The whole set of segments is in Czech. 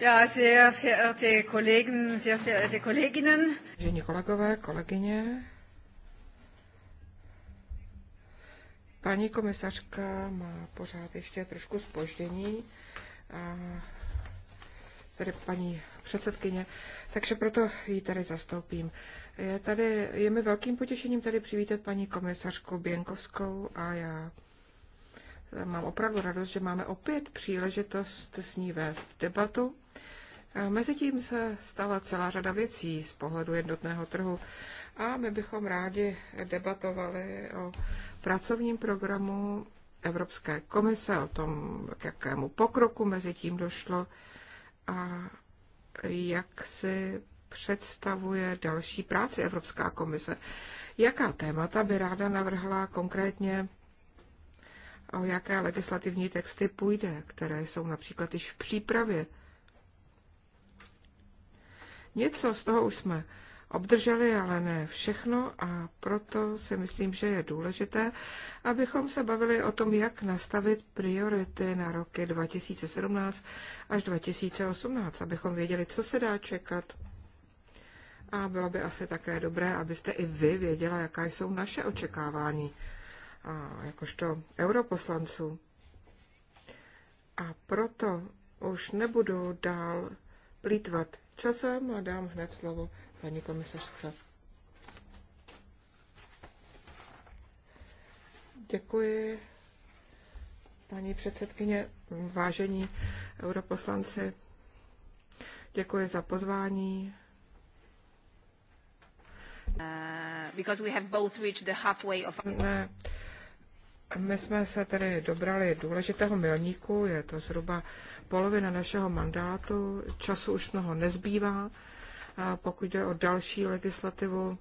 Ja, sehr verehrte Kollegen, sehr verehrte Kolleginnen. Vážení kolegové, kolegyně. Paní komisařka má pořád ještě trošku spoždění. A tedy paní předsedkyně, takže proto ji tady zastoupím. Je, tady, je mi velkým potěšením tady přivítat paní komisařku Běnkovskou a já Mám opravdu radost, že máme opět příležitost s ní vést debatu. Mezitím se stala celá řada věcí z pohledu jednotného trhu a my bychom rádi debatovali o pracovním programu Evropské komise, o tom, k jakému pokroku mezi tím došlo a jak si představuje další práci Evropská komise. Jaká témata by ráda navrhla konkrétně o jaké legislativní texty půjde, které jsou například již v přípravě. Něco z toho už jsme obdrželi, ale ne všechno a proto si myslím, že je důležité, abychom se bavili o tom, jak nastavit priority na roky 2017 až 2018, abychom věděli, co se dá čekat. A bylo by asi také dobré, abyste i vy věděla, jaká jsou naše očekávání jakožto europoslanců. A proto už nebudu dál plítvat časem a dám hned slovo paní komisařce. Děkuji, paní předsedkyně, vážení europoslanci. Děkuji za pozvání. Uh, because we have both reached the halfway of... Ne, my jsme se tedy dobrali důležitého milníku, je to zhruba polovina našeho mandátu, času už mnoho nezbývá, pokud jde o další legislativu.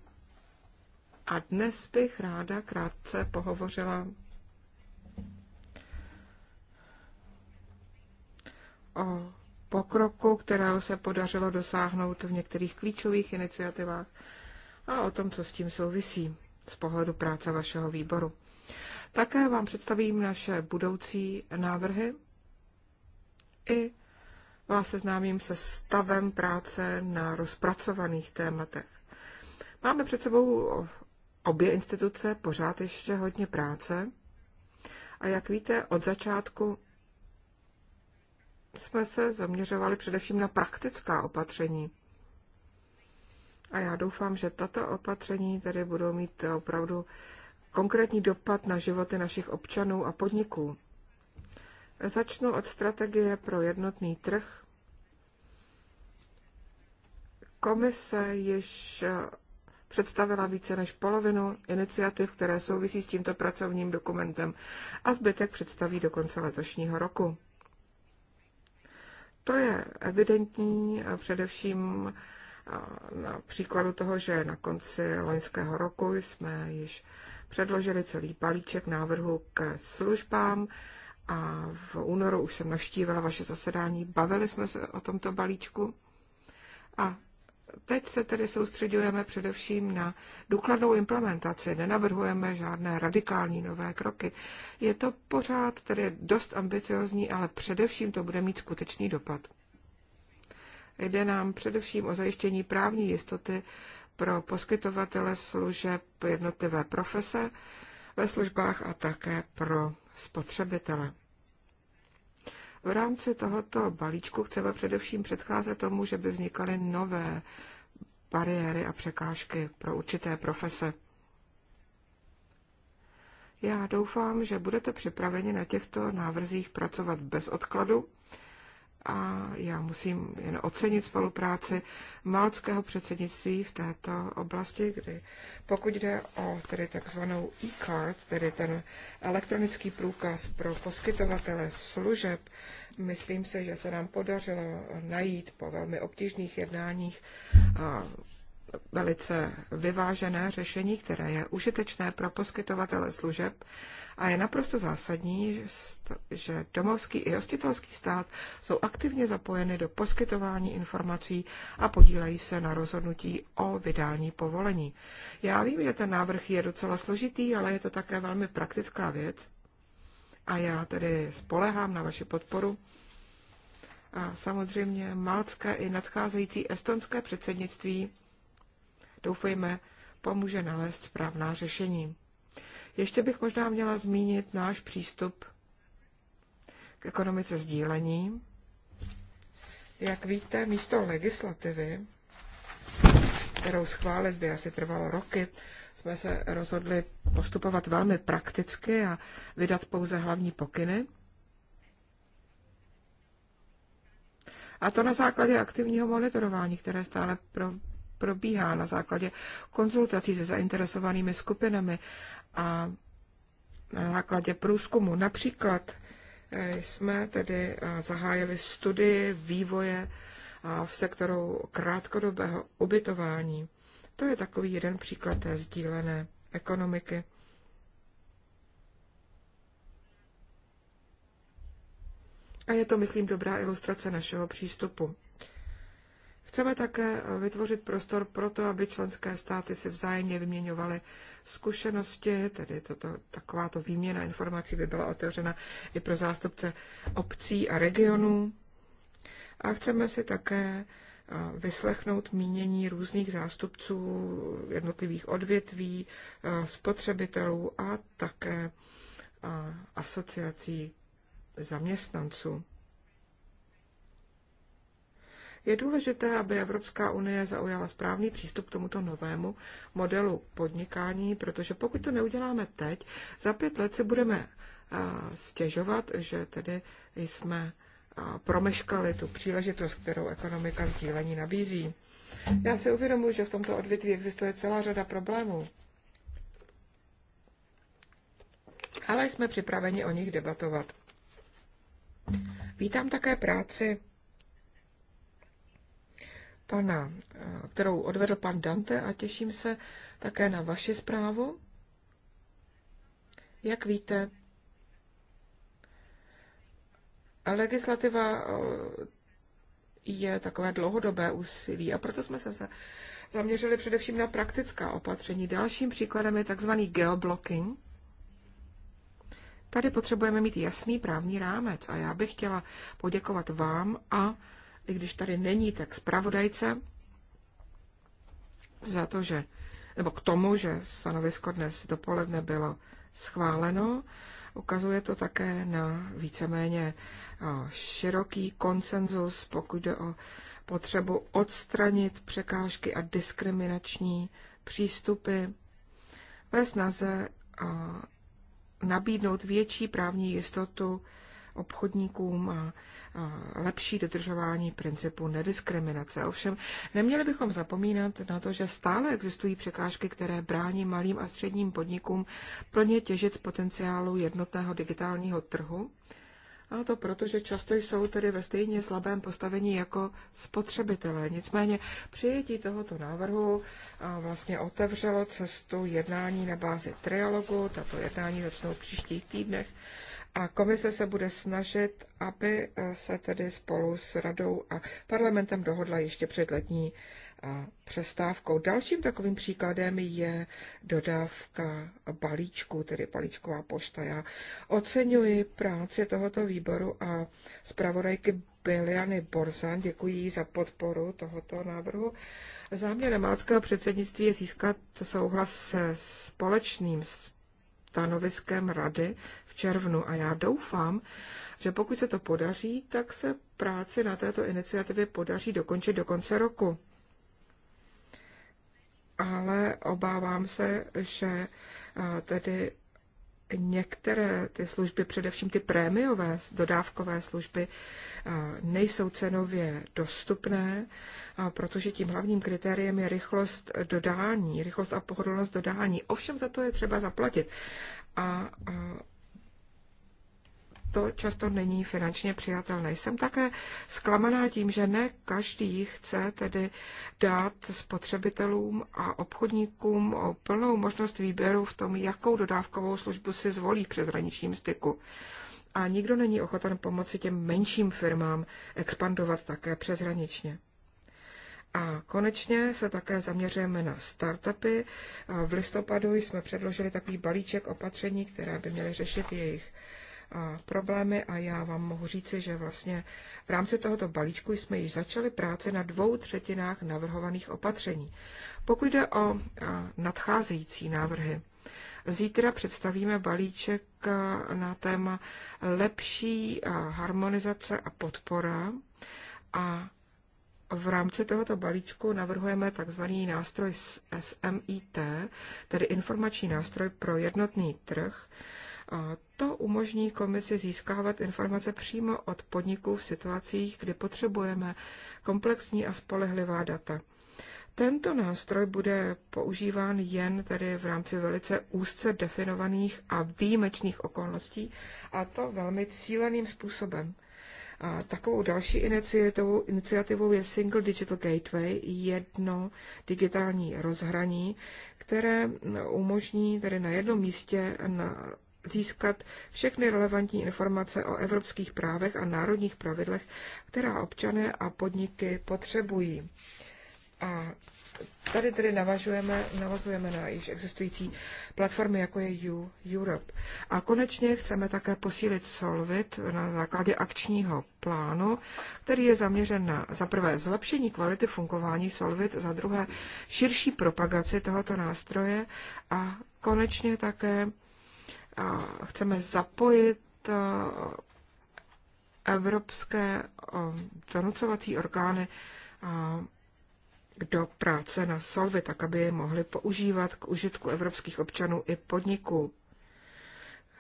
A dnes bych ráda krátce pohovořila o pokroku, kterého se podařilo dosáhnout v některých klíčových iniciativách a o tom, co s tím souvisí z pohledu práce vašeho výboru. Také vám představím naše budoucí návrhy i vás seznámím se stavem práce na rozpracovaných tématech. Máme před sebou obě instituce pořád ještě hodně práce a jak víte, od začátku jsme se zaměřovali především na praktická opatření. A já doufám, že tato opatření tedy budou mít opravdu konkrétní dopad na životy našich občanů a podniků. Začnu od strategie pro jednotný trh. Komise již eh, představila více než polovinu iniciativ, které souvisí s tímto pracovním dokumentem a zbytek představí do konce letošního roku. To je evidentní eh, především eh, na příkladu toho, že na konci loňského roku jsme již předložili celý balíček návrhu ke službám a v únoru už jsem navštívila vaše zasedání, bavili jsme se o tomto balíčku a Teď se tedy soustředujeme především na důkladnou implementaci, nenavrhujeme žádné radikální nové kroky. Je to pořád tedy dost ambiciozní, ale především to bude mít skutečný dopad. Jde nám především o zajištění právní jistoty pro poskytovatele služeb, jednotlivé profese ve službách a také pro spotřebitele. V rámci tohoto balíčku chceme především předcházet tomu, že by vznikaly nové bariéry a překážky pro určité profese. Já doufám, že budete připraveni na těchto návrzích pracovat bez odkladu a já musím jen ocenit spolupráci malckého předsednictví v této oblasti, kdy pokud jde o tedy takzvanou e-card, tedy ten elektronický průkaz pro poskytovatele služeb, myslím se, že se nám podařilo najít po velmi obtížných jednáních velice vyvážené řešení, které je užitečné pro poskytovatele služeb a je naprosto zásadní, že domovský i hostitelský stát jsou aktivně zapojeny do poskytování informací a podílejí se na rozhodnutí o vydání povolení. Já vím, že ten návrh je docela složitý, ale je to také velmi praktická věc a já tedy spolehám na vaši podporu. A samozřejmě malcké i nadcházející estonské předsednictví doufejme, pomůže nalézt správná řešení. Ještě bych možná měla zmínit náš přístup k ekonomice sdílení. Jak víte, místo legislativy, kterou schválit by asi trvalo roky, jsme se rozhodli postupovat velmi prakticky a vydat pouze hlavní pokyny. A to na základě aktivního monitorování, které stále pro, probíhá na základě konzultací se zainteresovanými skupinami a na základě průzkumu. Například eh, jsme tedy eh, zahájili studii vývoje v sektoru krátkodobého ubytování. To je takový jeden příklad té sdílené ekonomiky. A je to, myslím, dobrá ilustrace našeho přístupu. Chceme také vytvořit prostor pro to, aby členské státy si vzájemně vyměňovaly zkušenosti, tedy toto, takováto výměna informací by byla otevřena i pro zástupce obcí a regionů. A chceme si také vyslechnout mínění různých zástupců jednotlivých odvětví, spotřebitelů a také asociací zaměstnanců. Je důležité, aby Evropská unie zaujala správný přístup k tomuto novému modelu podnikání, protože pokud to neuděláme teď, za pět let si budeme stěžovat, že tedy jsme promeškali tu příležitost, kterou ekonomika sdílení nabízí. Já si uvědomuji, že v tomto odvětví existuje celá řada problémů. Ale jsme připraveni o nich debatovat. Vítám také práci pana, eh, kterou odvedl pan Dante a těším se také na vaši zprávu. Jak víte, legislativa eh, je takové dlouhodobé úsilí a proto jsme se zaměřili především na praktická opatření. Dalším příkladem je tzv. geoblocking. Tady potřebujeme mít jasný právní rámec a já bych chtěla poděkovat vám a i když tady není, tak zpravodajce za to, že, nebo k tomu, že stanovisko dnes dopoledne bylo schváleno. Ukazuje to také na víceméně široký konsenzus, pokud jde o potřebu odstranit překážky a diskriminační přístupy ve snaze nabídnout větší právní jistotu obchodníkům a, lepší dodržování principu nediskriminace. Ovšem, neměli bychom zapomínat na to, že stále existují překážky, které brání malým a středním podnikům plně těžit z potenciálu jednotného digitálního trhu. A to proto, že často jsou tedy ve stejně slabém postavení jako spotřebitelé. Nicméně přijetí tohoto návrhu vlastně otevřelo cestu jednání na bázi trialogu. Tato jednání začnou v příštích týdnech a komise se bude snažit, aby eh, se tedy spolu s radou a parlamentem dohodla ještě před letní eh, přestávkou. Dalším takovým příkladem je dodávka balíčku, tedy balíčková pošta. Já oceňuji práci tohoto výboru a zpravodajky Beliany Borzan. Děkuji za podporu tohoto návrhu. Záměrem malckého předsednictví je získat souhlas se společným stanoviskem rady červnu. A já doufám, že pokud se to podaří, tak se práci na této iniciativě podaří dokončit do konce roku. Ale obávám se, že tedy některé ty služby, především ty prémiové dodávkové služby, nejsou cenově dostupné, protože tím hlavním kritériem je rychlost dodání, rychlost a pohodlnost dodání. Ovšem za to je třeba zaplatit. A to často není finančně přijatelné. Jsem také zklamaná tím, že ne každý chce tedy dát spotřebitelům a obchodníkům o plnou možnost výběru v tom, jakou dodávkovou službu si zvolí v přeshraničním styku. A nikdo není ochoten pomoci těm menším firmám expandovat také přeshraničně. A konečně se také zaměřujeme na startupy. V listopadu jsme předložili takový balíček opatření, která by měly řešit jejich problémy a já vám mohu říci, že vlastně v rámci tohoto balíčku jsme již začali práce na dvou třetinách navrhovaných opatření. Pokud jde o nadcházející návrhy, Zítra představíme balíček na téma lepší harmonizace a podpora a v rámci tohoto balíčku navrhujeme tzv. nástroj SMIT, tedy informační nástroj pro jednotný trh, to umožní komisi získávat informace přímo od podniků v situacích, kdy potřebujeme komplexní a spolehlivá data. Tento nástroj bude používán jen tedy v rámci velice úzce definovaných a výjimečných okolností a to velmi cíleným způsobem. A takovou další iniciativou, iniciativou je Single Digital Gateway, jedno digitální rozhraní, které umožní tedy na jednom místě na získat všechny relevantní informace o evropských právech a národních pravidlech, která občané a podniky potřebují. A tady tedy navazujeme, navazujeme na již existující platformy, jako je U Europe. A konečně chceme také posílit Solvit na základě akčního plánu, který je zaměřen na za prvé zlepšení kvality fungování Solvit, za druhé širší propagaci tohoto nástroje a konečně také chceme zapojit eh, evropské eh, donucovací orgány eh, do práce na Solvy, tak aby je mohli používat k užitku evropských občanů i podniků.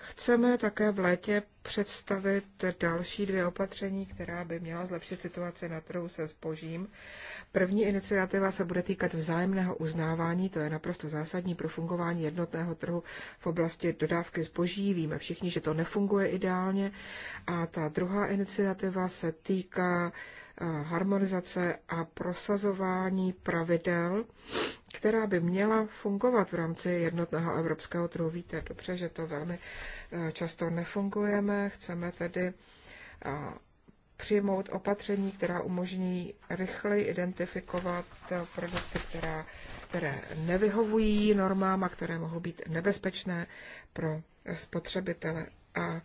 Chceme také v létě představit další dvě opatření, která by měla zlepšit situaci na trhu se zbožím. První iniciativa se bude týkat vzájemného uznávání, to je naprosto zásadní pro fungování jednotného trhu v oblasti dodávky zboží. Víme všichni, že to nefunguje ideálně. A ta druhá iniciativa se týká eh, harmonizace a prosazování pravidel která by měla fungovat v rámci jednotného evropského trhu. Víte dobře, že to velmi eh, často nefungujeme. Chceme tedy eh, přijmout opatření, která umožní rychleji identifikovat eh, produkty, která, které nevyhovují normám a které mohou být nebezpečné pro spotřebitele. A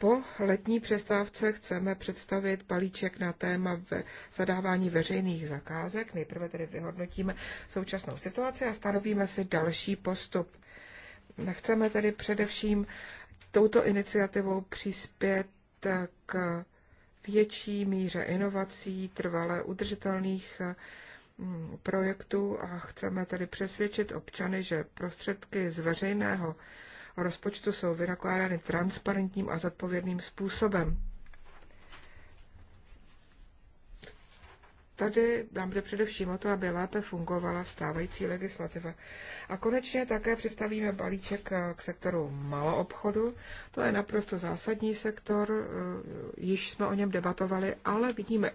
po letní přestávce chceme představit balíček na téma ve zadávání veřejných zakázek. Nejprve tedy vyhodnotíme současnou situaci a stanovíme si další postup. Chceme tedy především touto iniciativou přispět k větší míře inovací, trvalé udržitelných mm, projektů a chceme tedy přesvědčit občany, že prostředky z veřejného rozpočtu jsou vynakládány transparentním a zodpovědným způsobem. Tady nám jde především o to, aby lépe fungovala stávající legislativa. A konečně také představíme balíček eh, k sektoru maloobchodu. To je naprosto zásadní sektor, eh, již jsme o něm debatovali, ale vidíme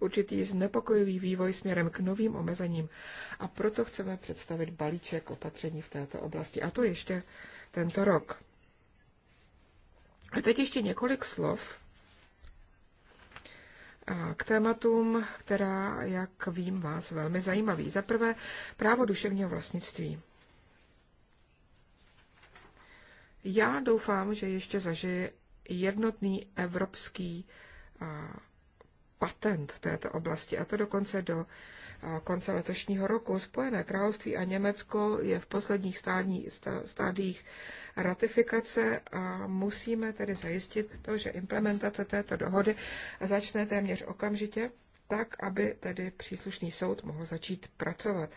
určitý znepokojivý vývoj směrem k novým omezením. A proto chceme představit balíček opatření v této oblasti. A to ještě tento rok. A teď ještě několik slov k tématům, která, jak vím, vás velmi zajímaví. Za prvé, právo duševního vlastnictví. Já doufám, že ještě zažije jednotný evropský patent v této oblasti, a to dokonce do konce letošního roku. Spojené království a Německo je v posledních stádí, stádích ratifikace a musíme tedy zajistit to, že implementace této dohody začne téměř okamžitě tak, aby tedy příslušný soud mohl začít pracovat.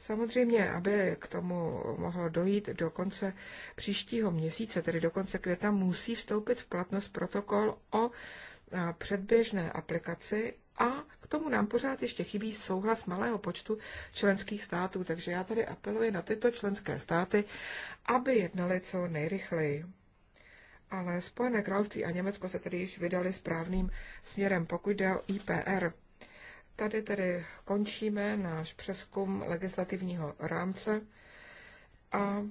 Samozřejmě, aby k tomu mohlo dojít do konce příštího měsíce, tedy do konce května, musí vstoupit v platnost protokol o předběžné aplikaci a k tomu nám pořád ještě chybí souhlas malého počtu členských států, takže já tady apeluji na tyto členské státy, aby jednali co nejrychleji. Ale Spojené království a Německo se tedy již vydali správným směrem, pokud jde o IPR. Tady tedy končíme náš přeskum legislativního rámce a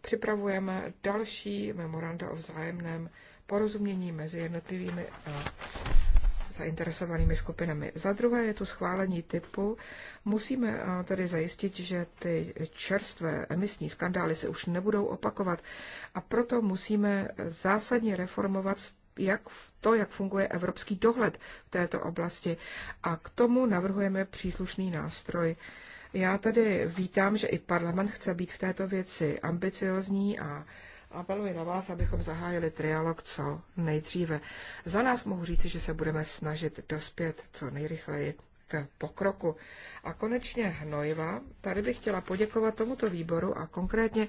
připravujeme další memoranda o vzájemném porozumění mezi jednotlivými zainteresovanými skupinami. Za druhé je tu schválení typu. Musíme eh, tedy zajistit, že ty čerstvé emisní skandály se už nebudou opakovat a proto musíme zásadně reformovat jak to, jak funguje evropský dohled v této oblasti. A k tomu navrhujeme příslušný nástroj. Já tedy vítám, že i parlament chce být v této věci ambiciozní a apeluji na vás, abychom zahájili trialog co nejdříve. Za nás mohu říci, že se budeme snažit dospět co nejrychleji k pokroku. A konečně hnojiva. Tady bych chtěla poděkovat tomuto výboru a konkrétně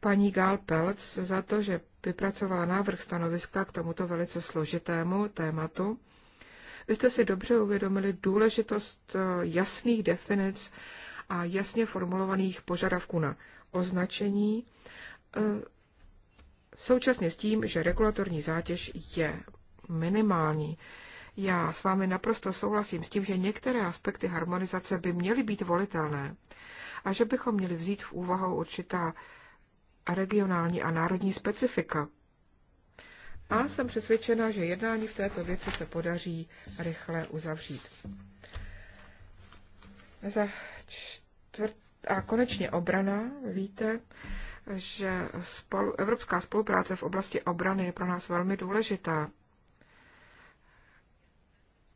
paní Gál Pelc za to, že vypracovala návrh stanoviska k tomuto velice složitému tématu. Vy jste si dobře uvědomili důležitost eh, jasných definic a jasně formulovaných požadavků na označení eh, současně s tím, že regulatorní zátěž je minimální. Já s vámi naprosto souhlasím s tím, že některé aspekty harmonizace by měly být volitelné a že bychom měli vzít v úvahu určitá regionální a národní specifika. A jsem přesvědčena, že jednání v této věci se podaří rychle uzavřít. Za čtvrt... A konečně obrana, víte, že spolu, evropská spolupráce v oblasti obrany je pro nás velmi důležitá.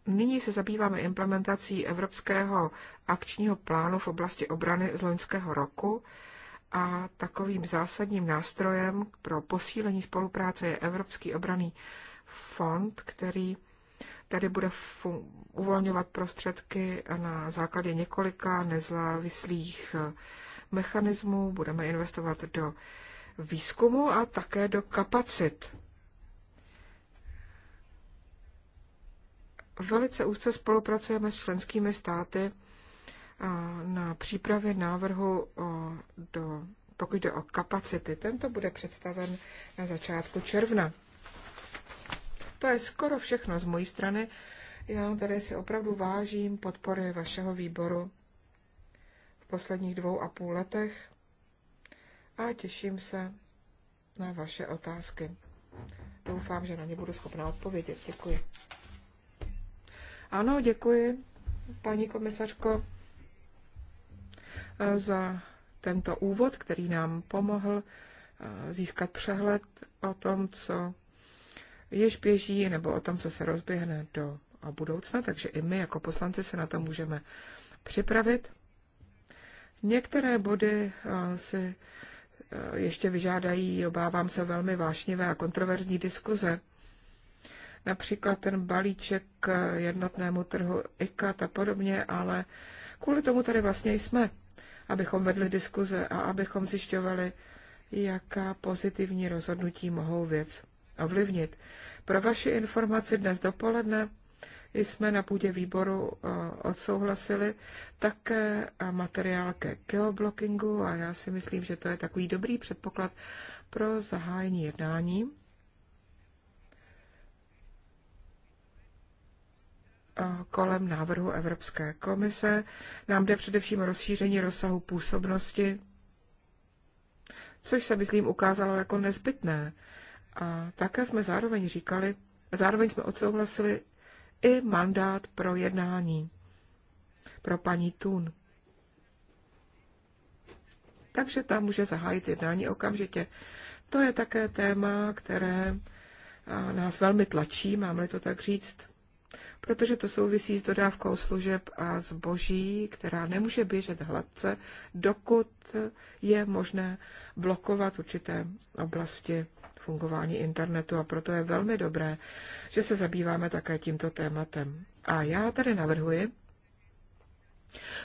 Nyní se zabýváme implementací Evropského akčního plánu v oblasti obrany z loňského roku a takovým zásadním nástrojem pro posílení spolupráce je Evropský obraný fond, který tady bude uvolňovat prostředky na základě několika nezávislých mechanismů, budeme investovat do výzkumu a také do kapacit. Velice úzce spolupracujeme s členskými státy na přípravě návrhu do, pokud jde o kapacity. Tento bude představen na začátku června. To je skoro všechno z mojí strany. Já tady si opravdu vážím podpory vašeho výboru posledních dvou a půl letech a těším se na vaše otázky. Doufám, že na ně budu schopná odpovědět. Děkuji. Ano, děkuji, paní komisařko, za tento úvod, který nám pomohl eh, získat přehled o tom, co již běží, nebo o tom, co se rozběhne do budoucna, takže i my jako poslanci se na to můžeme připravit. Některé body eh, se eh, ještě vyžádají, obávám se, velmi vášnivé a kontroverzní diskuze. Například ten balíček k jednotnému trhu ICAT a podobně, ale kvůli tomu tady vlastně jsme, abychom vedli diskuze a abychom zjišťovali, jaká pozitivní rozhodnutí mohou věc ovlivnit. Pro vaši informaci dnes dopoledne jsme na půdě výboru eh, odsouhlasili také eh, materiál ke geoblockingu a já si myslím, že to je takový dobrý předpoklad pro zahájení jednání. kolem návrhu Evropské komise. Nám jde především o rozšíření rozsahu působnosti, což se, myslím, ukázalo jako nezbytné. A také jsme zároveň říkali, zároveň jsme odsouhlasili i mandát pro jednání pro paní Tun. Takže tam může zahájit jednání okamžitě. To je také téma, které nás velmi tlačí, mám-li to tak říct, protože to souvisí s dodávkou služeb a zboží, která nemůže běžet hladce, dokud je možné blokovat určité oblasti fungování internetu a proto je velmi dobré, že se zabýváme také tímto tématem. A já tady navrhuji,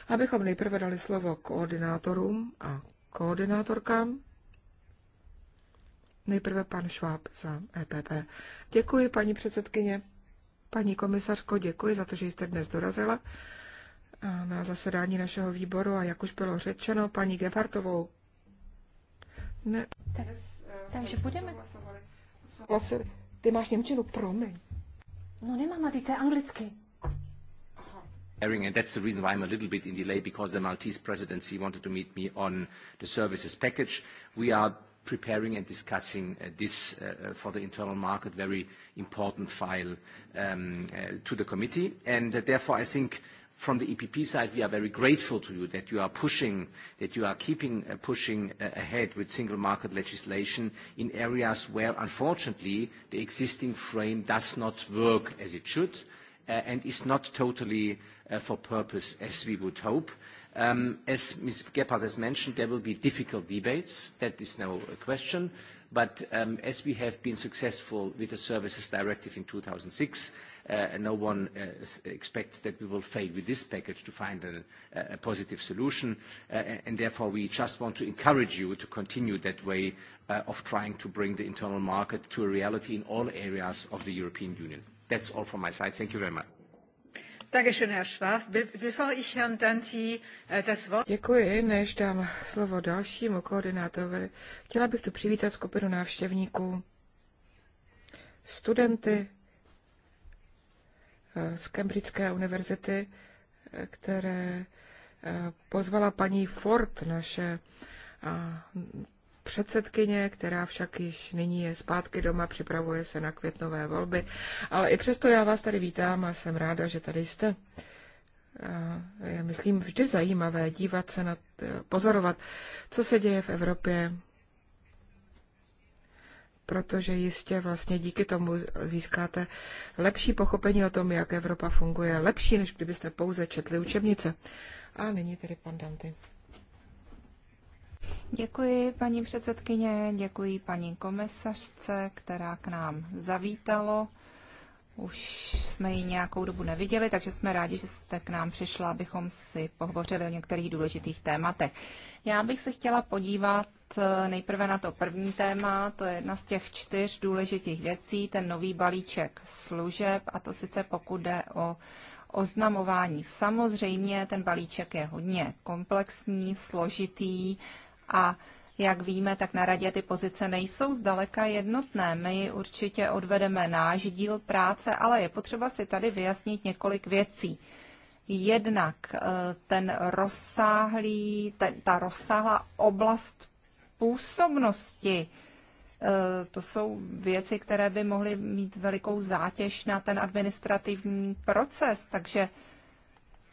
abychom nejprve dali slovo koordinátorům a koordinátorkám. Nejprve pan Šváb za EPP. Děkuji, paní předsedkyně. Paní komisařko, děkuji za to, že jste dnes dorazila na zasedání našeho výboru a jak už bylo řečeno, paní Gebhartovou. Ne. Teraz takže budeme... Ty máš Němčinu, promiň. No nemám, to anglicky. And that's the reason why I'm a little bit in delay, because the Maltese presidency wanted to meet me on the services package. We are preparing and discussing uh, this uh, uh for the internal market, very important file um, uh, to the committee. And uh, therefore, I think From the EPP side, we are very grateful to you that you are pushing, that you are keeping uh, pushing uh, ahead with single market legislation in areas where, unfortunately, the existing frame does not work as it should uh, and is not totally for purpose as we would hope. Um, as Ms. Gebhardt has mentioned, there will be difficult debates. That is no question. Um, as we have been successful with the Services Directive in 2006, uh, no one uh, expects that we will fail with this package to find a, positive solution. Uh, therefore, we just want to encourage you to continue that way of trying to bring the internal market to a reality in all areas of the European Union. That's all from my side. Thank you very much. Äh, Děkuji, než dám slovo dalšímu koordinátorovi. Chtěla bych tu přivítat skupinu návštěvníků, studenty eh, z Cambridgeské univerzity, eh, které eh, pozvala paní Ford, naše předsedkyně, která však již nyní je zpátky doma, připravuje se na květnové volby. Ale i přesto já vás tady vítám a jsem ráda, že tady jste. Já myslím vždy zajímavé dívat se na, pozorovat, co se děje v Evropě, protože jistě vlastně díky tomu získáte lepší pochopení o tom, jak Evropa funguje, lepší, než kdybyste pouze četli učebnice. A nyní tedy pan Danty. Děkuji paní předsedkyně, děkuji paní komisařce, která k nám zavítalo. Už jsme ji nějakou dobu neviděli, takže jsme rádi, že jste k nám přišla, abychom si pohovořili o některých důležitých tématech. Já bych se chtěla podívat eh, nejprve na to první téma, to je jedna z těch čtyř důležitých věcí, ten nový balíček služeb, a to sice pokud jde o oznamování. Samozřejmě ten balíček je hodně komplexní, složitý, a jak víme, tak na radě ty pozice nejsou zdaleka jednotné. My určitě odvedeme náš díl práce, ale je potřeba si tady vyjasnit několik věcí. Jednak eh, ten rozsáhlý, ten, ta rozsáhlá oblast působnosti, eh, to jsou věci, které by mohly mít velikou zátěž na ten administrativní proces, takže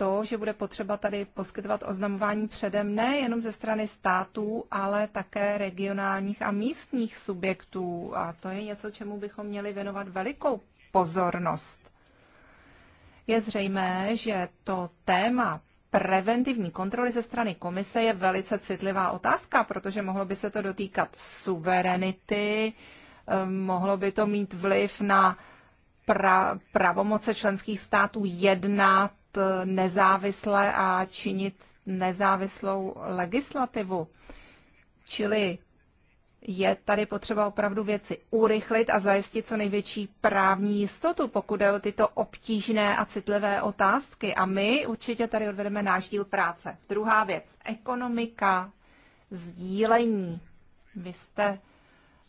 to, že bude potřeba tady poskytovat oznamování předem nejenom ze strany států, ale také regionálních a místních subjektů. A to je něco, čemu bychom měli věnovat velikou pozornost. Je zřejmé, že to téma preventivní kontroly ze strany komise je velice citlivá otázka, protože mohlo by se to dotýkat suverenity, ehm, mohlo by to mít vliv na pra, pravomoce členských států jednat nezávisle a činit nezávislou legislativu. Čili je tady potřeba opravdu věci urychlit a zajistit co největší právní jistotu, pokud je o tyto obtížné a citlivé otázky. A my určitě tady odvedeme náš díl práce. Druhá věc, ekonomika, sdílení. Vy jste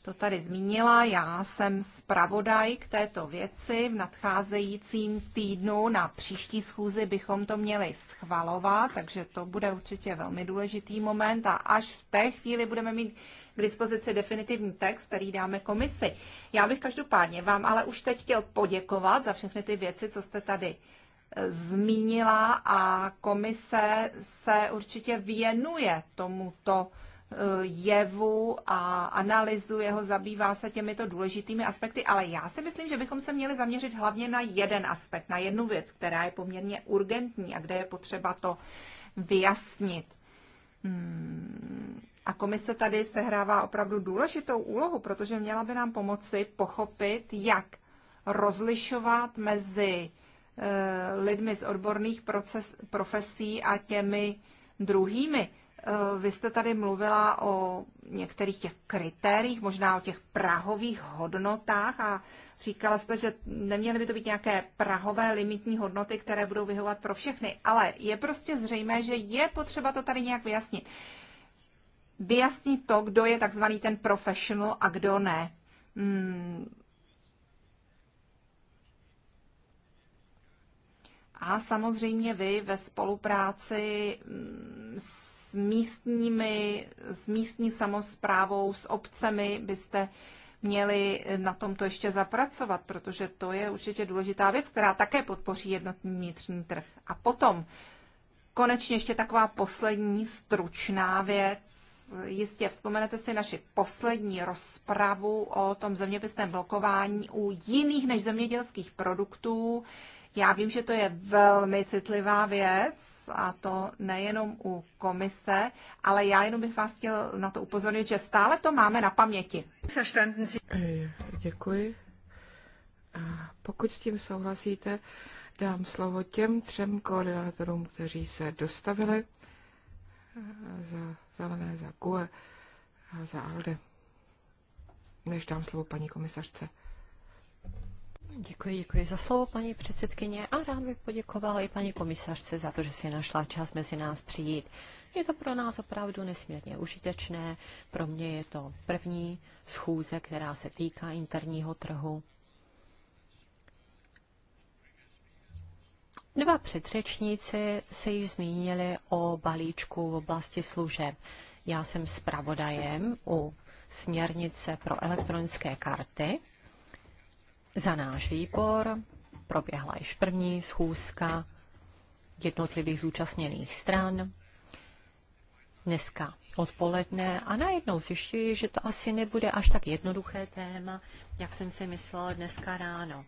to tady zmínila. Já jsem zpravodaj k této věci. V nadcházejícím týdnu na příští schůzi bychom to měli schvalovat, takže to bude určitě velmi důležitý moment a až v té chvíli budeme mít k dispozici definitivní text, který dáme komisi. Já bych každopádně vám ale už teď chtěl poděkovat za všechny ty věci, co jste tady e, zmínila a komise se určitě věnuje tomuto Eh, jevu a analyzuje ho, zabývá se těmito důležitými aspekty, ale já si myslím, že bychom se měli zaměřit hlavně na jeden aspekt, na jednu věc, která je poměrně urgentní a kde je potřeba to vyjasnit. Hmm. A komise tady sehrává opravdu důležitou úlohu, protože měla by nám pomoci pochopit, jak rozlišovat mezi eh, lidmi z odborných proces, profesí a těmi druhými. Eh, vy jste tady mluvila o některých těch kritériích, možná o těch prahových hodnotách a říkala jste, že neměly by to být nějaké prahové limitní hodnoty, které budou vyhovovat pro všechny, ale je prostě zřejmé, že je potřeba to tady nějak vyjasnit. Vyjasnit to, kdo je takzvaný ten professional a kdo ne. Hmm. A samozřejmě vy ve spolupráci s místními, s místní samozprávou, s obcemi byste měli na tomto ještě zapracovat, protože to je určitě důležitá věc, která také podpoří jednotný vnitřní trh. A potom konečně ještě taková poslední stručná věc. Jistě vzpomenete si naši poslední rozpravu o tom zeměpisném blokování u jiných než zemědělských produktů. Já vím, že to je velmi citlivá věc, a to nejenom u komise, ale já jenom bych vás chtěl na to upozornit, že stále to máme na paměti. Děkuji. A pokud s tím souhlasíte, dám slovo těm třem koordinátorům, kteří se dostavili e, za zelené, za GUE a za ALDE, než dám slovo paní komisařce. Děkuji, děkuji za slovo, paní předsedkyně, a rád bych poděkovala i paní komisařce za to, že si našla čas mezi nás přijít. Je to pro nás opravdu nesmírně užitečné. Pro mě je to první schůze, která se týká interního trhu. Dva předřečníci se již zmínili o balíčku v oblasti služeb. Já jsem zpravodajem u směrnice pro elektronické karty za náš výbor proběhla již první schůzka jednotlivých zúčastněných stran dneska odpoledne a najednou zjišťuji, že to asi nebude až tak jednoduché téma, jak jsem si myslel dneska ráno.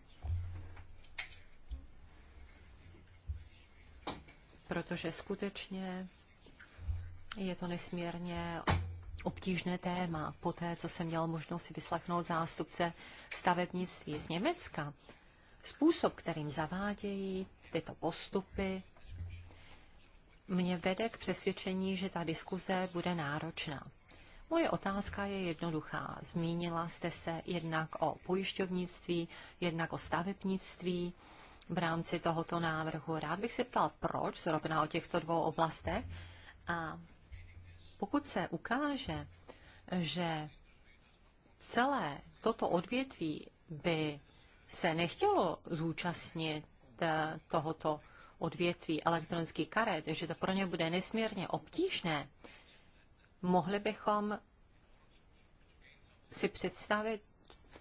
Protože skutečně je to nesmírně obtížné téma. Poté, co jsem měl možnost si vyslechnout zástupce stavebnictví z Německa, způsob, kterým zavádějí tyto postupy, mě vede k přesvědčení, že ta diskuze bude náročná. Moje otázka je jednoduchá. Zmínila jste se jednak o pojišťovnictví, jednak o stavebnictví v rámci tohoto návrhu. Rád bych se ptal, proč zrovna o těchto dvou oblastech. A pokud se ukáže, že celé toto odvětví by se nechtělo zúčastnit eh, tohoto odvětví elektronický karet, že to pro ně bude nesmírně obtížné, mohli bychom si představit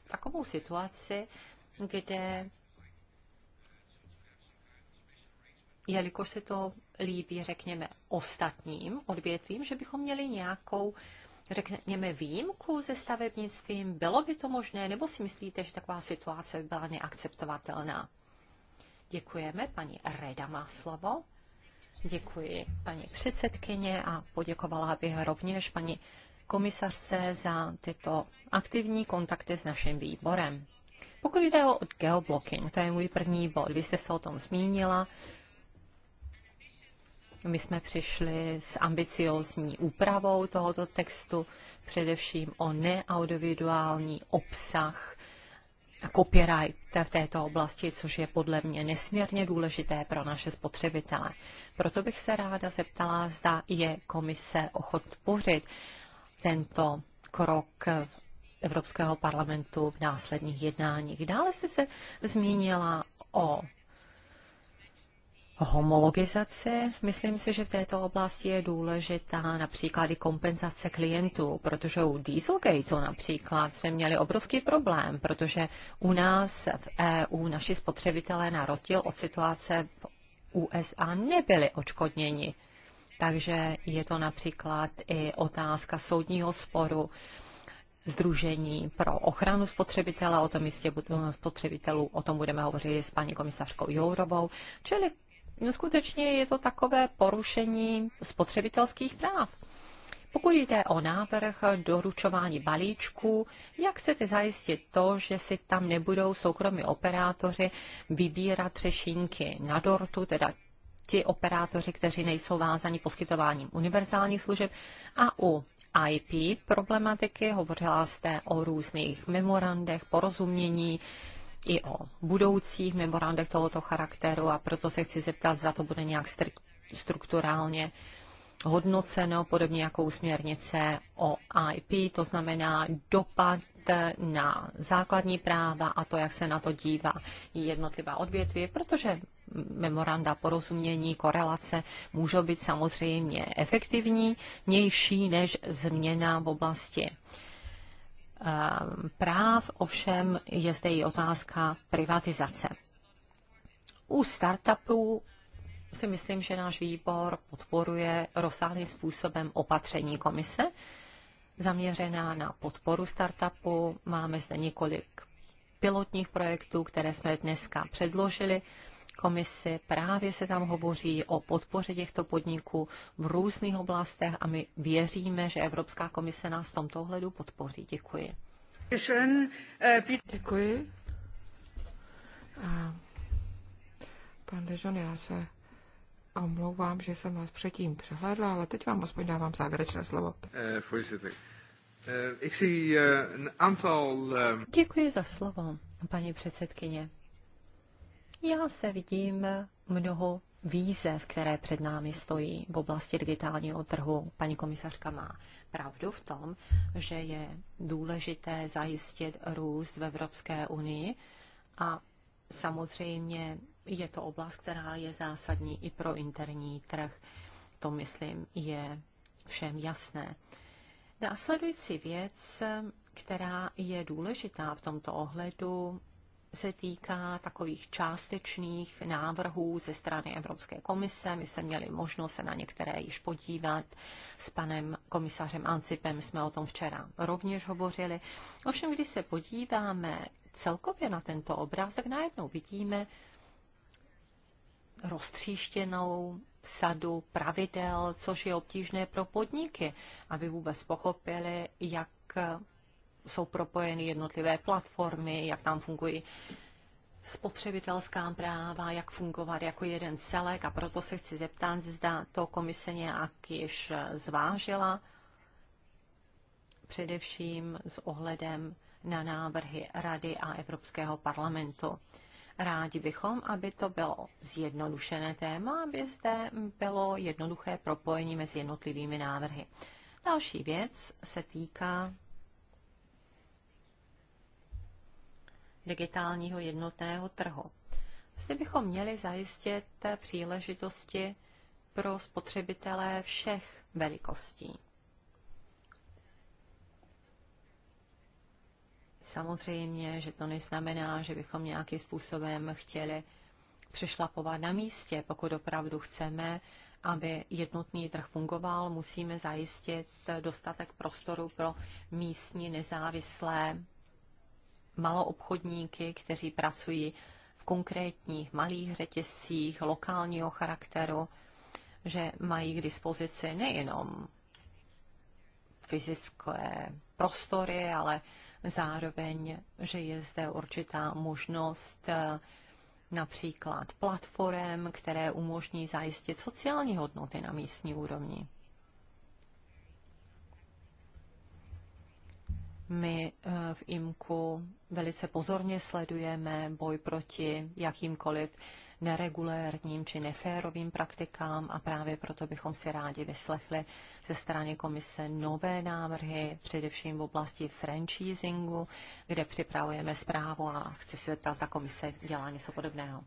takovou situaci, kde, jelikož se to líbí, řekněme, ostatním odvětvím, že bychom měli nějakou řekněme, výjimku ze stavebnictvím? Bylo by to možné, nebo si myslíte, že taková situace by byla neakceptovatelná? Děkujeme, paní Reda má slovo. Děkuji paní předsedkyně a poděkovala bych rovněž paní komisařce za tyto aktivní kontakty s naším výborem. Pokud jde o geoblocking, to je můj první bod, vy jste se o tom zmínila, my jsme přišli s ambiciozní úpravou tohoto textu, především o neaudividuální obsah a copyright v této oblasti, což je podle mě nesmírně důležité pro naše spotřebitele. Proto bych se ráda zeptala, zda je komise ochot pořit tento krok Evropského parlamentu v následných jednáních. Dále jste se zmínila o homologizace. Myslím si, že v této oblasti je důležitá například i kompenzace klientů, protože u Dieselgate například jsme měli obrovský problém, protože u nás v EU naši spotřebitelé na rozdíl od situace v USA nebyli očkodněni. Takže je to například i otázka soudního sporu, Združení pro ochranu spotřebitele, o tom jistě spotřebitelů, o tom budeme hovořit s paní komisařkou Jourovou, čili No skutečně je to takové porušení spotřebitelských práv. Pokud jde o návrh doručování balíčků, jak chcete zajistit to, že si tam nebudou soukromí operátoři vybírat řešínky na dortu, teda ti operátoři, kteří nejsou vázaní poskytováním univerzálních služeb. A u IP problematiky hovořila jste o různých memorandech, porozumění, i o budoucích memorandech tohoto charakteru a proto se chci zeptat, zda to bude nějak strukturálně hodnoceno, podobně jako u směrnice o IP, to znamená dopad na základní práva a to, jak se na to dívá jednotlivá odvětví, protože memoranda porozumění, korelace můžou být samozřejmě efektivní, nější než změna v oblasti Ehm, práv, ovšem je zde i otázka privatizace. U startupů si myslím, že náš výbor podporuje rozsáhlým způsobem opatření komise zaměřená na podporu startupu. Máme zde několik pilotních projektů, které jsme dneska předložili komisi. Právě se tam hovoří o podpoře těchto podniků v různých oblastech a my věříme, že Evropská komise nás v tomto ohledu podpoří. Děkuji. Děkuji. pan Dežon, já se omlouvám, že jsem vás předtím přehlédla, ale teď vám aspoň dávám závěrečné slovo. Eh, eh, eh, Děkuji za slovo, paní předsedkyně. Já se vidím mnoho výzev, které před námi stojí v oblasti digitálního trhu. Paní komisařka má pravdu v tom, že je důležité zajistit růst v Evropské unii a samozřejmě je to oblast, která je zásadní i pro interní trh. To, myslím, je všem jasné. Následující věc, která je důležitá v tomto ohledu, se týká takových částečných návrhů ze strany Evropské komise. My jsme měli možnost se na některé již podívat. S panem komisařem Ancipem jsme o tom včera rovněž hovořili. Ovšem, když se podíváme celkově na tento obrázek, najednou vidíme roztříštěnou sadu pravidel, což je obtížné pro podniky, aby vůbec pochopili, jak jsou propojeny jednotlivé platformy, jak tam fungují spotřebitelská práva, jak fungovat jako jeden celek a proto se chci zeptat, zda to komise nějak již zvážila, především s ohledem na návrhy Rady a Evropského parlamentu. Rádi bychom, aby to bylo zjednodušené téma, aby zde bylo jednoduché propojení mezi jednotlivými návrhy. Další věc se týká digitálního jednotného trhu. Zde bychom měli zajistit příležitosti pro spotřebitele všech velikostí. Samozřejmě, že to neznamená, že bychom nějakým způsobem chtěli přešlapovat na místě. Pokud opravdu chceme, aby jednotný trh fungoval, musíme zajistit dostatek prostoru pro místní nezávislé maloobchodníky, kteří pracují v konkrétních malých řetězcích lokálního charakteru, že mají k dispozici nejenom fyzické prostory, ale zároveň, že je zde určitá možnost eh, například platform, které umožní zajistit sociální hodnoty na místní úrovni. My eh, v IMKU velice pozorně sledujeme boj proti jakýmkoliv neregulérním či neférovým praktikám a právě proto bychom si rádi vyslechli ze strany komise nové návrhy, především v oblasti franchisingu, kde připravujeme zprávu a chci se zeptat, ta komise dělá něco podobného.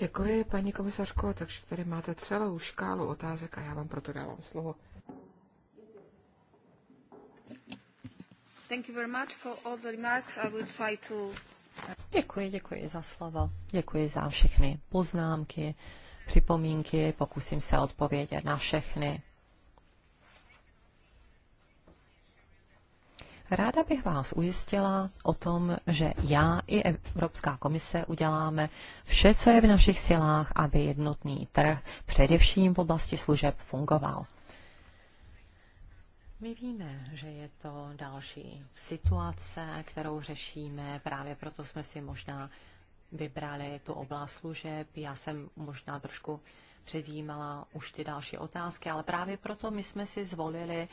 Děkuji, paní komisařko, takže tady máte celou škálu otázek a já vám proto dávám slovo. Děkuji, děkuji za slovo. Děkuji za všechny poznámky, připomínky. Pokusím se odpovědět na všechny. Ráda bych vás ujistila o tom, že já i Evropská komise uděláme vše, co je v našich silách, aby jednotný trh především v oblasti služeb fungoval. My víme, že je to další situace, kterou řešíme, právě proto jsme si možná vybrali tu oblast služeb. Já jsem možná trošku předjímala už ty další otázky, ale právě proto my jsme si zvolili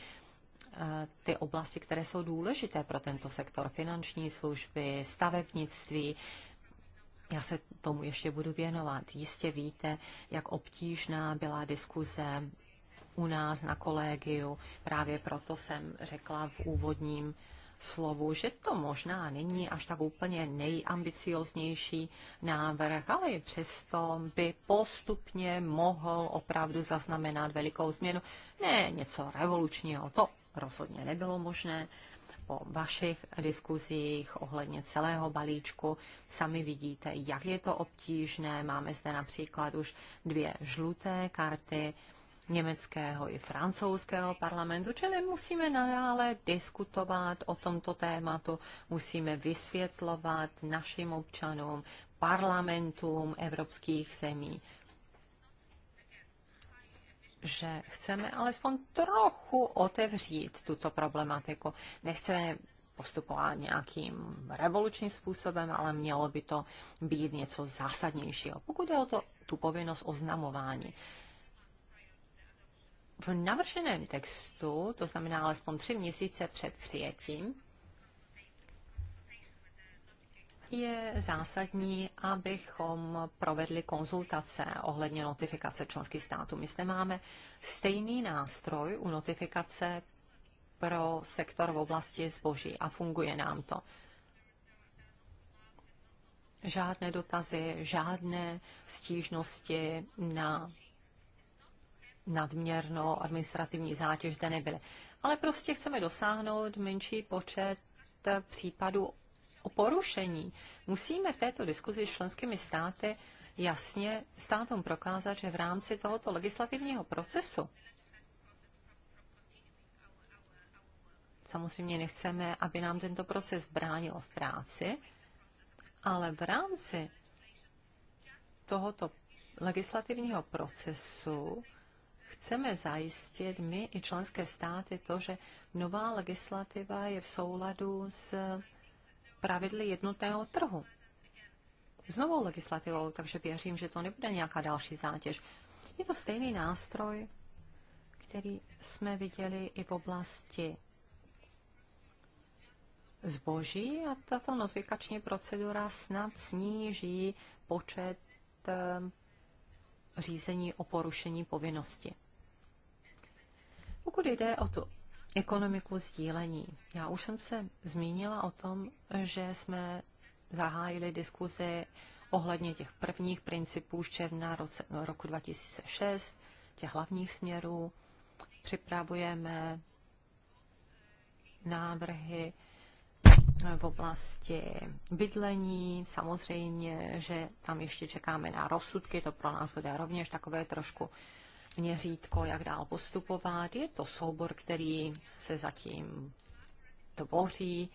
eh, ty oblasti, které jsou důležité pro tento sektor, finanční služby, stavebnictví. Já se tomu ještě budu věnovat. Jistě víte, jak obtížná byla diskuze u nás na kolegiu. Právě proto jsem řekla v úvodním slovu, že to možná není až tak úplně nejambicioznější návrh, ale i přesto by postupně mohl opravdu zaznamenat velikou změnu. Ne něco revolučního, to rozhodně nebylo možné. Po vašich diskuzích ohledně celého balíčku sami vidíte, jak je to obtížné. Máme zde například už dvě žluté karty německého i francouzského parlamentu, čili musíme nadále diskutovat o tomto tématu, musíme vysvětlovat našim občanům, parlamentům evropských zemí, že chceme alespoň trochu otevřít tuto problematiku. Nechceme postupovat nějakým revolučním způsobem, ale mělo by to být něco zásadnějšího. Pokud je o to, tu povinnost oznamování, v navrženém textu, to znamená alespoň tři měsíce před přijetím, je zásadní, abychom provedli konzultace ohledně notifikace členských států. My zde máme stejný nástroj u notifikace pro sektor v oblasti zboží a funguje nám to. Žádné dotazy, žádné stížnosti na nadměrnou administrativní zátěž zde nebyly. Ale prostě chceme dosáhnout menší počet případů o porušení. Musíme v této diskuzi s členskými státy jasně státům prokázat, že v rámci tohoto legislativního procesu samozřejmě nechceme, aby nám tento proces bránil v práci, ale v rámci tohoto legislativního procesu chceme zajistit my i členské státy to, že nová legislativa je v souladu s pravidly jednotného trhu. S novou legislativou, takže věřím, že to nebude nějaká další zátěž. Je to stejný nástroj, který jsme viděli i v oblasti zboží a tato notifikační procedura snad sníží počet eh, řízení o porušení povinnosti. Pokud jde o tu ekonomiku sdílení, já už jsem se zmínila o tom, že jsme zahájili diskuzi ohledně těch prvních principů z června roce, roku 2006, těch hlavních směrů. Připravujeme návrhy v oblasti bydlení. Samozřejmě, že tam ještě čekáme na rozsudky, to pro nás bude rovněž takové trošku měřítko, jak dál postupovat. Je to soubor, který se zatím tvoří.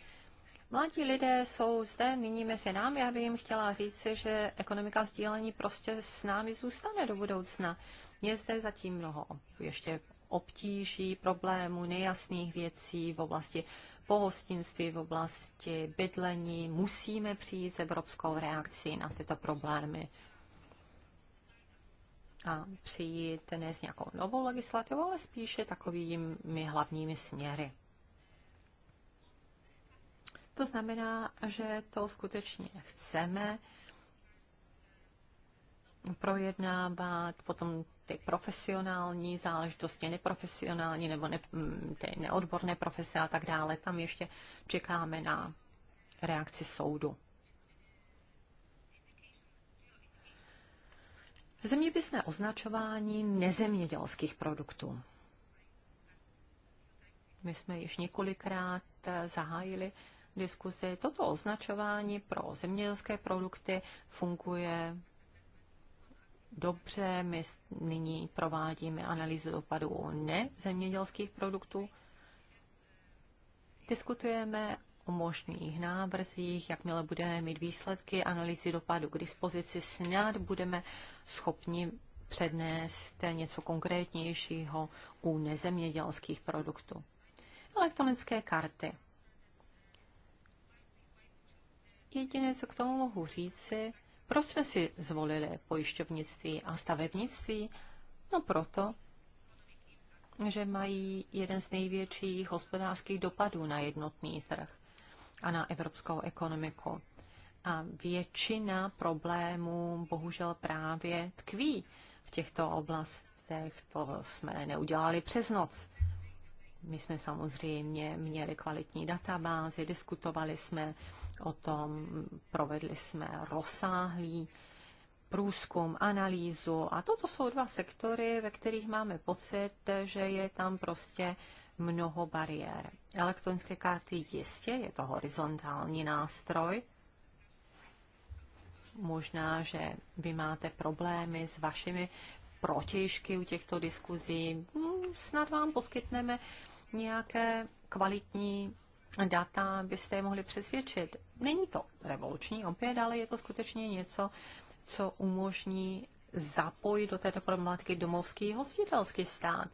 Mladí lidé jsou zde nyní mezi námi. Já bych jim chtěla říct, že ekonomika sdílení prostě s námi zůstane do budoucna. Je zde zatím mnoho ještě obtíží, problémů, nejasných věcí v oblasti pohostinství v oblasti bydlení. Musíme přijít s evropskou reakcí na tyto problémy a přijít ne s nějakou novou legislativou, ale spíše takovými hlavními směry. To znamená, že to skutečně chceme projednávat, potom ty profesionální záležitosti, neprofesionální nebo ne, mm, ty neodborné profese a tak dále, tam ještě čekáme na reakci soudu. Zeměpisné označování nezemědělských produktů. My jsme již několikrát zahájili diskuzi. Toto označování pro zemědělské produkty funguje dobře, my nyní provádíme analýzu dopadů o nezemědělských produktů. Diskutujeme o možných návrzích, jakmile budeme mít výsledky analýzy dopadu k dispozici, snad budeme schopni přednést něco konkrétnějšího u nezemědělských produktů. Elektronické karty. Jediné, co k tomu mohu říci, proč jsme si zvolili pojišťovnictví a stavebnictví? No proto, že mají jeden z největších hospodářských dopadů na jednotný trh a na evropskou ekonomiku. A většina problémů bohužel právě tkví v těchto oblastech. To jsme neudělali přes noc. My jsme samozřejmě měli kvalitní databázy, diskutovali jsme o tom, provedli jsme rozsáhlý průzkum, analýzu a toto jsou dva sektory, ve kterých máme pocit, že je tam prostě mnoho bariér. Elektronické karty jistě je to horizontální nástroj. Možná, že vy máte problémy s vašimi protěžky u těchto diskuzí. Hm, snad vám poskytneme nějaké kvalitní data byste je mohli přesvědčit. Není to revoluční opět, ale je to skutečně něco, co umožní zapojit do této problematiky domovský hostitelský stát.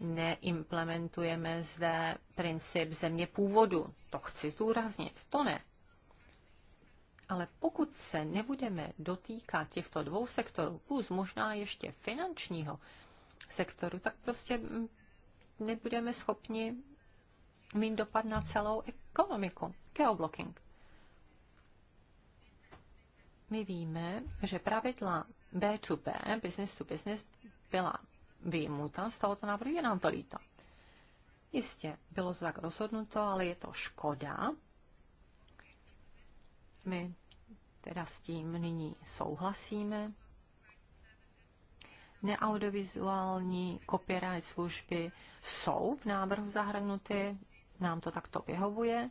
Neimplementujeme zde princip země původu. To chci zdůraznit, to ne. Ale pokud se nebudeme dotýkat těchto dvou sektorů, plus možná ještě finančního sektoru, tak prostě mm, nebudeme schopni mít dopad na celou ekonomiku. Geoblocking. My víme, že pravidla B2B, business to business, byla vyjmuta z tohoto návrhu, je nám to líto. Jistě, bylo to tak rozhodnuto, ale je to škoda. My teda s tím nyní souhlasíme. Neaudiovizuální copyright služby jsou v návrhu zahrnuty, nám to takto vyhovuje.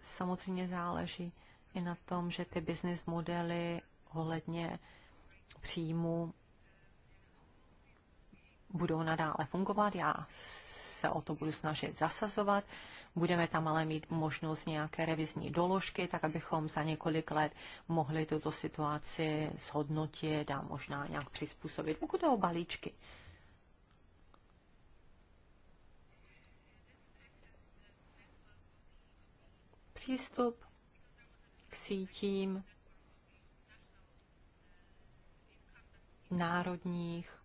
Samozřejmě záleží i na tom, že ty business modely ohledně příjmu budou nadále fungovat. Já se o to budu snažit zasazovat. Budeme tam ale mít možnost nějaké revizní doložky, tak abychom za několik let mohli tuto situaci shodnotit a možná nějak přizpůsobit, pokud jde o balíčky. Přístup k sítím národních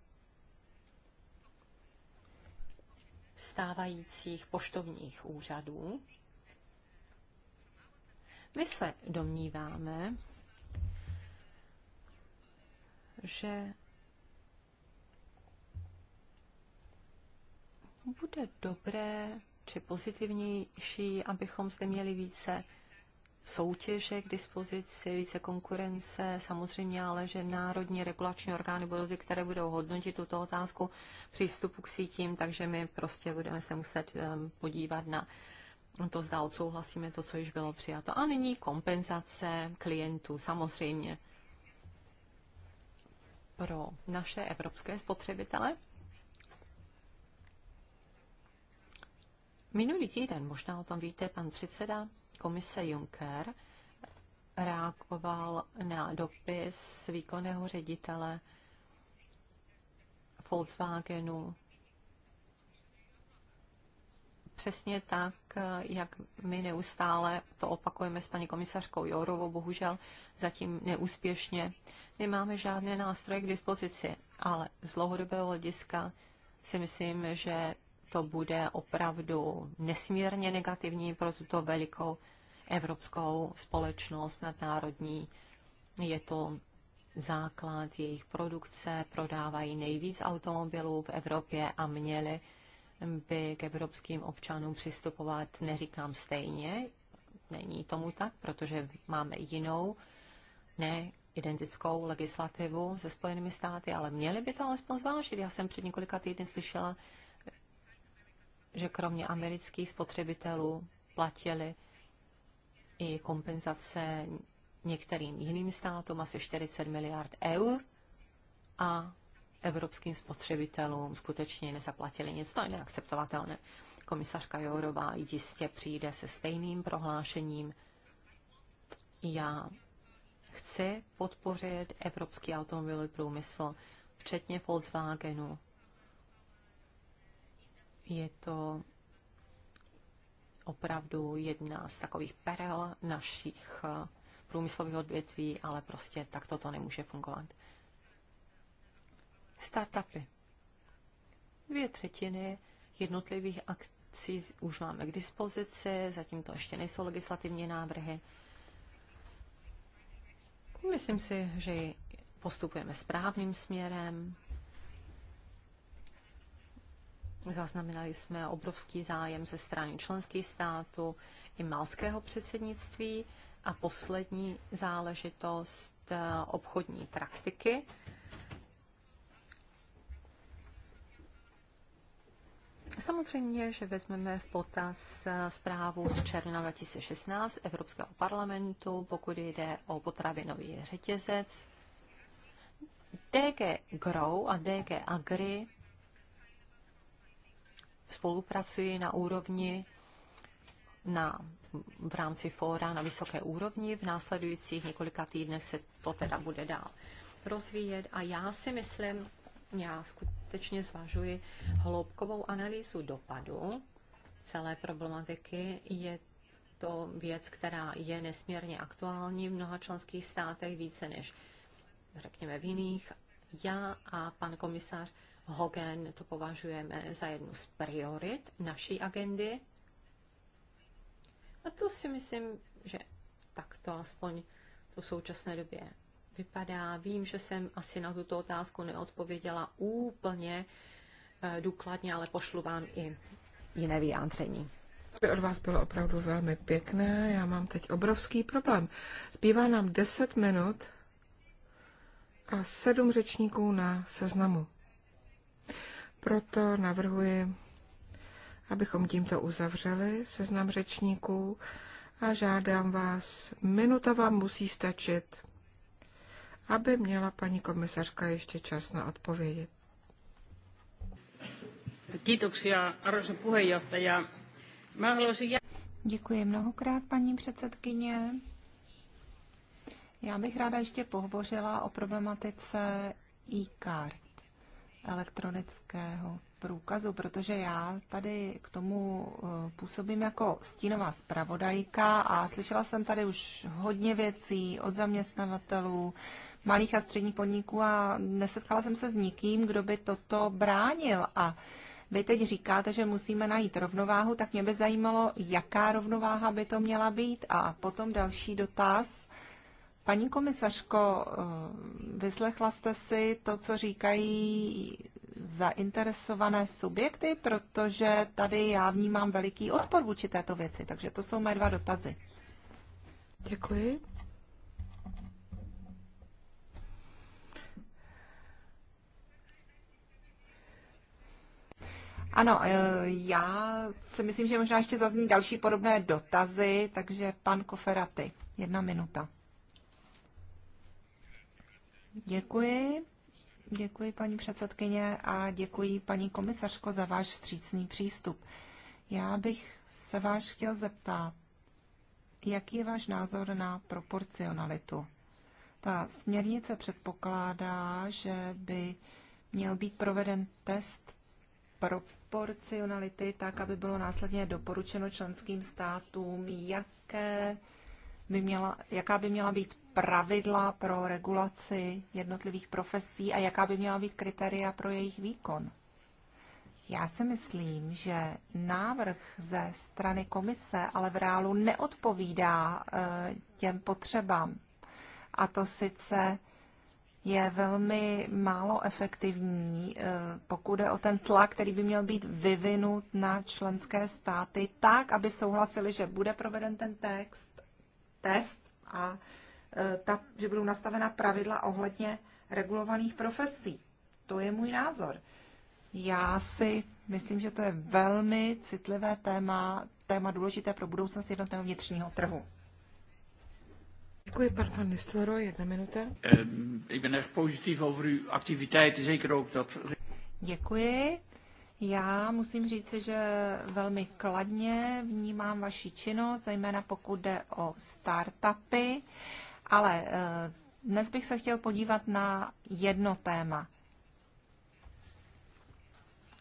stávajících poštovních úřadů. My se domníváme, že bude dobré či pozitivnější, abychom zde měli více soutěže k dispozici, více konkurence, samozřejmě ale, že národní regulační orgány budou ty, které budou hodnotit tuto otázku přístupu k sítím, takže my prostě budeme se muset ehm, podívat na to, zda odsouhlasíme to, co již bylo přijato. A nyní kompenzace klientů, samozřejmě pro naše evropské spotřebitele. Minulý týden, možná o tom víte, pan předseda komise Juncker reagoval na dopis výkonného ředitele Volkswagenu. Přesně tak, jak my neustále to opakujeme s paní komisařkou Jourovou, bohužel zatím neúspěšně. Nemáme žádné nástroje k dispozici, ale z dlouhodobého hlediska si myslím, že to bude opravdu nesmírně negativní pro tuto velikou evropskou společnost nadnárodní. Je to základ jejich produkce, prodávají nejvíc automobilů v Evropě a měli by k evropským občanům přistupovat, neříkám stejně, není tomu tak, protože máme jinou, ne identickou legislativu se Spojenými státy, ale měli by to alespoň zvážit. Já jsem před několika týdny slyšela že kromě amerických spotřebitelů platili i kompenzace některým jiným státům asi 40 miliard eur a evropským spotřebitelům skutečně nezaplatili nic. To je neakceptovatelné. Komisařka Jourová jistě přijde se stejným prohlášením. Já chci podpořit evropský automobilový průmysl, včetně Volkswagenu, je to opravdu jedna z takových perel našich eh, průmyslových odvětví, ale prostě tak toto nemůže fungovat. Startupy. Dvě třetiny jednotlivých akcí už máme k dispozici, zatím to ještě nejsou legislativní návrhy. Myslím si, že postupujeme správným směrem. Zaznamenali jsme obrovský zájem ze strany členských států i malského předsednictví a poslední záležitost eh, obchodní praktiky. Samozřejmě, že vezmeme v potaz eh, zprávu z června 2016 Evropského parlamentu, pokud jde o potravinový řetězec. DG Grow a DG Agri spolupracují na úrovni na, v rámci fóra na vysoké úrovni. V následujících několika týdnech se to teda bude dál rozvíjet a já si myslím, já skutečně zvažuji hloubkovou analýzu dopadu celé problematiky. Je to věc, která je nesmírně aktuální v mnoha členských státech více než řekněme v jiných. Já a pan komisař Hogan to považujeme za jednu z priorit naší agendy. A to si myslím, že tak to aspoň to v současné době vypadá. Vím, že jsem asi na tuto otázku neodpověděla úplně eh, důkladně, ale pošlu vám i jiné vyjádření. To by od vás bylo opravdu velmi pěkné. Já mám teď obrovský problém. Zbývá nám 10 minut a sedm řečníků na seznamu. Proto navrhuji, abychom tímto uzavřeli seznam řečníků a žádám vás, minuta vám musí stačit, aby měla paní komisařka ještě čas na odpovědět. Děkuji mnohokrát, paní předsedkyně. Já bych ráda ještě pohovořila o problematice e-card elektronického průkazu, protože já tady k tomu eh, působím jako stínová zpravodajka a slyšela jsem tady už hodně věcí od zaměstnavatelů, malých a středních podniků a nesetkala jsem se s nikým, kdo by toto bránil. A vy teď říkáte, že musíme najít rovnováhu, tak mě by zajímalo, jaká rovnováha by to měla být. A potom další dotaz Paní komisařko, eh, vyslechla jste si to, co říkají zainteresované subjekty, protože tady já vnímám veliký odpor vůči této věci, takže to jsou mé dva dotazy. Děkuji. Ano, eh, já si myslím, že možná ještě zazní další podobné dotazy, takže pan Koferaty, jedna minuta. Děkuji. Děkuji, paní předsedkyně, a děkuji, paní komisařko, za váš vstřícný přístup. Já bych se váš chtěl zeptat, jaký je váš názor na proporcionalitu? Ta směrnice předpokládá, že by měl být proveden test proporcionality tak, aby bylo následně doporučeno členským státům, jaké by měla, jaká by měla být pravidla pro regulaci jednotlivých profesí a jaká by měla být kritéria pro jejich výkon. Já si myslím, že návrh ze strany komise ale v reálu neodpovídá eh, těm potřebám. A to sice je velmi málo efektivní, eh, pokud je o ten tlak, který by měl být vyvinut na členské státy tak, aby souhlasili, že bude proveden ten text, test a Eh, ta, že budou nastavena pravidla ohledně regulovaných profesí. To je můj názor. Já si myslím, že to je velmi citlivé téma, téma důležité pro budoucnost jednotného vnitřního trhu. Děkuji, pan van Nistelrooy, jedna minuta. Eh, ik ben echt positief over uw activiteiten, zeker ook dat... Děkuji. Já musím říct, že velmi kladně vnímám vaši činnost, zejména pokud jde o startupy. Ale eh, dnes bych se chtěl podívat na jedno téma.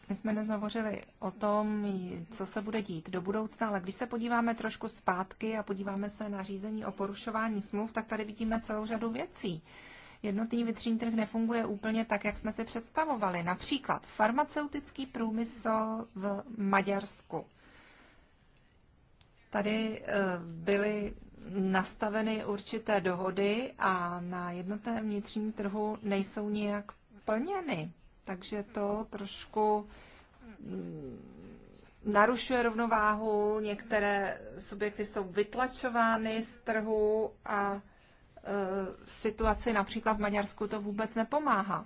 My jsme dnes hovořili o tom, co se bude dít do budoucna, ale když se podíváme trošku zpátky a podíváme se na řízení o porušování smluv, tak tady vidíme celou řadu věcí. Jednotný vnitřní trh nefunguje úplně tak, jak jsme si představovali. Například farmaceutický průmysl v Maďarsku. Tady eh, byly nastaveny určité dohody a na jednotném vnitřním trhu nejsou nijak plněny. Takže to trošku mm, narušuje rovnováhu, některé subjekty jsou vytlačovány z trhu a eh, v situaci například v Maďarsku to vůbec nepomáhá.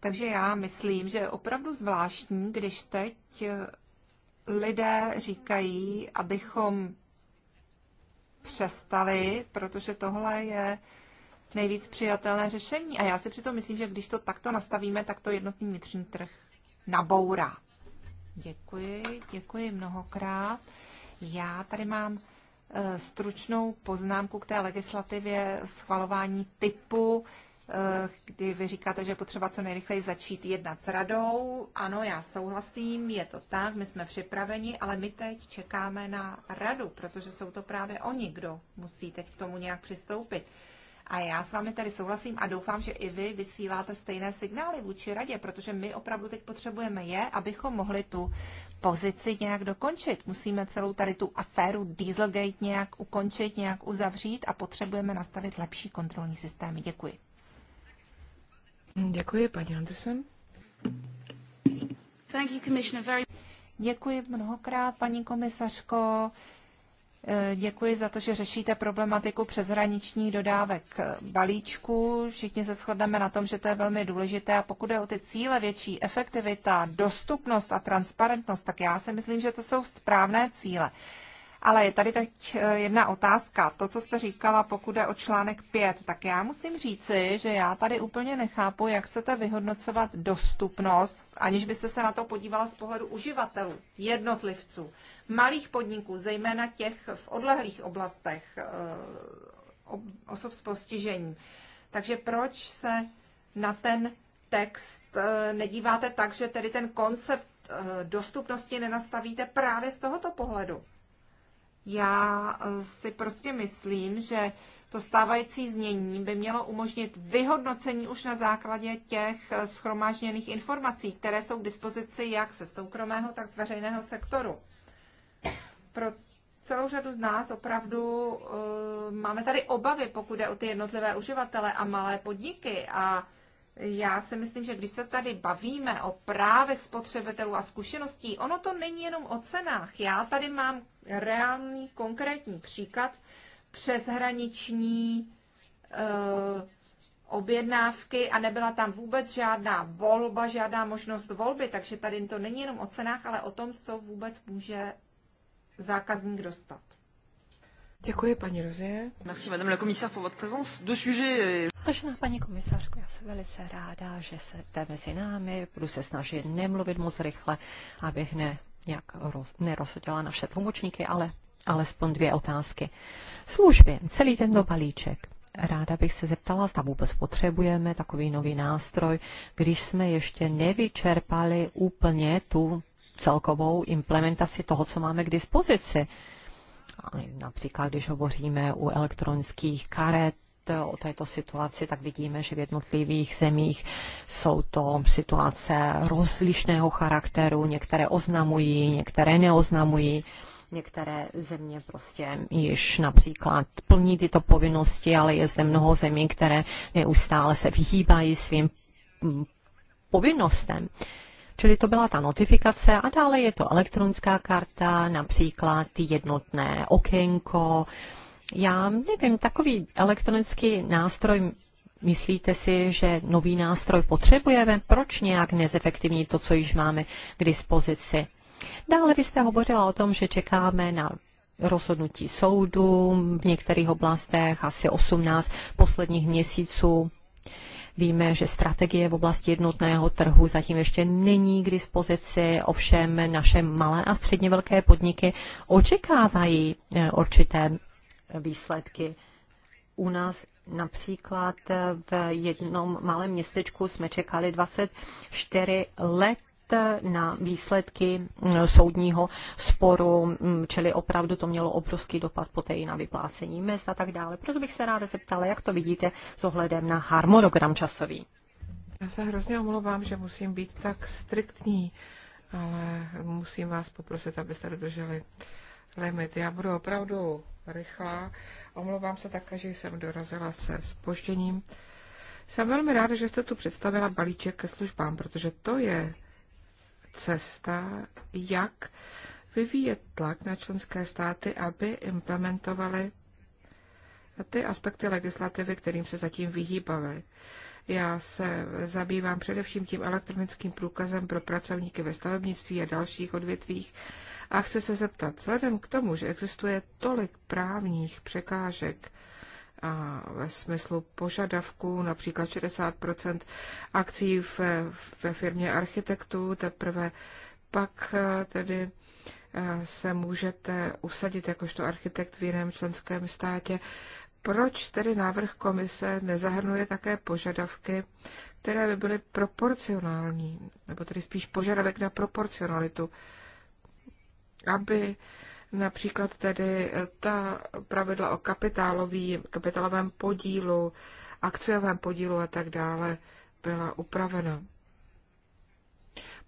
Takže já myslím, že je opravdu zvláštní, když teď eh, lidé říkají, abychom přestali, protože tohle je nejvíc přijatelné řešení. A já si přitom myslím, že když to takto nastavíme, tak to jednotný vnitřní trh nabourá. Děkuji, děkuji mnohokrát. Já tady mám eh, stručnou poznámku k té legislativě schvalování typu. Eh, kdy vy říkáte, že je potřeba co nejrychleji začít jednat s radou. Ano, já souhlasím, je to tak, my jsme připraveni, ale my teď čekáme na radu, protože jsou to právě oni, kdo musí teď k tomu nějak přistoupit. A já s vámi tady souhlasím a doufám, že i vy vysíláte stejné signály vůči radě, protože my opravdu teď potřebujeme je, abychom mohli tu pozici nějak dokončit. Musíme celou tady tu aféru Dieselgate nějak ukončit, nějak uzavřít a potřebujeme nastavit lepší kontrolní systémy. Děkuji. Děkuji, paní Anderson. Thank you, Commissioner. Very... Děkuji mnohokrát, paní komisařko. Eh, děkuji za to, že řešíte problematiku přeshraničních dodávek balíčku. Všichni se shodneme na tom, že to je velmi důležité. A pokud je o ty cíle větší efektivita, dostupnost a transparentnost, tak já si myslím, že to jsou správné cíle. Ale je tady teď eh, jedna otázka. To, co jste říkala, pokud je o článek 5, tak já musím říci, že já tady úplně nechápu, jak chcete vyhodnocovat dostupnost, aniž byste se na to podívala z pohledu uživatelů, jednotlivců, malých podniků, zejména těch v odlehlých oblastech eh, osob s postižením. Takže proč se na ten text eh, nedíváte tak, že tedy ten koncept dostupnosti nenastavíte právě z tohoto pohledu? Já eh, si prostě myslím, že to stávající změní by mělo umožnit vyhodnocení už na základě těch eh, schromážděných informací, které jsou k dispozici jak ze soukromého, tak z veřejného sektoru. Pro celou řadu z nás opravdu uh, máme tady obavy, pokud je o ty jednotlivé uživatele a malé podniky a já si myslím, že když se tady bavíme o právech spotřebitelů a zkušeností, ono to není jenom o cenách. Já tady mám reálný konkrétní příklad přeshraniční e, objednávky a nebyla tam vůbec žádná volba, žádná možnost volby, takže tady to není jenom o cenách, ale o tom, co vůbec může zákazník dostat. Děkuji, paní Rozie. Merci, madame la commissaire, pour votre présence. Deux sujets. Euh, Vážená paní komisařko, já jsem velice ráda, že jste mezi námi. Budu se snažit nemluvit moc rychle, abych ne, nějak roz, nerozhodila naše tlumočníky, ale alespoň dvě otázky. Služby, celý tento balíček. Ráda bych se zeptala, zda vůbec potřebujeme takový nový nástroj, když jsme ještě nevyčerpali úplně tu celkovou implementaci toho, co máme k dispozici. Například, když hovoříme u elektronických karet, o této situaci, tak vidíme, že v jednotlivých zemích jsou to situace rozlišného charakteru. Některé oznamují, některé neoznamují. Některé země prostě již například plní tyto povinnosti, ale je zde mnoho zemí, které neustále se vyhýbají svým povinnostem. Uh, Čili to byla ta notifikace a dále je to elektronická karta, například jednotné okénko. Já nevím, takový elektronický nástroj Myslíte si, že nový nástroj potřebujeme? Proč nějak nezefektivní to, co již máme k dispozici? Dále byste hovořila o tom, že čekáme na rozhodnutí soudu v některých oblastech, asi 18 posledních měsíců Víme, že strategie v oblasti jednotného trhu zatím ještě není k dispozici, ovšem naše malé a středně velké podniky očekávají eh, určité výsledky. U nás například v jednom malém městečku jsme čekali 24 let na výsledky mm, soudního sporu, mm, čili opravdu to mělo obrovský dopad poté i na vyplácení mest a tak dále. Proto bych se ráda zeptala, jak to vidíte s ohledem na harmonogram časový. Já se hrozně omlouvám, že musím být tak striktní, ale musím vás poprosit, abyste dodrželi limit. Já budu opravdu rychlá. Omlouvám se tak, že jsem dorazila se spožděním. Jsem velmi ráda, že jste tu představila balíček ke službám, protože to je cesta, jak vyvíjet tlak na členské státy, aby implementovaly ty aspekty legislativy, kterým se zatím vyhýbaly. Já se zabývám především tím elektronickým průkazem pro pracovníky ve stavebnictví a dalších odvětvích a chci se zeptat, vzhledem k tomu, že existuje tolik právních překážek a ve smyslu požadavků například 60 akcí ve, ve firmě architektů, teprve pak eh, tedy eh, se můžete usadit jakožto architekt v jiném členském státě. Proč tedy návrh komise nezahrnuje také požadavky, které by byly proporcionální, nebo tedy spíš požadavek na proporcionalitu, aby Například tedy eh, ta pravidla o kapitálovém podílu, akciovém podílu a tak dále byla upravena.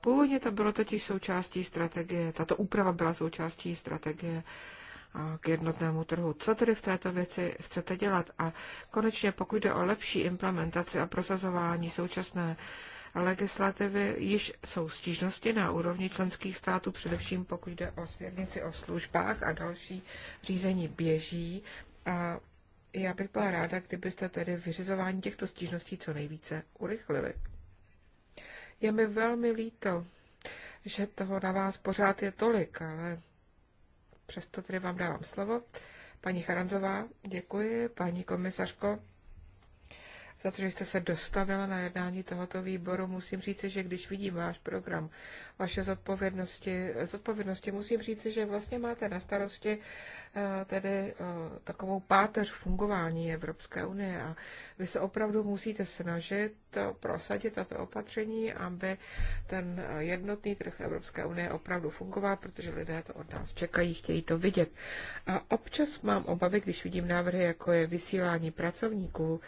Původně to bylo totiž součástí strategie, tato úprava byla součástí strategie eh, k jednotnému trhu. Co tedy v této věci chcete dělat? A konečně, pokud jde o lepší implementaci a prosazování současné legislativy již jsou stížnosti na úrovni členských států, především pokud jde o směrnici o službách a další řízení běží. A já bych byla ráda, kdybyste tedy vyřizování těchto stížností co nejvíce urychlili. Je mi velmi líto, že toho na vás pořád je tolik, ale přesto tedy vám dávám slovo. Paní Charanzová, děkuji. Paní komisařko, za to, že jste se dostavila na jednání tohoto výboru. Musím říct, že když vidím váš program, vaše zodpovědnosti, zodpovědnosti musím říct, že vlastně máte na starosti eh, tedy eh, takovou páteř fungování Evropské unie a vy se opravdu musíte snažit prosadit tato opatření, aby ten jednotný trh Evropské unie opravdu fungoval, protože lidé to od nás čekají, chtějí to vidět. A občas mám obavy, když vidím návrhy, jako je vysílání pracovníků,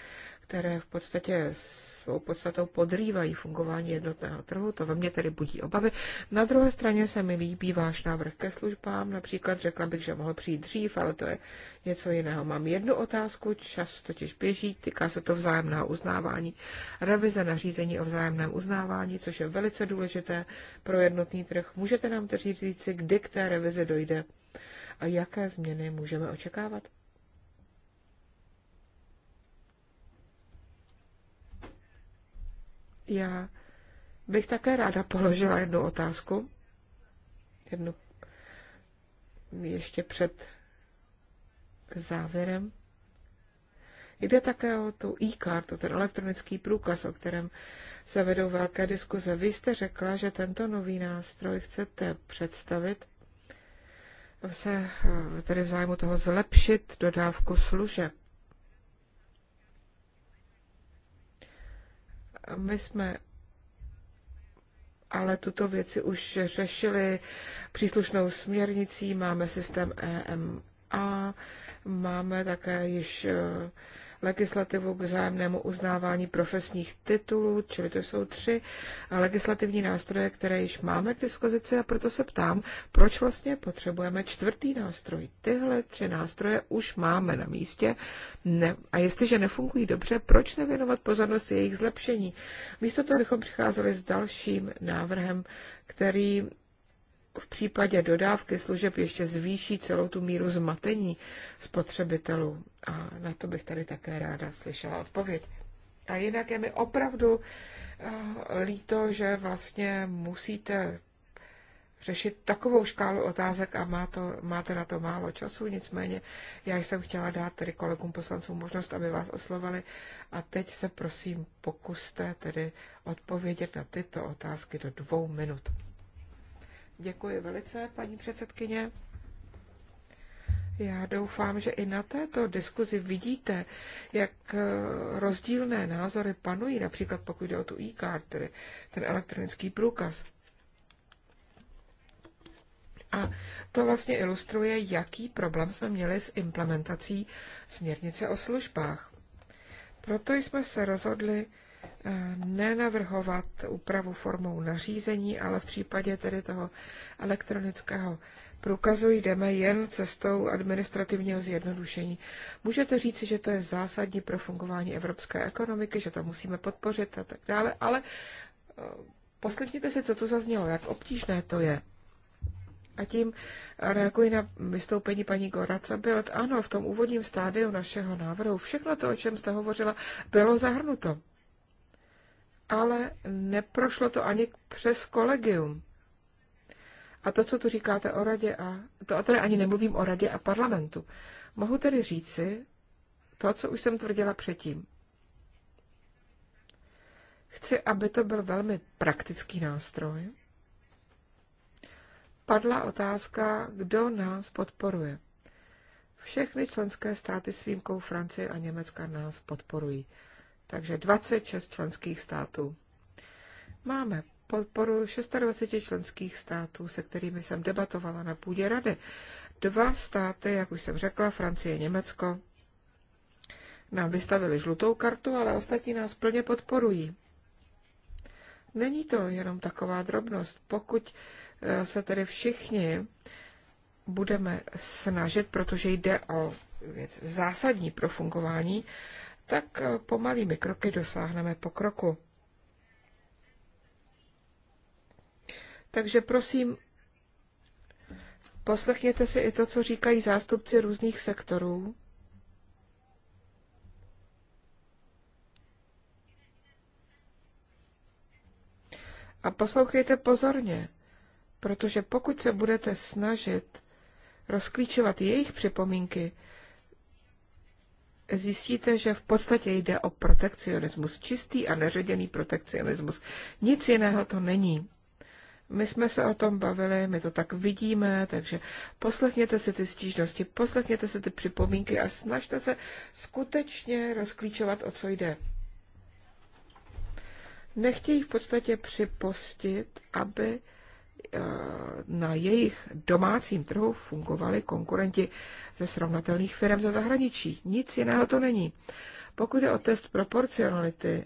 které v podstatě svou podstatou podrývají fungování jednotného trhu, to ve mně tedy budí obavy. Na druhé straně se mi líbí váš návrh ke službám, například řekla bych, že mohl přijít dřív, ale to je něco jiného. Mám jednu otázku, čas totiž běží, týká se to vzájemného uznávání, revize nařízení o vzájemném uznávání, což je velice důležité pro jednotný trh. Můžete nám tedy říct, kdy k té revize dojde a jaké změny můžeme očekávat? Já bych také ráda položila jednu otázku. Jednu ještě před závěrem. Jde také o tu e-kartu, ten elektronický průkaz, o kterém se vedou velké diskuze. Vy jste řekla, že tento nový nástroj chcete představit se tedy v zájmu toho zlepšit dodávku služeb. My jsme ale tuto věci už řešili příslušnou směrnicí, máme systém EMA, máme také již legislativu k vzájemnému uznávání profesních titulů, čili to jsou tři legislativní nástroje, které již máme k dispozici a proto se ptám, proč vlastně potřebujeme čtvrtý nástroj. Tyhle tři nástroje už máme na místě ne, a jestliže nefungují dobře, proč nevěnovat pozornost jejich zlepšení? Místo toho bychom přicházeli s dalším návrhem, který v případě dodávky služeb ještě zvýší celou tu míru zmatení spotřebitelů. A na to bych tady také ráda slyšela odpověď. A jinak je mi opravdu eh, líto, že vlastně musíte řešit takovou škálu otázek a má to, máte na to málo času, nicméně já jsem chtěla dát tedy kolegům poslancům možnost, aby vás oslovali a teď se prosím pokuste tedy odpovědět na tyto otázky do dvou minut. Děkuji velice, paní předsedkyně. Já doufám, že i na této diskuzi vidíte, jak eh, rozdílné názory panují, například pokud jde o tu e-card, tedy ten elektronický průkaz. A to vlastně ilustruje, jaký problém jsme měli s implementací směrnice o službách. Proto jsme se rozhodli Eh, nenavrhovat úpravu formou nařízení, ale v případě tedy toho elektronického průkazu jdeme jen cestou administrativního zjednodušení. Můžete říci, že to je zásadní pro fungování evropské ekonomiky, že to musíme podpořit a tak dále, ale eh, poslechněte si, co tu zaznělo, jak obtížné to je. A tím reaguji na vystoupení paní Goraca Bild. Ano, v tom úvodním stádiu našeho návrhu všechno to, o čem jste hovořila, bylo zahrnuto ale neprošlo to ani přes kolegium. A to, co tu říkáte o radě a... To a tady ani nemluvím o radě a parlamentu. Mohu tedy říci to, co už jsem tvrdila předtím. Chci, aby to byl velmi praktický nástroj. Padla otázka, kdo nás podporuje. Všechny členské státy s výjimkou Francie a Německa nás podporují takže 26 členských států. Máme podporu 26 členských států, se kterými jsem debatovala na půdě rady. Dva státy, jak už jsem řekla, Francie a Německo, nám vystavili žlutou kartu, ale ostatní nás plně podporují. Není to jenom taková drobnost. Pokud eh, se tedy všichni budeme snažit, protože jde o věc zásadní pro fungování tak eh, pomalými kroky dosáhneme pokroku. Takže prosím, poslechněte si i to, co říkají zástupci různých sektorů. A poslouchejte pozorně, protože pokud se budete snažit rozklíčovat jejich připomínky, zjistíte, že v podstatě jde o protekcionismus, čistý a neředěný protekcionismus. Nic jiného to není. My jsme se o tom bavili, my to tak vidíme, takže poslechněte si ty stížnosti, poslechněte si ty připomínky a snažte se skutečně rozklíčovat, o co jde. Nechtějí v podstatě připustit, aby na jejich domácím trhu fungovali konkurenti ze srovnatelných firm ze zahraničí. Nic jiného to není. Pokud je o test proporcionality,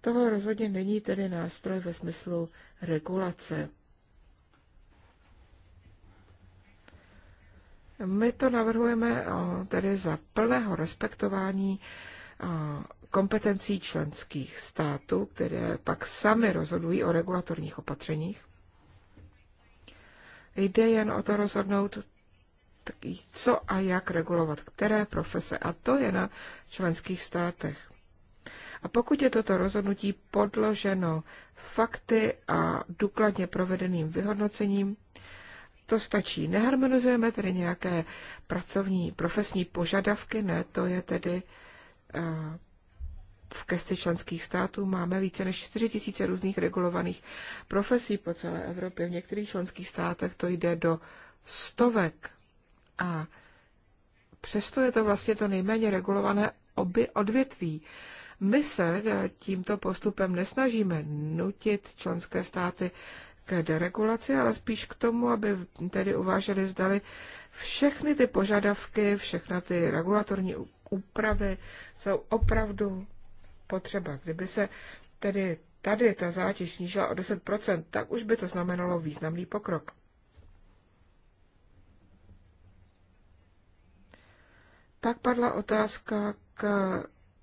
toho rozhodně není tedy nástroj ve smyslu regulace. My to navrhujeme eh, tedy za plného respektování eh, kompetencí členských států, které pak sami rozhodují o regulatorních opatřeních. Jde jen o to rozhodnout, co a jak regulovat které profese, a to je na členských státech. A pokud je toto rozhodnutí podloženo fakty a důkladně provedeným vyhodnocením, to stačí. Neharmonizujeme tedy nějaké pracovní, profesní požadavky, ne, to je tedy uh, v gesci členských států máme více než 4 tisíce různých regulovaných profesí po celé Evropě. V některých členských státech to jde do stovek. A přesto je to vlastně to nejméně regulované oby odvětví. My se eh, tímto postupem nesnažíme nutit členské státy k deregulaci, ale spíš k tomu, aby tedy uvážili, zdali všechny ty požadavky, všechny ty regulatorní úpravy jsou opravdu potřeba. Kdyby se tedy tady ta zátěž snížila o 10%, tak už by to znamenalo významný pokrok. Pak padla otázka k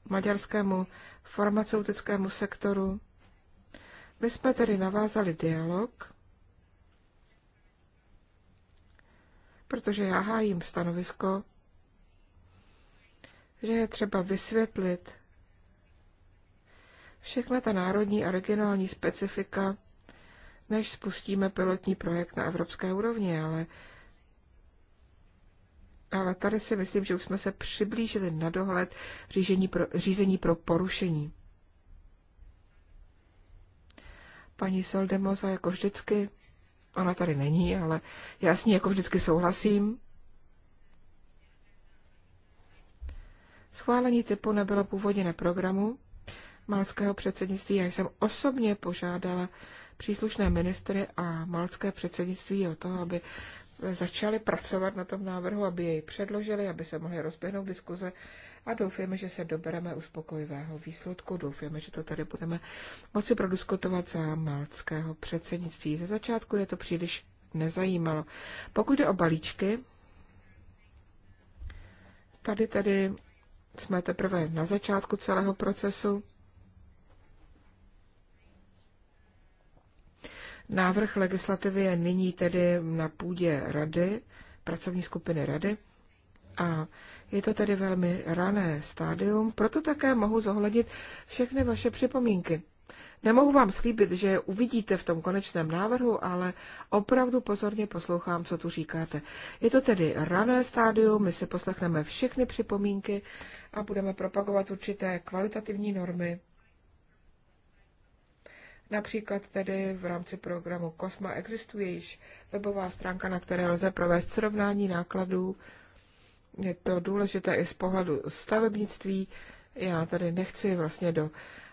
maďarskému farmaceutickému sektoru. My jsme tedy navázali dialog, protože já hájím stanovisko, že je třeba vysvětlit všechna ta národní a regionální specifika, než spustíme pilotní projekt na evropské úrovni, ale ale tady si myslím, že už jsme se přiblížili na dohled řízení pro, řízení pro porušení. Paní Seldemoza, jako vždycky, ona tady není, ale já s ní jako vždycky souhlasím. Schválení typu nebylo původně na programu, malckého předsednictví. Já jsem osobně požádala příslušné ministry a malcké předsednictví o to, aby začali pracovat na tom návrhu, aby jej předložili, aby se mohly rozběhnout diskuze a doufáme, že se dobereme uspokojivého výsledku. Doufáme, že to tady budeme moci prodiskutovat za malckého předsednictví. Ze začátku je to příliš nezajímalo. Pokud jde o balíčky, tady tedy jsme teprve na začátku celého procesu. Návrh legislativy je nyní tedy na půdě rady, pracovní skupiny rady a je to tedy velmi rané stádium, proto také mohu zohlednit všechny vaše připomínky. Nemohu vám slíbit, že je uvidíte v tom konečném návrhu, ale opravdu pozorně poslouchám, co tu říkáte. Je to tedy rané stádium, my si poslechneme všechny připomínky a budeme propagovat určité kvalitativní normy, Například tedy v rámci programu COSMA existuje již webová stránka, na které lze provést srovnání nákladů. Je to důležité i z pohledu stavebnictví. Já tady nechci vlastně do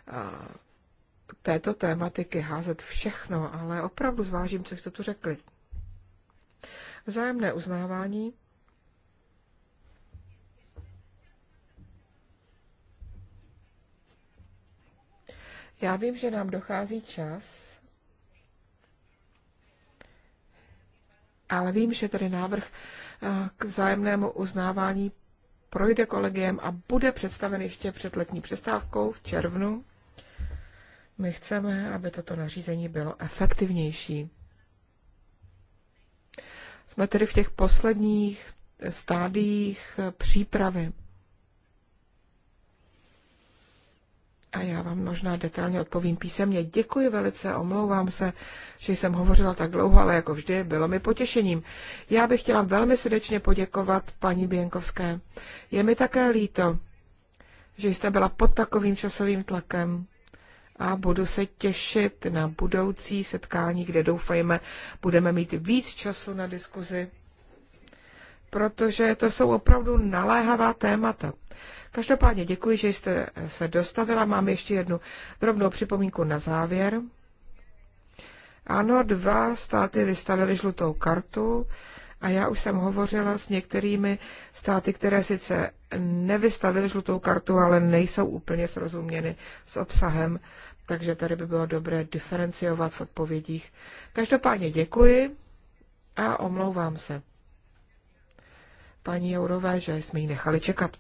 a, této tématiky házet všechno, ale opravdu zvážím, co jste tu řekli. Vzájemné uznávání Já vím, že nám dochází čas, ale vím, že tedy návrh eh, k vzájemnému uznávání projde kolegiem a bude představen ještě před letní přestávkou v červnu. My chceme, aby toto nařízení bylo efektivnější. Jsme tedy v těch posledních stádiích přípravy. a já vám možná detailně odpovím písemně. Děkuji velice, omlouvám se, že jsem hovořila tak dlouho, ale jako vždy bylo mi potěšením. Já bych chtěla velmi srdečně poděkovat paní Běnkovské. Je mi také líto, že jste byla pod takovým časovým tlakem a budu se těšit na budoucí setkání, kde doufejme, budeme mít víc času na diskuzi protože to jsou opravdu naléhavá témata. Každopádně děkuji, že jste se dostavila. Mám ještě jednu drobnou připomínku na závěr. Ano, dva státy vystavili žlutou kartu a já už jsem hovořila s některými státy, které sice nevystavili žlutou kartu, ale nejsou úplně srozuměny s obsahem, takže tady by bylo dobré diferenciovat v odpovědích. Každopádně děkuji a omlouvám se paní Jourové, že jsme ji nechali čekat.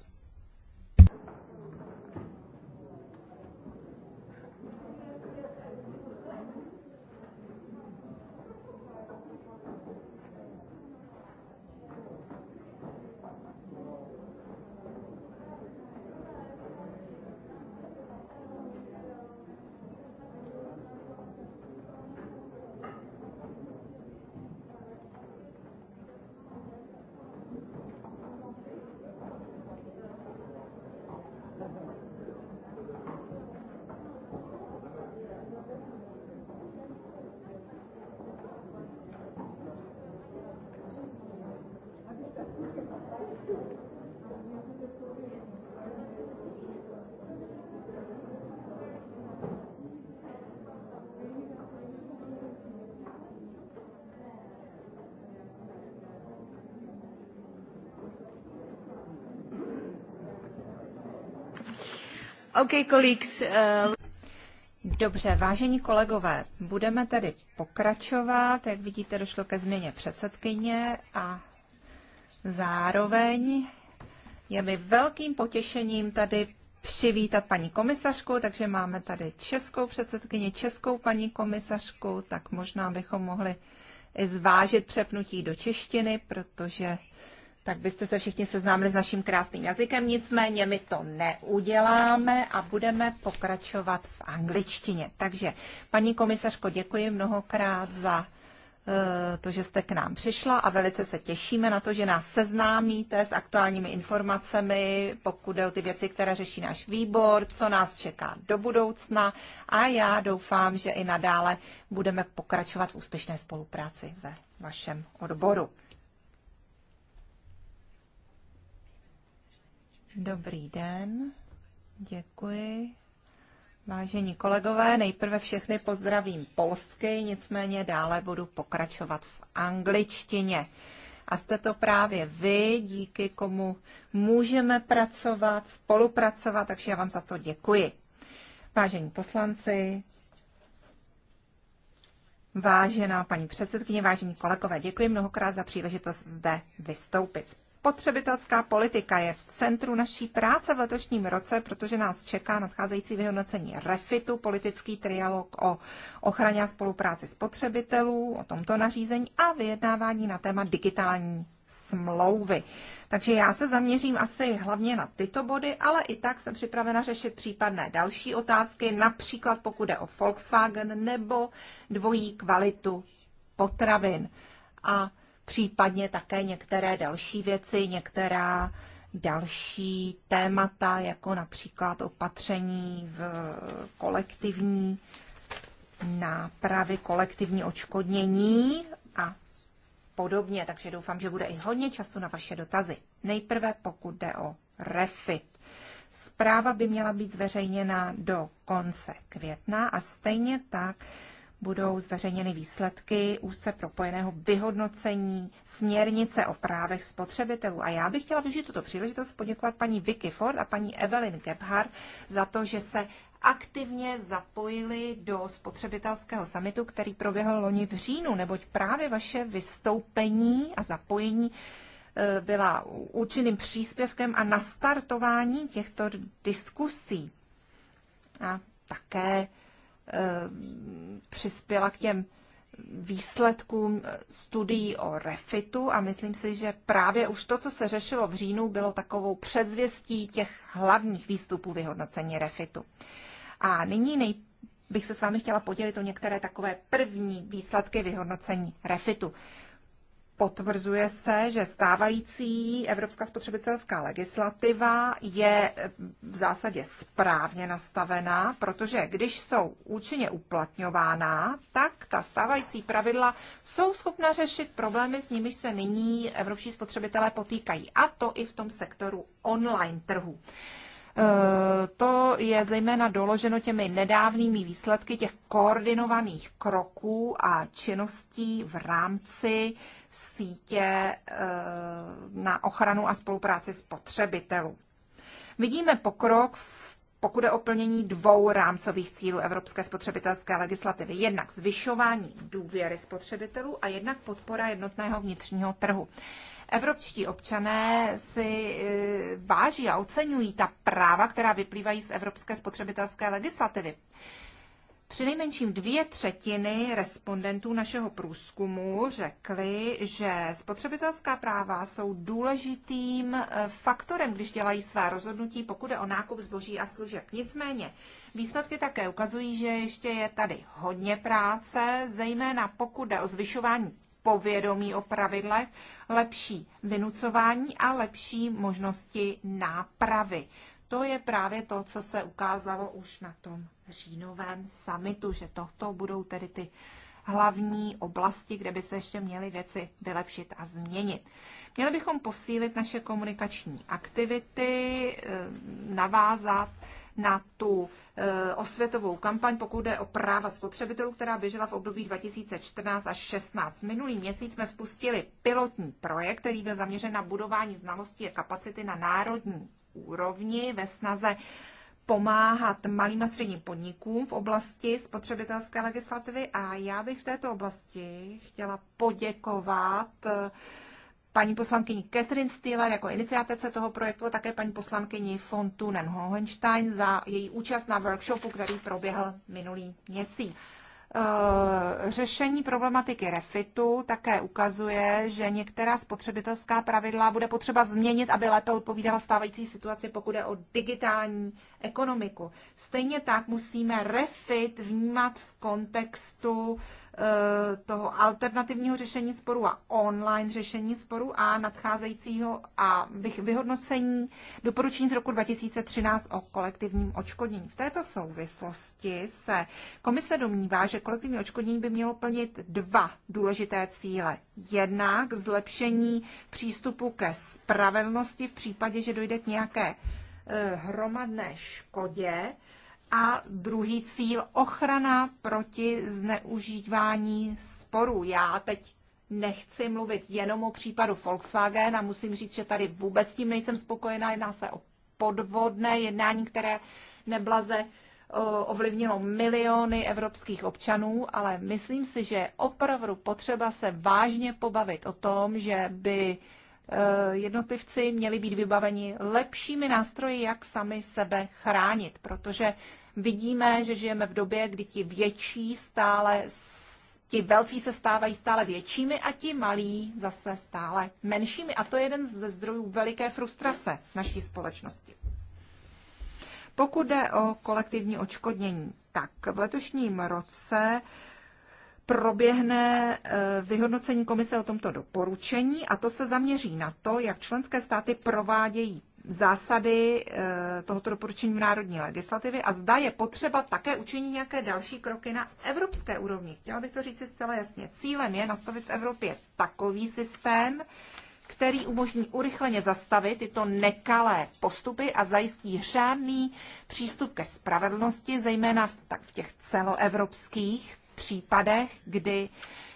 Okay, colleagues, uh... Dobře, vážení kolegové, budeme tedy pokračovat. Jak vidíte, došlo ke změně předsedkyně a zároveň je mi velkým potěšením tady přivítat paní komisařku, takže máme tady českou předsedkyni, českou paní komisařku, tak možná bychom mohli i zvážit přepnutí do češtiny, protože uh, tak byste se všichni seznámili s naším krásným jazykem, nicméně my to neuděláme a budeme pokračovat v angličtině. Takže, paní komisařko, děkuji mnohokrát za eh, to, že jste k nám přišla a velice se těšíme na to, že nás seznámíte s aktuálními informacemi, pokud jde o ty věci, které řeší náš výbor, co nás čeká do budoucna a já doufám, že i nadále budeme pokračovat v úspěšné spolupráci ve vašem odboru. Dobrý den, děkuji. Vážení kolegové, nejprve všechny pozdravím polsky, nicméně dále budu pokračovat v angličtině. A jste to právě vy, díky komu můžeme pracovat, spolupracovat, takže já vám za to děkuji. Vážení poslanci, Vážená paní předsedkyně, vážení kolegové, děkuji mnohokrát za příležitost zde vystoupit. Spotřebitelská politika je v centru naší práce v letošním roce, protože nás čeká nadcházející vyhodnocení refitu, politický trialog o ochraně a spolupráci spotřebitelů, o tomto nařízení a vyjednávání na téma digitální smlouvy. Takže já se zaměřím asi hlavně na tyto body, ale i tak jsem připravena řešit případné další otázky, například pokud jde o Volkswagen nebo dvojí kvalitu potravin. A případně také některé další věci, některá další témata, jako například opatření v kolektivní nápravy, kolektivní očkodnění a podobně. Takže doufám, že bude i hodně času na vaše dotazy. Nejprve pokud jde o refit. Zpráva by měla být zveřejněna do konce května a stejně tak budou zveřejněny výsledky úzce propojeného vyhodnocení směrnice o právech spotřebitelů. A já bych chtěla využít tuto příležitost poděkovat paní Vicky Ford a paní Evelyn Gebhardt za to, že se aktivně zapojili do spotřebitelského samitu, který proběhl loni v říjnu, neboť právě vaše vystoupení a zapojení e, byla účinným příspěvkem a nastartování těchto diskusí. A také Eh, přispěla k těm výsledkům studií o refitu a myslím si, že právě už to, co se řešilo v říjnu, bylo takovou předzvěstí těch hlavních výstupů vyhodnocení refitu. A nyní nej, bych se s vámi chtěla podělit o některé takové první výsledky vyhodnocení refitu potvrzuje se, že stávající evropská spotřebitelská legislativa je v zásadě správně nastavená, protože když jsou účinně uplatňována, tak ta stávající pravidla jsou schopna řešit problémy, s nimiž se nyní evropští spotřebitelé potýkají, a to i v tom sektoru online trhu. E, to je zejména doloženo těmi nedávnými výsledky těch koordinovaných kroků a činností v rámci uh, sítě eh, na ochranu a spolupráci spotřebitelů. Vidíme pokrok v pokud je o plnění dvou rámcových cílů evropské spotřebitelské legislativy. Jednak zvyšování důvěry spotřebitelů a jednak podpora jednotného vnitřního trhu. Evropští občané si eh, váží a oceňují ta práva, která vyplývají z evropské spotřebitelské legislativy. Přinejmenším dvě třetiny respondentů našeho průzkumu řekly, že spotřebitelská práva jsou důležitým eh, faktorem, když dělají svá rozhodnutí, pokud je o nákup zboží a služeb. Nicméně výsledky také ukazují, že ještě je tady hodně práce, zejména pokud jde o zvyšování povědomí o pravidlech, lepší vynucování a lepší možnosti nápravy. To je právě to, co se ukázalo už na tom říjnovém summitu, že tohto budou tedy ty hlavní oblasti, kde by se ještě měly věci vylepšit a změnit. Měli bychom posílit naše komunikační aktivity, eh, navázat na tu eh, osvětovou kampaň, pokud jde o práva spotřebitelů, která běžela v období 2014 až 16. Minulý měsíc jsme spustili pilotní projekt, který byl zaměřen na budování znalostí a kapacity na národní úrovni ve snaze pomáhat malým a středním podnikům v oblasti spotřebitelské legislativy a já bych v této oblasti chtěla poděkovat eh, paní poslankyni Catherine Steeler jako iniciativce toho projektu a také paní poslankyni von Thunen Hohenstein za její účast na workshopu, který proběhl minulý měsíc. Eh, řešení problematiky refitu také ukazuje, že některá spotřebitelská pravidla bude potřeba změnit, aby lépe odpovídala stávající situaci, pokud je o digitální ekonomiku. Stejně tak musíme refit vnímat v kontextu Eh, toho alternativního řešení sporu a online řešení sporu a nadcházejícího a vyhodnocení doporučení z roku 2013 o kolektivním očkodnění. V této souvislosti se komise domnívá, že kolektivní očkodnění by mělo plnit dva důležité cíle. Jednak zlepšení přístupu ke spravedlnosti v případě, že dojde k nějaké eh, hromadné škodě, a druhý cíl, ochrana proti zneužívání sporů. Já teď nechci mluvit jenom o případu Volkswagen a musím říct, že tady vůbec s tím nejsem spokojená. Jedná se o podvodné jednání, které neblaze eh, ovlivnilo miliony evropských občanů, ale myslím si, že je opravdu potřeba se vážně pobavit o tom, že by eh, jednotlivci měli být vybaveni lepšími nástroji, jak sami sebe chránit, protože Vidíme, že žijeme v době, kdy ti větší stále, ti velcí se stávají stále většími a ti malí zase stále menšími. A to je jeden ze zdrojů veliké frustrace naší společnosti. Pokud jde o kolektivní očkodnění, tak v letošním roce proběhne e, vyhodnocení komise o tomto doporučení a to se zaměří na to, jak členské státy provádějí zásady eh, tohoto doporučení v národní legislativy a zda je potřeba také učinit nějaké další kroky na evropské úrovni. Chtěla bych to říct zcela jasně. Cílem je nastavit v Evropě takový systém, který umožní urychleně zastavit tyto nekalé postupy a zajistí řádný přístup ke spravedlnosti, zejména v, tak v těch celoevropských případech, kdy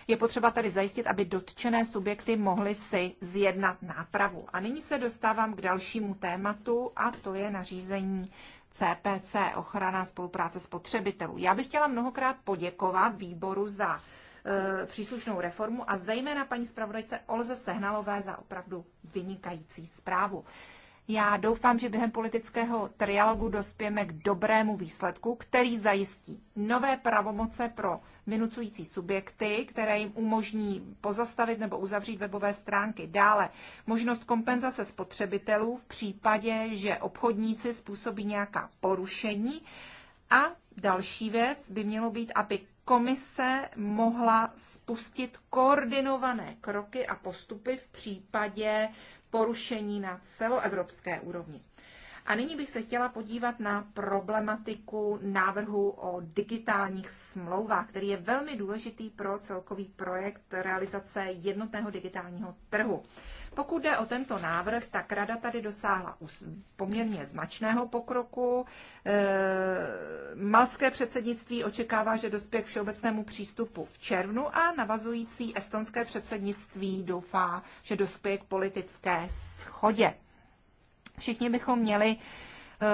je potřeba tady zajistit, aby dotčené subjekty mohly si zjednat nápravu. A nyní se dostávám k dalšímu tématu a to je nařízení CPC, ochrana spolupráce spotřebitelů. Já bych chtěla mnohokrát poděkovat výboru za e, příslušnou reformu a zejména paní zpravodajce Olze Sehnalové za opravdu vynikající zprávu. Já doufám, že během politického trialogu dospějeme k dobrému výsledku, který zajistí nové pravomoce pro vynucující subjekty, které jim umožní pozastavit nebo uzavřít webové stránky. Dále možnost kompenzace spotřebitelů v případě, že obchodníci způsobí nějaká porušení. A další věc by mělo být, aby komise mohla spustit koordinované kroky a postupy v případě porušení na celoevropské úrovni. A nyní bych se chtěla podívat na problematiku návrhu o digitálních smlouvách, který je velmi důležitý pro celkový projekt realizace jednotného digitálního trhu. Pokud jde o tento návrh, tak rada tady dosáhla poměrně značného pokroku. Eh, malské předsednictví očekává, že dospěje k všeobecnému přístupu v červnu a navazující estonské předsednictví doufá, že dospěje k politické schodě. Všichni bychom měli eh,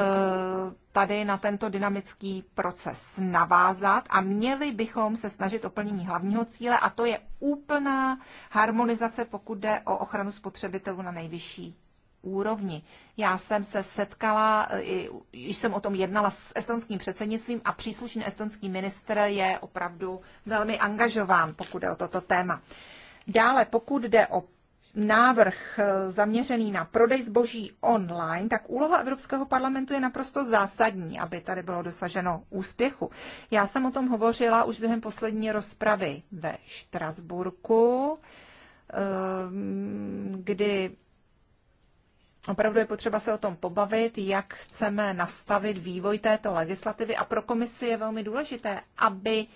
tady na tento dynamický proces navázat a měli bychom se snažit o plnění hlavního cíle a to je úplná harmonizace, pokud jde o ochranu spotřebitelů na nejvyšší úrovni. Já jsem se setkala, když eh, jsem o tom jednala s estonským předsednictvím a příslušný estonský minister je opravdu velmi angažován, pokud jde o toto téma. Dále, pokud jde o návrh eh, zaměřený na prodej zboží online, tak úloha Evropského parlamentu je naprosto zásadní, aby tady bylo dosaženo úspěchu. Já jsem o tom hovořila už během poslední rozpravy ve Štrasburku, ehm, kdy Opravdu je potřeba se o tom pobavit, jak chceme nastavit vývoj této legislativy a pro komisi je velmi důležité, aby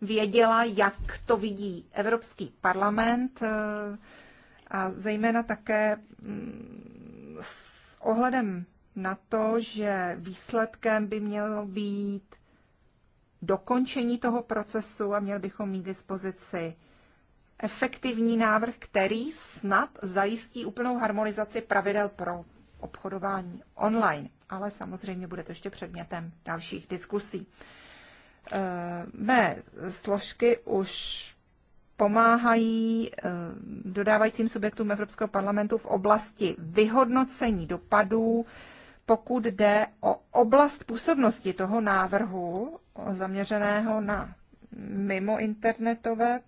věděla, jak to vidí Evropský parlament, eh, a zejména také mm, s ohledem na to, že výsledkem by mělo být dokončení toho procesu a měli bychom mít dispozici efektivní návrh, který snad zajistí úplnou harmonizaci pravidel pro obchodování online. Ale samozřejmě bude to ještě předmětem dalších diskusí. E, mé složky už pomáhají eh, dodávajícím subjektům Evropského parlamentu v oblasti vyhodnocení dopadů, pokud jde o oblast působnosti toho návrhu zaměřeného na mimo internetové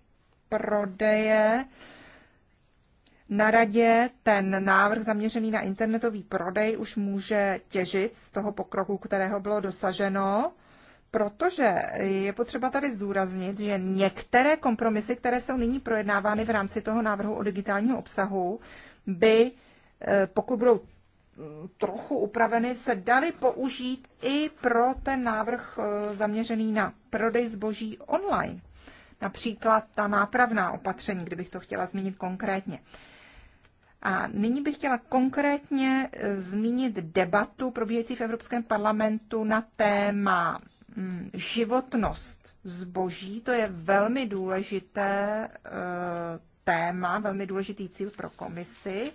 prodeje. Na radě ten návrh zaměřený na internetový prodej už může těžit z toho pokroku, kterého bylo dosaženo protože je potřeba tady zdůraznit, že některé kompromisy, které jsou nyní projednávány v rámci toho návrhu o digitálního obsahu, by, eh, pokud budou hm, trochu upraveny, se daly použít i pro ten návrh eh, zaměřený na prodej zboží online. Například ta nápravná opatření, kdybych to chtěla zmínit konkrétně. A nyní bych chtěla konkrétně eh, zmínit debatu probíhající v Evropském parlamentu na téma Mm, životnost zboží, to je velmi důležité eh, téma, velmi důležitý cíl pro komisi.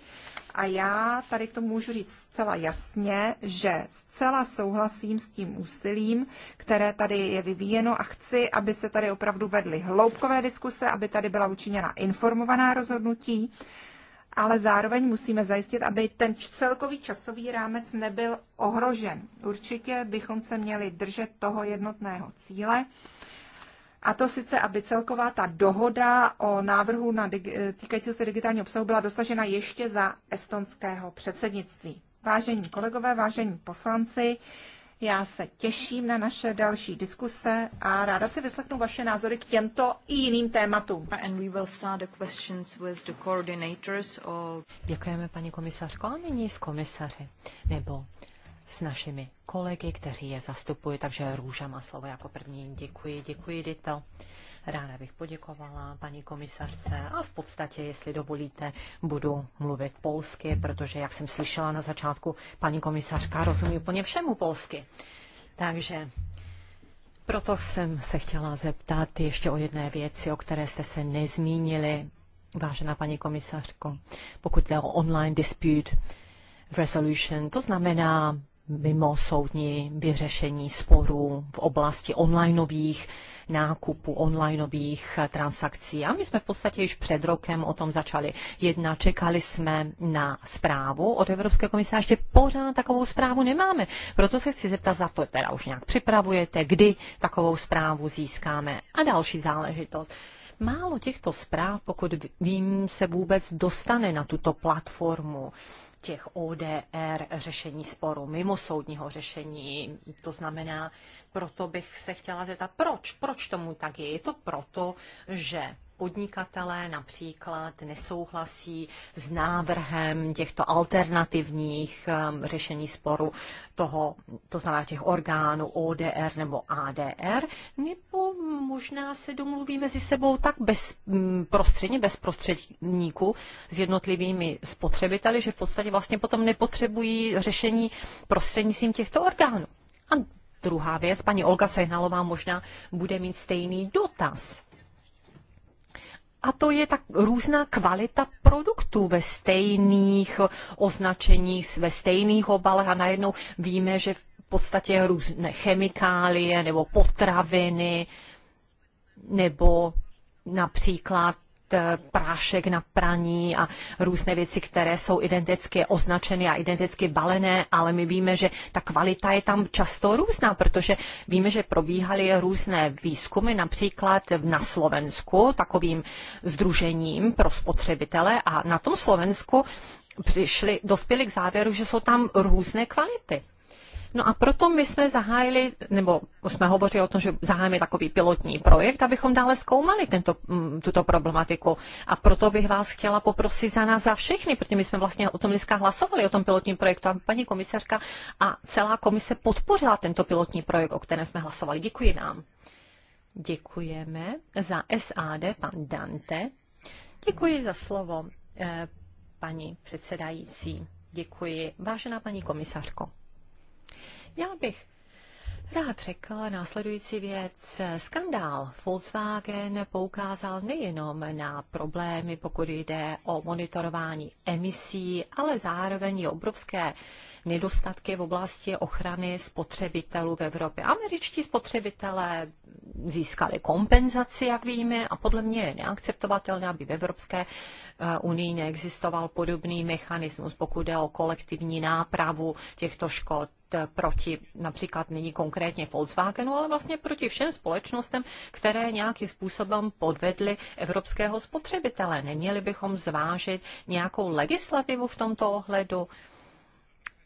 A já tady k tomu můžu říct zcela jasně, že zcela souhlasím s tím úsilím, které tady je vyvíjeno a chci, aby se tady opravdu vedly hloubkové diskuse, aby tady byla učiněna informovaná rozhodnutí ale zároveň musíme zajistit, aby ten celkový časový rámec nebyl ohrožen. Určitě bychom se měli držet toho jednotného cíle. A to sice, aby celková ta dohoda o návrhu na digi- týkajícího se digitálního obsahu byla dosažena ještě za estonského předsednictví. Vážení kolegové, vážení poslanci, já se těším na naše další diskuse a ráda si vyslechnu vaše názory k těmto i jiným tématům. Děkujeme, paní komisařko, a nyní s komisaři nebo s našimi kolegy, kteří je zastupují, takže Růža má slovo jako první. Děkuji, děkuji, Dito. Ráda bych poděkovala paní komisařce a v podstatě, jestli dovolíte, budu mluvit polsky, protože, jak jsem slyšela na začátku, paní komisařka rozumí úplně všemu polsky. Takže proto jsem se chtěla zeptat ještě o jedné věci, o které jste se nezmínili, vážená paní komisařko, pokud jde o online dispute resolution, to znamená mimo soudní vyřešení sporů v oblasti onlineových nákupu onlineových transakcí. A my jsme v podstatě již před rokem o tom začali jedna Čekali jsme na zprávu od Evropské komise a ještě pořád takovou zprávu nemáme. Proto se chci zeptat, za to teda už nějak připravujete, kdy takovou zprávu získáme. A další záležitost. Málo těchto zpráv, pokud vím, se vůbec dostane na tuto platformu těch ODR řešení sporu, mimo soudního řešení, to znamená proto bych se chtěla zeptat, proč? Proč tomu tak je? Je to proto, že podnikatelé například nesouhlasí s návrhem těchto alternativních um, řešení sporu toho, to znamená těch orgánů ODR nebo ADR, nebo možná se domluví mezi sebou tak bezprostředně, bez mm, prostředníků s jednotlivými spotřebiteli, že v podstatě vlastně potom nepotřebují řešení prostřednictvím těchto orgánů. A druhá věc. Paní Olga Sehnalová možná bude mít stejný dotaz. A to je tak různá kvalita produktů ve stejných označeních, ve stejných obalech a najednou víme, že v podstatě různé chemikálie nebo potraviny nebo například Eh, prášek na praní a různé věci, které jsou identicky označeny a identicky balené, ale my víme, že ta kvalita je tam často různá, protože víme, že probíhaly různé výzkumy, například na Slovensku takovým združením pro spotřebitele a na tom Slovensku přišli, dospěli k závěru, že jsou tam různé kvality No a proto my jsme zahájili, nebo jsme hovořili o tom, že zahájíme takový pilotní projekt, abychom dále zkoumali tento, mm, tuto problematiku. A proto bych vás chtěla poprosit za nás, za všechny, protože my jsme vlastně o tom dneska hlasovali, o tom pilotním projektu, a paní komisařka a celá komise podpořila tento pilotní projekt, o kterém jsme hlasovali. Děkuji nám. Děkujeme za SAD, pan Dante. Děkuji za slovo, eh, paní předsedající. Děkuji. Vážená paní komisařko. Já bych rád řekl následující věc. Skandál Volkswagen poukázal nejenom na problémy, pokud jde o monitorování emisí, ale zároveň i obrovské nedostatky v oblasti ochrany spotřebitelů v Evropě. Američtí spotřebitelé získali kompenzaci, jak víme, a podle mě je neakceptovatelné, aby v Evropské eh, unii neexistoval podobný mechanismus, pokud jde o kolektivní nápravu těchto škod proti například nyní konkrétně Volkswagenu, ale vlastně proti všem společnostem, které nějakým způsobem podvedly evropského spotřebitele. Neměli bychom zvážit nějakou legislativu v tomto ohledu.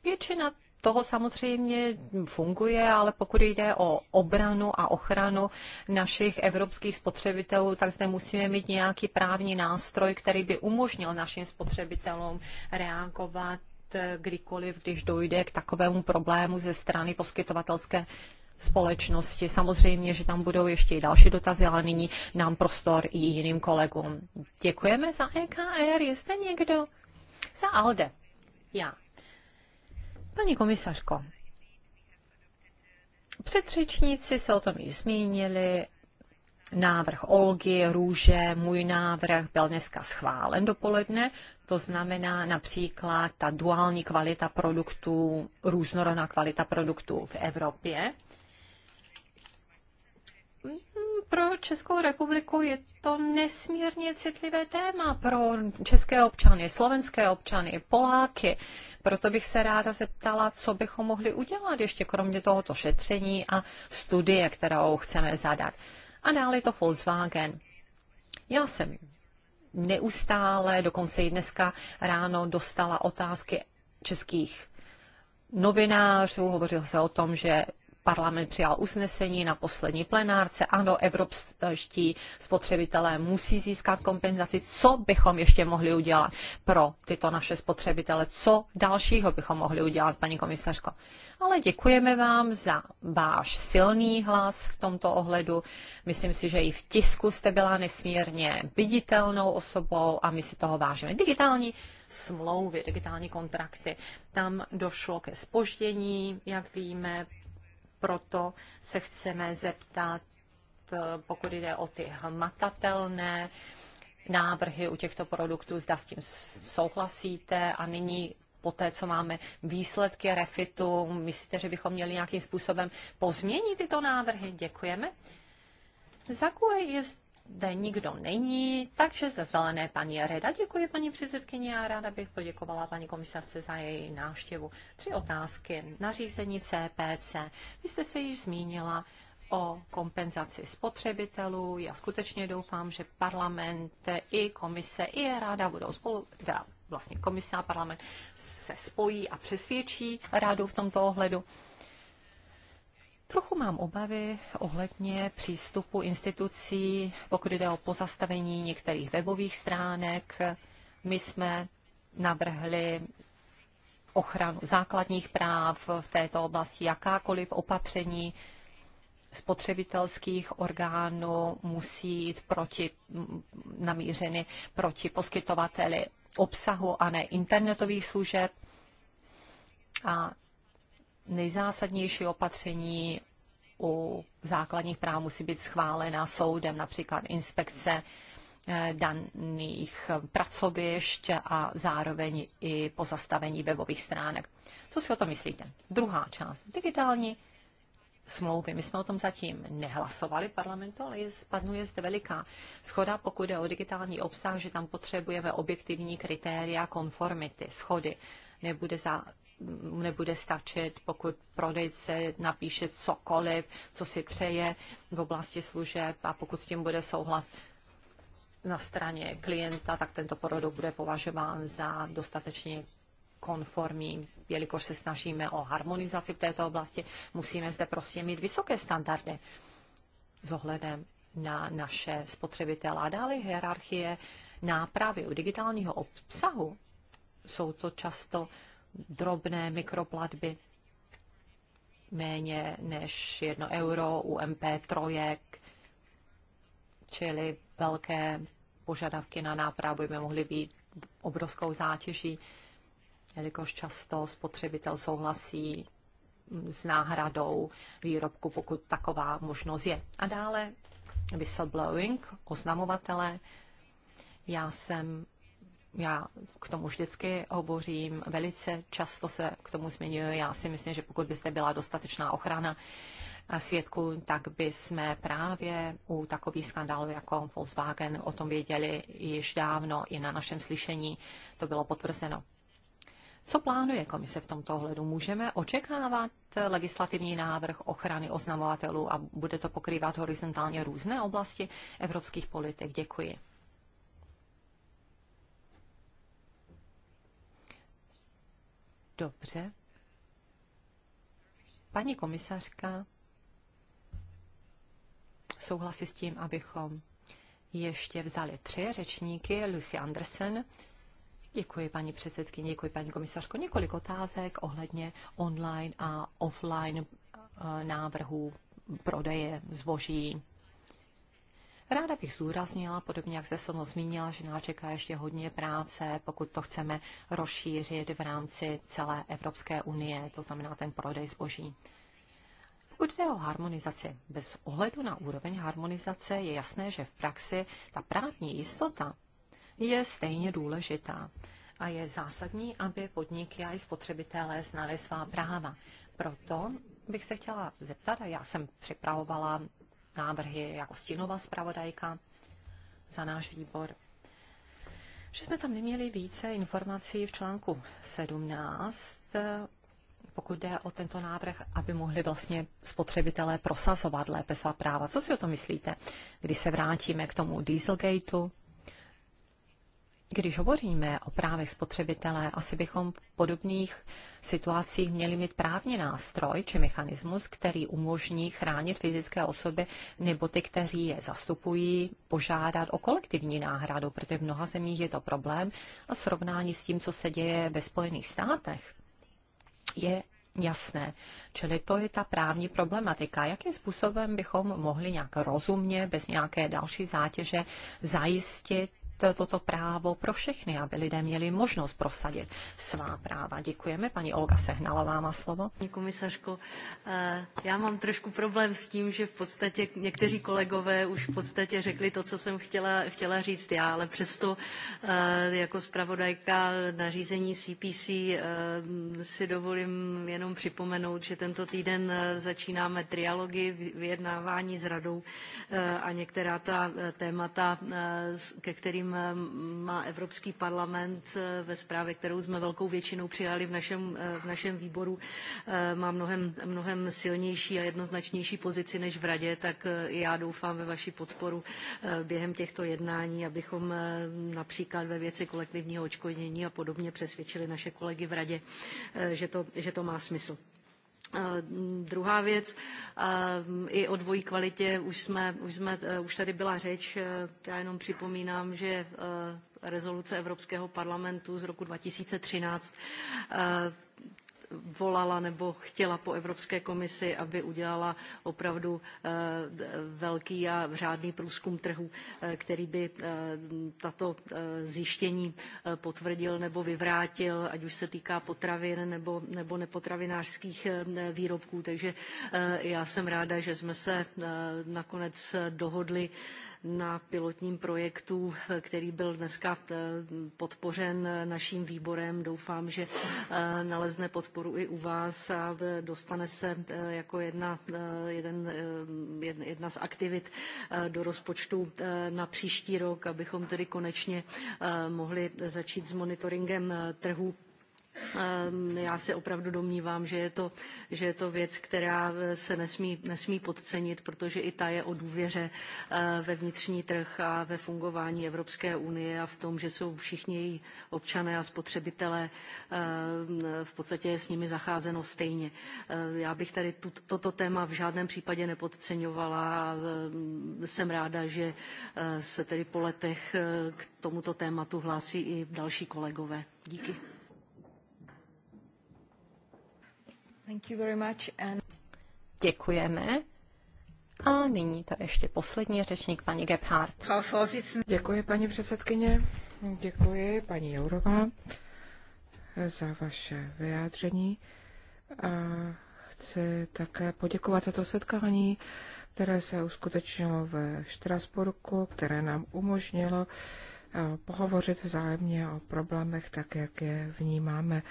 Většina toho samozřejmě funguje, ale pokud jde o obranu a ochranu našich evropských spotřebitelů, tak zde musíme mít nějaký právní nástroj, který by umožnil našim spotřebitelům reagovat Eh, kdykoliv, když dojde k takovému problému ze strany poskytovatelské společnosti. Samozřejmě, že tam budou ještě i další dotazy, ale nyní nám prostor i jiným kolegům. Děkujeme za EKR. Jste někdo? Za ALDE. Já. Paní komisařko, předřečníci se o tom již zmínili, návrh Olgy, Růže, můj návrh byl dneska schválen dopoledne. To znamená například ta duální kvalita produktů, různorodná kvalita produktů v Evropě. Mm, pro Českou republiku je to nesmírně citlivé téma pro české občany, slovenské občany, Poláky. Proto bych se ráda zeptala, co bychom mohli udělat ještě kromě tohoto šetření a studie, kterou chceme zadat. A dále je to Volkswagen. Já jsem neustále, dokonce i dneska ráno dostala otázky českých novinářů. Hovořilo se o tom, že parlament přijal usnesení na poslední plenárce. Ano, evropští spotřebitelé musí získat kompenzaci. Co bychom ještě mohli udělat pro tyto naše spotřebitele? Co dalšího bychom mohli udělat, paní komisařko? Ale děkujeme vám za váš silný hlas v tomto ohledu. Myslím si, že i v tisku jste byla nesmírně viditelnou osobou a my si toho vážíme. Digitální smlouvy, digitální kontrakty. Tam došlo ke spoždění, jak víme, proto se chceme zeptat, eh, pokud jde o ty hmatatelné návrhy u těchto produktů, zda s tím souhlasíte a nyní po té, co máme výsledky refitu, myslíte, že bychom měli nějakým způsobem pozměnit tyto návrhy? Děkujeme. Zakuje, je zde nikdo není, takže ze zelené paní Reda. Děkuji paní předsedkyně a ráda bych poděkovala paní komisařce za její návštěvu. Tři otázky. Nařízení CPC. Vy jste se již zmínila o kompenzaci spotřebitelů. Já skutečně doufám, že parlament i komise i ráda budou spolu, teda vlastně komise a parlament se spojí a přesvědčí rádu v tomto ohledu. Trochu mám obavy ohledně přístupu institucí, pokud jde o pozastavení některých webových stránek. My jsme navrhli ochranu základních práv v této oblasti, jakákoliv opatření spotřebitelských orgánů musí jít proti, namířeny proti poskytovateli obsahu a ne internetových služeb. A nejzásadnější opatření u základních práv musí být schválena soudem, například inspekce eh, daných eh, pracovišť a zároveň i pozastavení webových stránek. Co si o tom myslíte? Druhá část, digitální smlouvy. My jsme o tom zatím nehlasovali v parlamentu, ale spadnuje zde veliká schoda, pokud je o digitální obsah, že tam potřebujeme objektivní kritéria konformity, schody. Nebude za, nebude stačit, pokud prodejce napíše cokoliv, co si přeje v oblasti služeb a pokud s tím bude souhlas na straně klienta, tak tento produkt bude považován za dostatečně konformní, jelikož se snažíme o harmonizaci v této oblasti, musíme zde prostě mít vysoké standardy s ohledem na naše spotřebitele. A dále hierarchie nápravy u digitálního obsahu jsou to často drobné mikroplatby méně než jedno euro u MP3, čili velké požadavky na nápravu by mohly být obrovskou zátěží, jelikož často spotřebitel souhlasí s náhradou výrobku, pokud taková možnost je. A dále whistleblowing, oznamovatele. Já jsem já k tomu vždycky hovořím, velice často se k tomu zmiňuji. Já si myslím, že pokud byste byla dostatečná ochrana svědků, tak by jsme právě u takových skandálů jako Volkswagen o tom věděli již dávno, i na našem slyšení to bylo potvrzeno. Co plánuje komise v tomto ohledu? Můžeme očekávat legislativní návrh ochrany oznamovatelů a bude to pokrývat horizontálně různé oblasti evropských politik? Děkuji. Dobře. Paní komisařka souhlasí s tím, abychom ještě vzali tři řečníky. Lucy Anderson. Děkuji, paní předsedkyně, děkuji, paní komisařko. Několik otázek ohledně online a offline eh, návrhů prodeje zboží Ráda bych zúraznila, podobně jak se jsem zmínila, že nás čeká ještě hodně práce, pokud to chceme rozšířit v rámci celé Evropské unie, to znamená ten prodej zboží. Pokud jde o harmonizaci, bez ohledu na úroveň harmonizace je jasné, že v praxi ta právní jistota je stejně důležitá a je zásadní, aby podniky a i spotřebitelé znali svá práva. Proto bych se chtěla zeptat, a já jsem připravovala návrhy jako stínová zpravodajka za náš výbor. Že jsme tam neměli více informací v článku 17, pokud jde o tento návrh, aby mohli vlastně spotřebitelé prosazovat lépe svá práva. Co si o to myslíte, když se vrátíme k tomu Dieselgateu? Když hovoříme o právech spotřebitele, asi bychom v podobných situacích měli mít právní nástroj či mechanismus, který umožní chránit fyzické osoby nebo ty, kteří je zastupují, požádat o kolektivní náhradu, protože v mnoha zemích je to problém a srovnání s tím, co se děje ve Spojených státech, je Jasné. Čili to je ta právní problematika. Jakým způsobem bychom mohli nějak rozumně, bez nějaké další zátěže, zajistit toto právo pro všechny, aby lidé měli možnost prosadit svá práva. Děkujeme. Paní Olga Sehnalová má slovo. Pani komisařko, eh, já mám trošku problém s tím, že v podstatě někteří kolegové už v podstatě řekli to, co jsem chtěla, chtěla říct já, ale přesto eh, jako zpravodajka nařízení CPC eh, si dovolím jenom připomenout, že tento týden začínáme trialogy, vyjednávání s radou a některá ta témata, ke kterým Eh, má Evropský parlament eh, ve zprávě, kterou jsme velkou většinou přijali v našem, eh, v našem výboru, má mnohem, mnohem silnější a jednoznačnější pozici než v Radě, tak já doufám ve vaši podporu během těchto jednání, abychom například ve věci kolektivního očkodnění a podobně přesvědčili naše kolegy v Radě, že to, že to má smysl. Eh, druhá věc, eh, i o dvojí kvalitě už, jsme, už, jsme, eh, už tady byla řeč. Já jenom připomínám, že rezoluce Evropského parlamentu z roku 2013 volala nebo chtěla po Evropské komisi, aby udělala opravdu eh, velký a řádný průzkum trhu, eh, který by eh, tato zjištění potvrdil nebo vyvrátil, ať už se týká potravin nebo, nebo nepotravinářských výrobků. Takže já jsem ráda, že jsme se nakonec dohodli na pilotním projektu, který byl dneska eh, podpořen eh, naším výborem. Doufám, že eh, nalezne podporu i u vás a dostane se jako jedna, jeden, jedna z aktivit do rozpočtu na příští rok, abychom tedy konečně mohli začít s monitoringem trhu Ehm, já se opravdu domnívám, že je to, že je to věc, která eh, se nesmí, nesmí podcenit, protože i ta je o důvěře eh, ve vnitřní trh a ve fungování Evropské unie a v tom, že jsou všichni její občané a spotřebitelé ehm, v podstatě je s nimi zacházeno stejně. Eh, já bych tady toto téma v žádném případě nepodceňovala. Ehm, jsem ráda, že se tedy po letech k tomuto tématu hlásí i další kolegové. Díky. Thank you very much and... Děkujeme. A nyní to ještě poslední řečník, paní Gebhardt. Děkuji, paní předsedkyně. Děkuji, paní Jourová, za vaše vyjádření. A chci také poděkovat za to setkání, které se uskutečnilo ve Štrasburku, které nám umožnilo eh, pohovořit vzájemně o problémech, tak jak je vnímáme.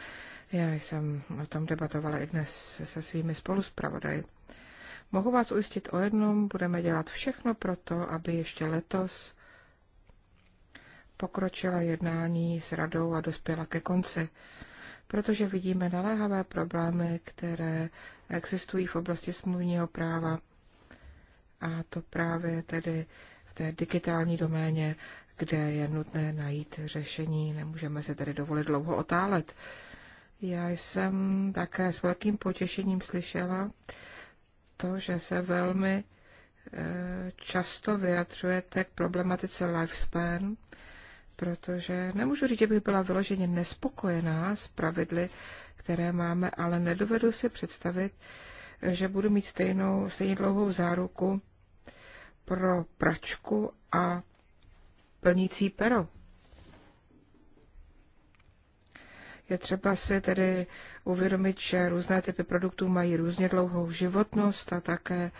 Já jsem o tom debatovala i dnes se svými spoluspravodaji. Mohu vás ujistit o jednom, budeme dělat všechno pro to, aby ještě letos pokročila jednání s radou a dospěla ke konci, protože vidíme naléhavé problémy, které existují v oblasti smluvního práva a to právě tedy v té digitální doméně, kde je nutné najít řešení. Nemůžeme se tedy dovolit dlouho otálet. Já jsem také s velkým potěšením slyšela to, že se velmi eh, často vyjadřujete k problematice lifespan, protože nemůžu říct, že bych byla vyloženě nespokojená s pravidly, které máme, ale nedovedu si představit, že budu mít stejnou, stejně dlouhou záruku pro pračku a plnící pero. Je třeba si tedy uvědomit, že různé typy produktů mají různě dlouhou životnost a také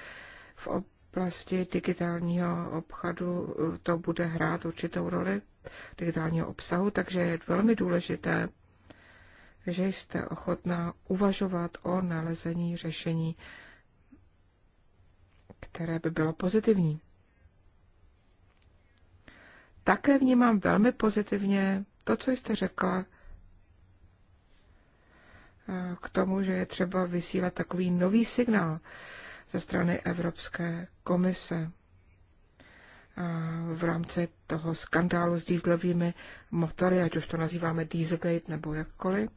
v oblasti digitálního obchodu to bude hrát určitou roli digitálního obsahu, takže je velmi důležité, že jste ochotná uvažovat o nalezení řešení, které by bylo pozitivní. Také vnímám velmi pozitivně to, co jste řekla k tomu, že je třeba vysílat takový nový signál ze strany Evropské komise v rámci toho skandálu s dýzlovými motory, ať už to nazýváme Dieselgate nebo jakkoliv.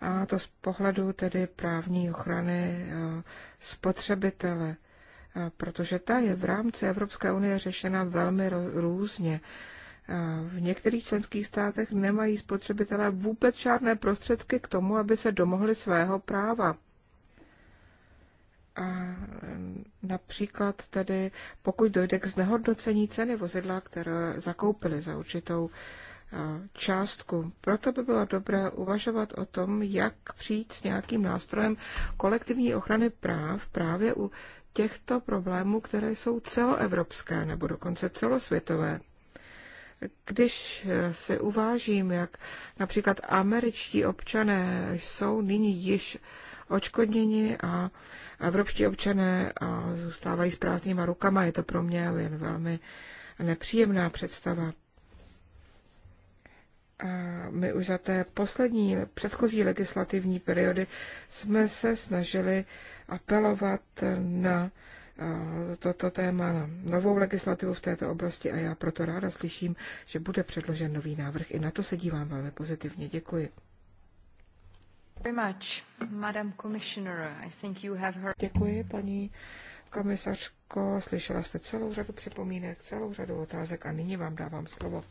A to z pohledu tedy právní ochrany e, spotřebitele, e, protože ta je v rámci Evropské unie řešena velmi různě v některých členských státech nemají spotřebitelé vůbec žádné prostředky k tomu, aby se domohli svého práva. A například tedy, pokud dojde k znehodnocení ceny vozidla, které zakoupili za určitou částku. Proto by bylo dobré uvažovat o tom, jak přijít s nějakým nástrojem kolektivní ochrany práv právě u těchto problémů, které jsou celoevropské nebo dokonce celosvětové. Když si uvážím, jak například američtí občané jsou nyní již očkodněni a evropští občané zůstávají s prázdnýma rukama, je to pro mě jen velmi nepříjemná představa. A my už za té poslední, předchozí legislativní periody jsme se snažili apelovat na toto téma na novou legislativu v této oblasti a já proto ráda slyším, že bude předložen nový návrh. I na to se dívám velmi pozitivně. Děkuji. Děkuji, paní komisařko. Slyšela jste celou řadu připomínek, celou řadu otázek a nyní vám dávám slovo.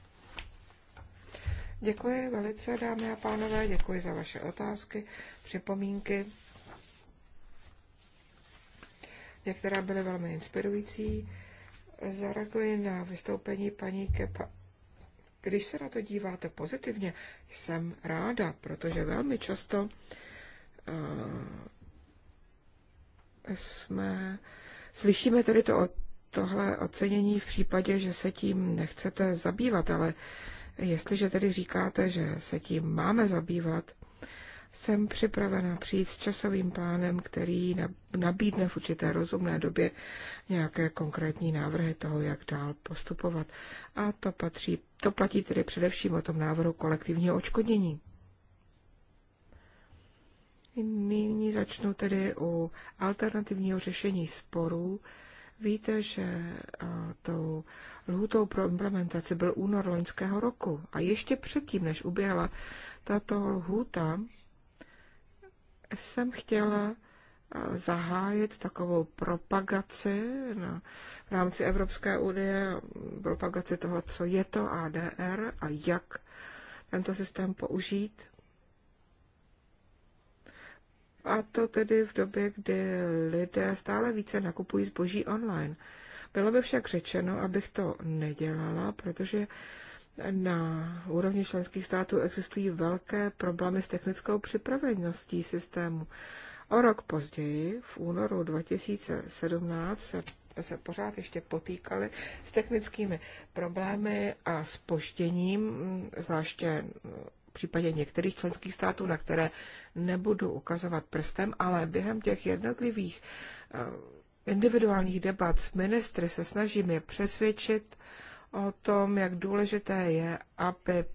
Děkuji velice, dámy a pánové, děkuji za vaše otázky, připomínky. Některá byly velmi inspirující. Zareaguji na vystoupení paní Kepa. Když se na to díváte pozitivně, jsem ráda, protože velmi často uh, jsme, slyšíme tedy to tohle ocenění v případě, že se tím nechcete zabývat, ale jestliže tedy říkáte, že se tím máme zabývat, jsem připravena přijít s časovým plánem, který nabídne v určité rozumné době nějaké konkrétní návrhy toho, jak dál postupovat. A to, patří, to platí tedy především o tom návrhu kolektivního očkodnění. Nyní začnu tedy u alternativního řešení sporů. Víte, že tou lhutou pro implementaci byl únor loňského roku a ještě předtím, než uběhla tato lhůta, jsem chtěla eh, zahájit takovou propagaci na, v rámci Evropské unie, propagaci toho, co je to ADR a jak tento systém použít. A to tedy v době, kdy lidé stále více nakupují zboží online. Bylo by však řečeno, abych to nedělala, protože na úrovni členských států existují velké problémy s technickou připraveností systému. O rok později, v únoru 2017, se, se pořád ještě potýkali s technickými problémy a spožděním, zvláště v případě některých členských států, na které nebudu ukazovat prstem, ale během těch jednotlivých eh, individuálních debat s ministry se snažím je přesvědčit, o tom, jak důležité je, aby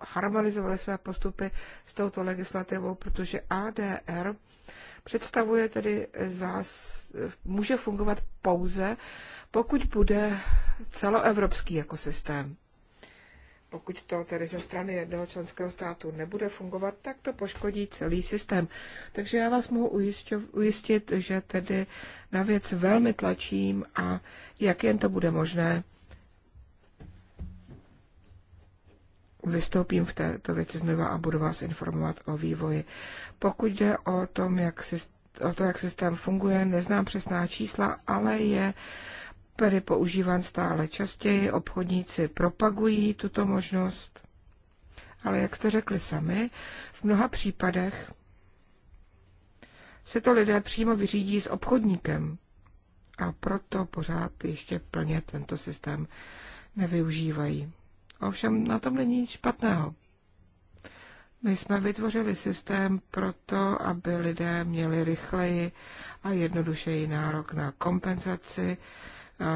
harmonizovali své postupy s touto legislativou, protože ADR představuje tedy zás, může fungovat pouze, pokud bude celoevropský ekosystém pokud to tedy ze strany jednoho členského státu nebude fungovat, tak to poškodí celý systém. Takže já vás mohu ujistit, že tedy na věc velmi tlačím a jak jen to bude možné, vystoupím v této věci znova a budu vás informovat o vývoji. Pokud jde o, tom, jak systém, o to, jak systém funguje, neznám přesná čísla, ale je je používán stále častěji, obchodníci propagují tuto možnost, ale jak jste řekli sami, v mnoha případech se to lidé přímo vyřídí s obchodníkem a proto pořád ještě plně tento systém nevyužívají. Ovšem na tom není nic špatného. My jsme vytvořili systém proto, aby lidé měli rychleji a jednodušeji nárok na kompenzaci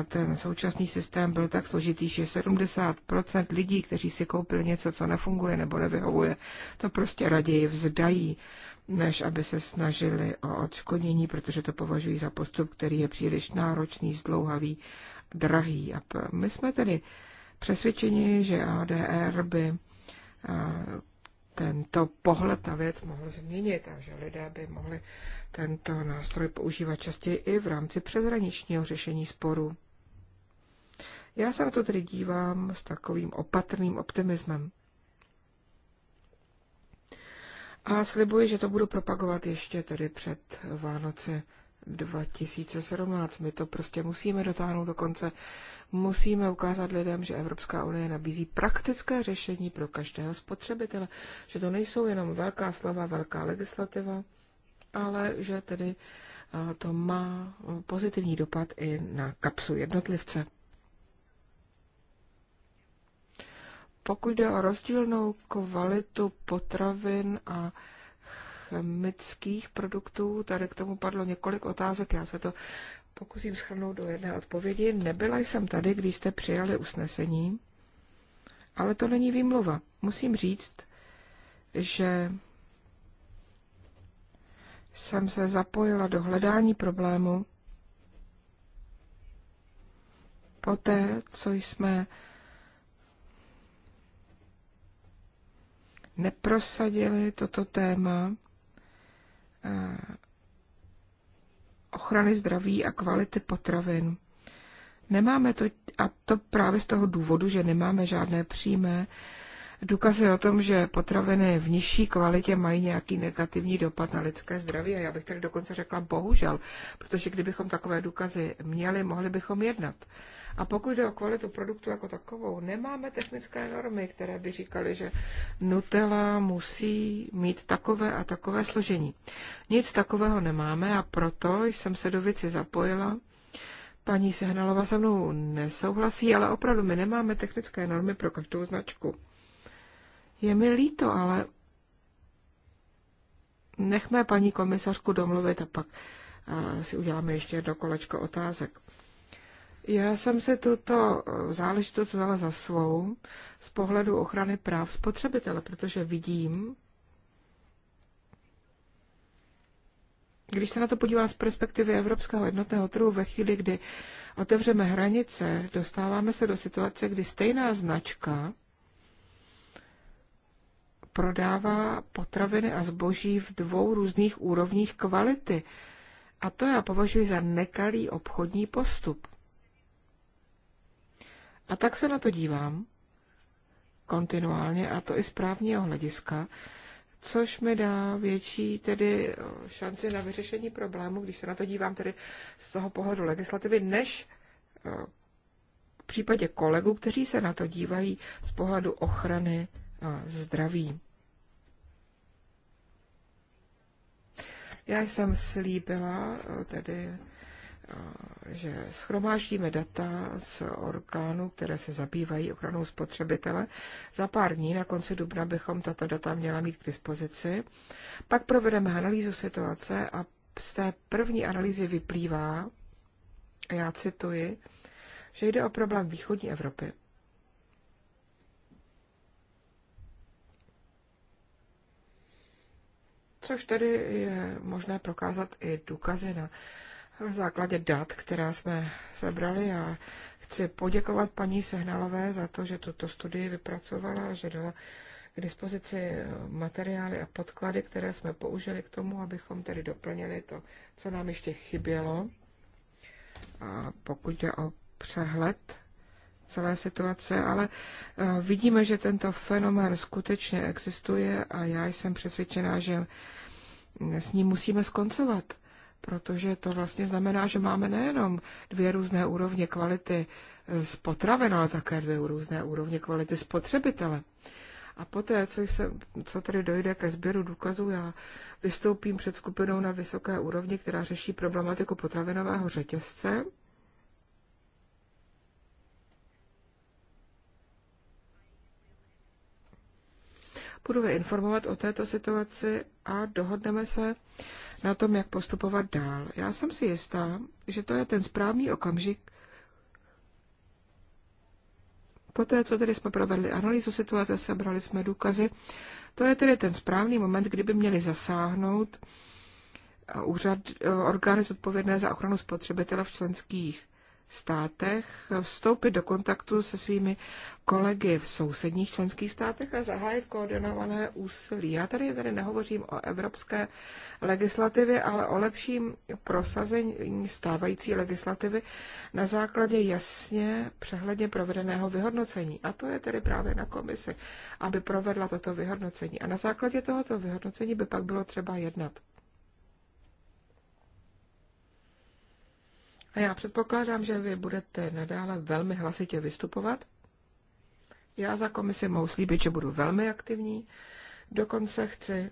ten současný systém byl tak složitý, že 70% lidí, kteří si koupili něco, co nefunguje nebo nevyhovuje, to prostě raději vzdají než aby se snažili o odškodnění, protože to považují za postup, který je příliš náročný, zdlouhavý, drahý. A my jsme tedy přesvědčeni, že ADR by tento pohled na věc mohl změnit a že lidé by mohli tento nástroj používat častěji i v rámci přeshraničního řešení sporů. Já se na to tedy dívám s takovým opatrným optimismem. A slibuji, že to budu propagovat ještě tedy před Vánoce. 2017. My to prostě musíme dotáhnout do konce. Musíme ukázat lidem, že Evropská unie nabízí praktické řešení pro každého spotřebitele, že to nejsou jenom velká slova, velká legislativa, ale že tedy eh, to má eh, pozitivní dopad i na kapsu jednotlivce. Pokud jde o rozdílnou kvalitu potravin a chemických produktů. Tady k tomu padlo několik otázek, já se to pokusím schrnout do jedné odpovědi. Nebyla jsem tady, když jste přijali usnesení, ale to není výmluva. Musím říct, že jsem se zapojila do hledání problému poté, co jsme neprosadili toto téma Eh, ochrany zdraví a kvality potravin. Nemáme to, a to právě z toho důvodu, že nemáme žádné přímé důkazy o tom, že potraviny v nižší kvalitě mají nějaký negativní dopad na lidské zdraví. A já bych tady dokonce řekla bohužel, protože kdybychom takové důkazy měli, mohli bychom jednat. A pokud jde o kvalitu produktu jako takovou, nemáme technické normy, které by říkaly, že Nutella musí mít takové a takové složení. Nic takového nemáme a proto jsem se do věci zapojila. Paní Sehnalová se mnou nesouhlasí, ale opravdu my nemáme technické normy pro každou značku. Je mi líto, ale nechme paní komisařku domluvit a pak eh, si uděláme ještě jedno kolečko otázek. Já jsem si tuto eh, záležitost vzala za svou z pohledu ochrany práv spotřebitele, protože vidím, když se na to podívám z perspektivy evropského jednotného trhu, ve chvíli, kdy otevřeme hranice, dostáváme se do situace, kdy stejná značka prodává potraviny a zboží v dvou různých úrovních kvality. A to já považuji za nekalý obchodní postup. A tak se na to dívám kontinuálně, a to i z právního hlediska, což mi dá větší tedy šanci na vyřešení problému, když se na to dívám tedy z toho pohledu legislativy, než eh, v případě kolegů, kteří se na to dívají z pohledu ochrany eh, zdraví. Já jsem slíbila eh, tedy, eh, že schromáždíme data z orgánů, které se zabývají ochranou spotřebitele. Za pár dní na konci dubna bychom tato data měla mít k dispozici. Pak provedeme analýzu situace a z té první analýzy vyplývá, já cituji, že jde o problém východní Evropy což tedy je možné prokázat i důkazy na základě dat, která jsme sebrali a chci poděkovat paní Sehnalové za to, že tuto studii vypracovala, že dala k dispozici materiály a podklady, které jsme použili k tomu, abychom tedy doplnili to, co nám ještě chybělo. A pokud jde o přehled celé situace, ale eh, vidíme, že tento fenomén skutečně existuje a já jsem přesvědčená, že s ním musíme skoncovat, protože to vlastně znamená, že máme nejenom dvě různé úrovně kvality z potravin, ale také dvě různé úrovně kvality spotřebitele. A poté, co, jsem, co tady dojde ke sběru důkazů, já vystoupím před skupinou na vysoké úrovni, která řeší problematiku potravinového řetězce budu je informovat o této situaci a dohodneme se na tom, jak postupovat dál. Já jsem si jistá, že to je ten správný okamžik, Poté, co tedy jsme provedli analýzu situace, sebrali jsme důkazy, to je tedy ten správný moment, kdyby měli zasáhnout úřad, eh, orgány zodpovědné za ochranu spotřebitele v členských státech vstoupit do kontaktu se svými kolegy v sousedních členských státech a zahájit koordinované úsilí. Já tady tady nehovořím o evropské legislativě, ale o lepším prosazení stávající legislativy na základě jasně přehledně provedeného vyhodnocení. A to je tedy právě na komisi, aby provedla toto vyhodnocení. A na základě tohoto vyhodnocení by pak bylo třeba jednat. A já předpokládám, že vy budete nadále velmi hlasitě vystupovat. Já za komisi mohu slíbit, že budu velmi aktivní. Dokonce chci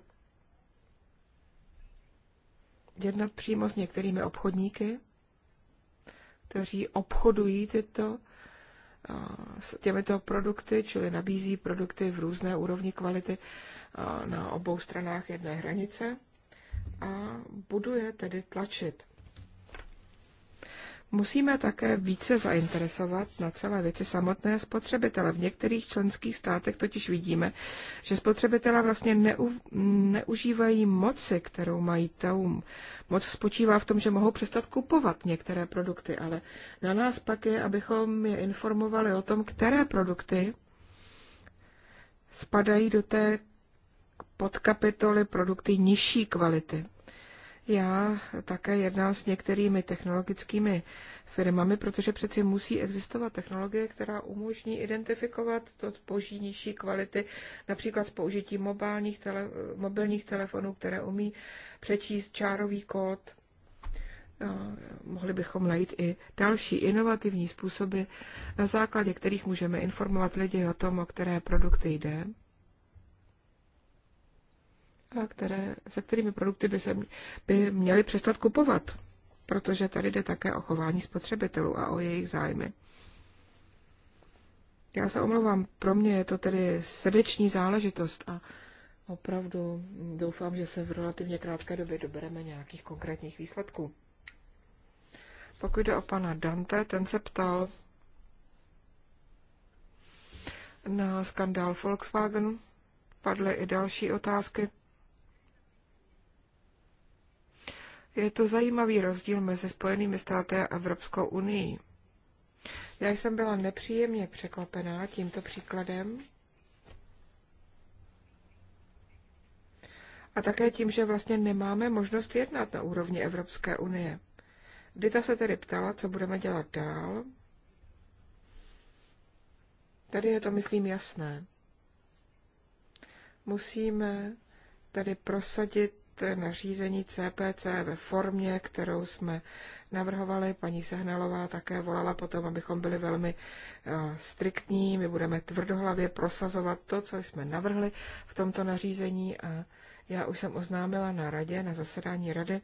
jednat přímo s některými obchodníky, kteří obchodují tyto, eh, s těmito produkty, čili nabízí produkty v různé úrovni kvality eh, na obou stranách jedné hranice a budu je tedy tlačit. Musíme také více zainteresovat na celé věci samotné spotřebitele. V některých členských státech totiž vidíme, že spotřebitele vlastně neu, neužívají moci, kterou mají taum. Moc spočívá v tom, že mohou přestat kupovat některé produkty, ale na nás pak je, abychom je informovali o tom, které produkty spadají do té podkapitoly produkty nižší kvality. Já také jednám s některými technologickými firmami, protože přeci musí existovat technologie, která umožní identifikovat to zboží nižší kvality, například s použitím mobilních, tele, mobilních telefonů, které umí přečíst čárový kód. No, mohli bychom najít i další inovativní způsoby, na základě kterých můžeme informovat lidi o tom, o které produkty jde které, se kterými produkty by, se, by měly přestat kupovat, protože tady jde také o chování spotřebitelů a o jejich zájmy. Já se omlouvám, pro mě je to tedy srdeční záležitost a opravdu doufám, že se v relativně krátké době dobereme nějakých konkrétních výsledků. Pokud jde o pana Dante, ten se ptal na skandál Volkswagen. Padly i další otázky. Je to zajímavý rozdíl mezi Spojenými státy a Evropskou unii. Já jsem byla nepříjemně překvapená tímto příkladem a také tím, že vlastně nemáme možnost jednat na úrovni Evropské unie. Dita se tedy ptala, co budeme dělat dál. Tady je to, myslím, jasné. Musíme tady prosadit nařízení CPC ve formě, kterou jsme navrhovali. Paní Sehnalová také volala potom, abychom byli velmi eh, striktní. My budeme tvrdohlavě prosazovat to, co jsme navrhli v tomto nařízení a já už jsem oznámila na radě, na zasedání rady,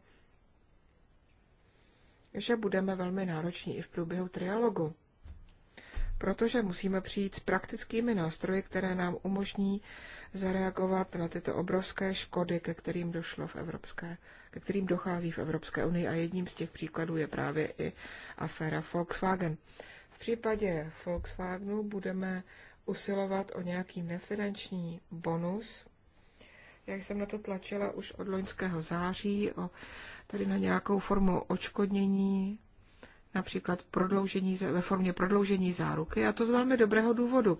že budeme velmi nároční i v průběhu trialogu protože musíme přijít s praktickými nástroji, které nám umožní zareagovat na tyto obrovské škody, ke kterým došlo v Evropské, ke kterým dochází v Evropské unii a jedním z těch příkladů je právě i aféra Volkswagen. V případě Volkswagenu budeme usilovat o nějaký nefinanční bonus. Já jsem na to tlačila už od loňského září, o, tady na nějakou formu očkodnění, například prodloužení, ve formě prodloužení záruky, a to z velmi dobrého důvodu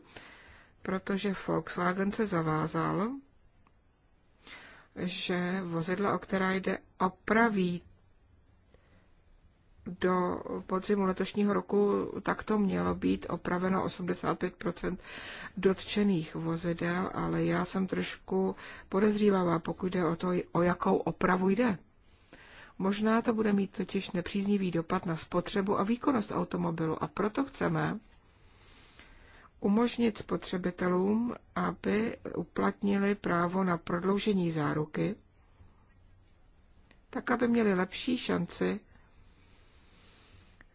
protože Volkswagen se zavázal, že vozidla, o která jde, opraví do podzimu letošního roku tak to mělo být opraveno 85 dotčených vozidel, ale já jsem trošku podezřívavá, pokud jde o to, o jakou opravu jde. Možná to bude mít totiž nepříznivý dopad na spotřebu a výkonnost automobilu a proto chceme, umožnit spotřebitelům, aby uplatnili právo na prodloužení záruky, tak aby měli lepší šanci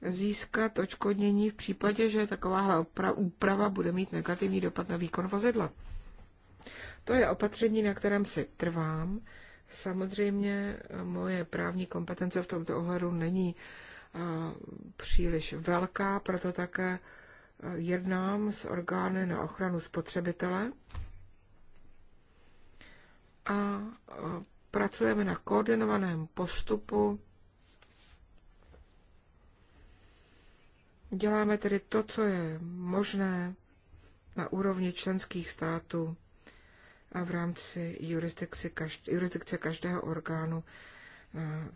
získat očkodnění v případě, že takováhle úprava bude mít negativní dopad na výkon vozidla. To je opatření, na kterém si trvám. Samozřejmě eh, moje právní kompetence v tomto ohledu není eh, příliš velká, proto také jednám s orgány na ochranu spotřebitele a pracujeme na koordinovaném postupu. Děláme tedy to, co je možné na úrovni členských států a v rámci jurisdikce každého orgánu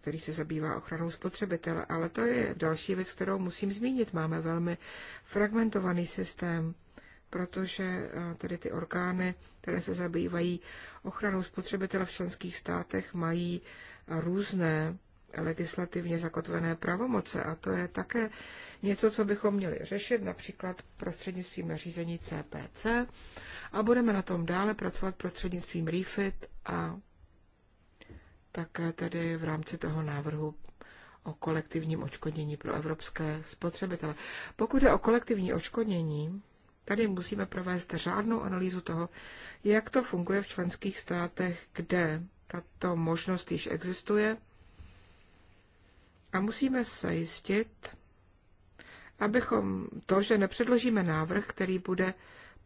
který se zabývá ochranou spotřebitele. Ale to je další věc, kterou musím zmínit. Máme velmi fragmentovaný systém, protože tedy ty orgány, které se zabývají ochranou spotřebitele v členských státech, mají různé legislativně zakotvené pravomoce. A to je také něco, co bychom měli řešit, například prostřednictvím nařízení CPC. A budeme na tom dále pracovat prostřednictvím REFIT a také tedy v rámci toho návrhu o kolektivním očkodnění pro evropské spotřebitele. Pokud je o kolektivní očkodnění, tady musíme provést řádnou analýzu toho, jak to funguje v členských státech, kde tato možnost již existuje a musíme zajistit, abychom to, že nepředložíme návrh, který bude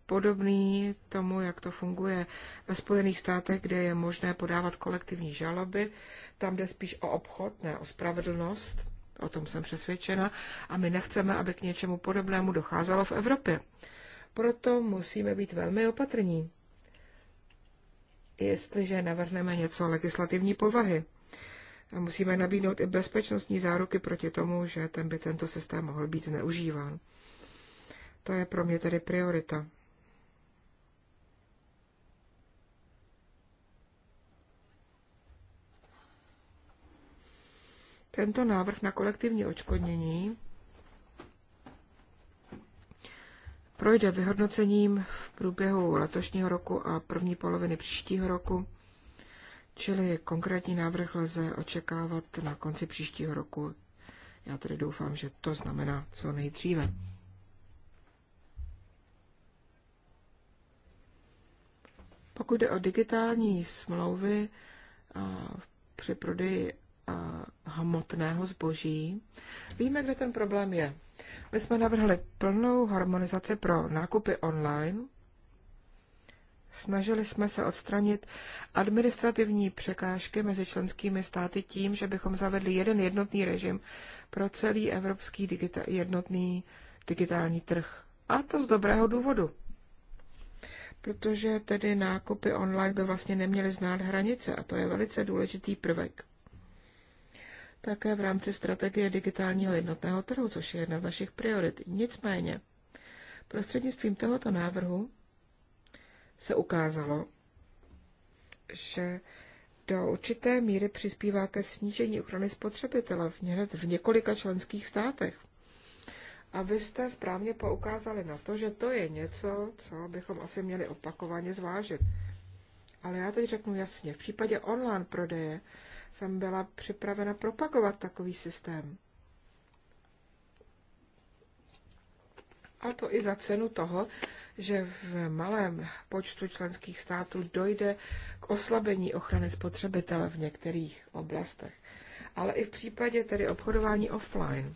podobný tomu, jak to funguje ve Spojených státech, kde je možné podávat kolektivní žaloby. Tam jde spíš o obchod, ne o spravedlnost. O tom jsem přesvědčena. A my nechceme, aby k něčemu podobnému docházelo v Evropě. Proto musíme být velmi opatrní, jestliže navrhneme něco legislativní povahy. A musíme nabídnout i bezpečnostní záruky proti tomu, že ten by tento systém mohl být zneužíván. To je pro mě tedy priorita. tento návrh na kolektivní očkodnění projde vyhodnocením v průběhu letošního roku a první poloviny příštího roku, čili konkrétní návrh lze očekávat na konci příštího roku. Já tedy doufám, že to znamená co nejdříve. Pokud jde o digitální smlouvy při prodeji Eh, hmotného zboží. Víme, kde ten problém je. My jsme navrhli plnou harmonizaci pro nákupy online. Snažili jsme se odstranit administrativní překážky mezi členskými státy tím, že bychom zavedli jeden jednotný režim pro celý evropský digita- jednotný digitální trh. A to z dobrého důvodu. Protože tedy nákupy online by vlastně neměly znát hranice a to je velice důležitý prvek také v rámci strategie digitálního jednotného trhu, což je jedna z našich priorit. Nicméně, prostřednictvím tohoto návrhu se ukázalo, že do určité míry přispívá ke snížení ochrany spotřebitele v několika členských státech. A vy jste správně poukázali na to, že to je něco, co bychom asi měli opakovaně zvážit. Ale já teď řeknu jasně, v případě online prodeje jsem byla připravena propagovat takový systém. A to i za cenu toho, že v malém počtu členských států dojde k oslabení ochrany spotřebitele v některých oblastech. Ale i v případě tedy obchodování offline,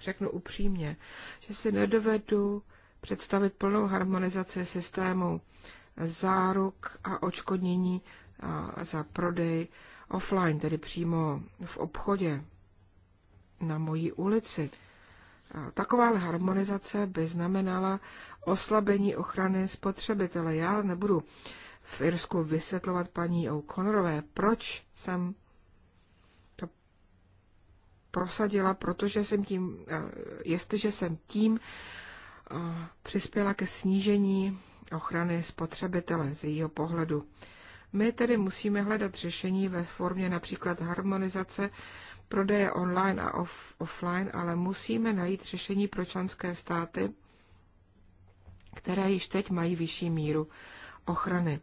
řeknu upřímně, že si nedovedu představit plnou harmonizaci systému záruk a očkodnění za prodej offline, tedy přímo v obchodě, na mojí ulici. Taková harmonizace by znamenala oslabení ochrany spotřebitele. Já nebudu v Irsku vysvětlovat paní O'Connorové, proč jsem to prosadila, protože jsem tím, jestliže jsem tím přispěla ke snížení ochrany spotřebitele z jejího pohledu. My tedy musíme hledat řešení ve formě například harmonizace prodeje online a off, offline, ale musíme najít řešení pro členské státy, které již teď mají vyšší míru ochrany.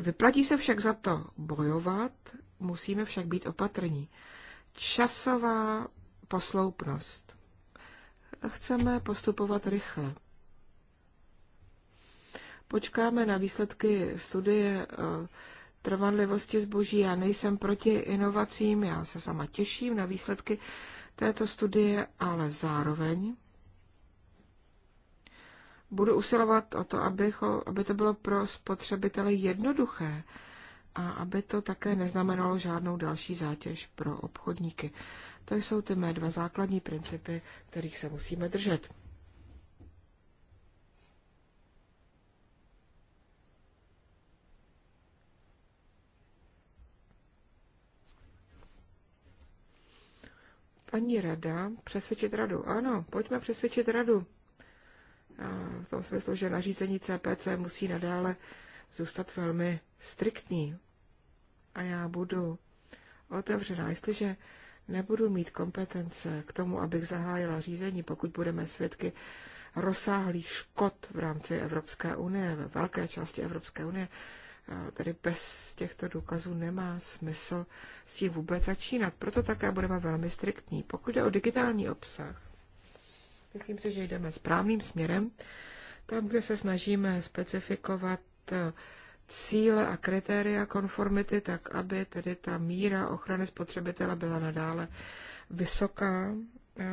Vyplatí se však za to bojovat, musíme však být opatrní. Časová posloupnost. Chceme postupovat rychle počkáme na výsledky studie eh, trvanlivosti zboží. Já nejsem proti inovacím, já se sama těším na výsledky této studie, ale zároveň budu usilovat o to, aby to bylo pro spotřebitele jednoduché a aby to také neznamenalo žádnou další zátěž pro obchodníky. To jsou ty mé dva základní principy, kterých se musíme držet. Paní rada, přesvědčit radu. Ano, pojďme přesvědčit radu. A v tom smyslu, že nařízení CPC musí nadále zůstat velmi striktní. A já budu otevřená. Jestliže nebudu mít kompetence k tomu, abych zahájila řízení, pokud budeme svědky rozsáhlých škod v rámci Evropské unie, ve velké části Evropské unie, tedy bez těchto důkazů nemá smysl s tím vůbec začínat. Proto také budeme velmi striktní. Pokud jde o digitální obsah, myslím si, že jdeme správným směrem, tam, kde se snažíme specifikovat eh, cíle a kritéria konformity, tak aby tedy ta míra ochrany spotřebitele byla nadále vysoká,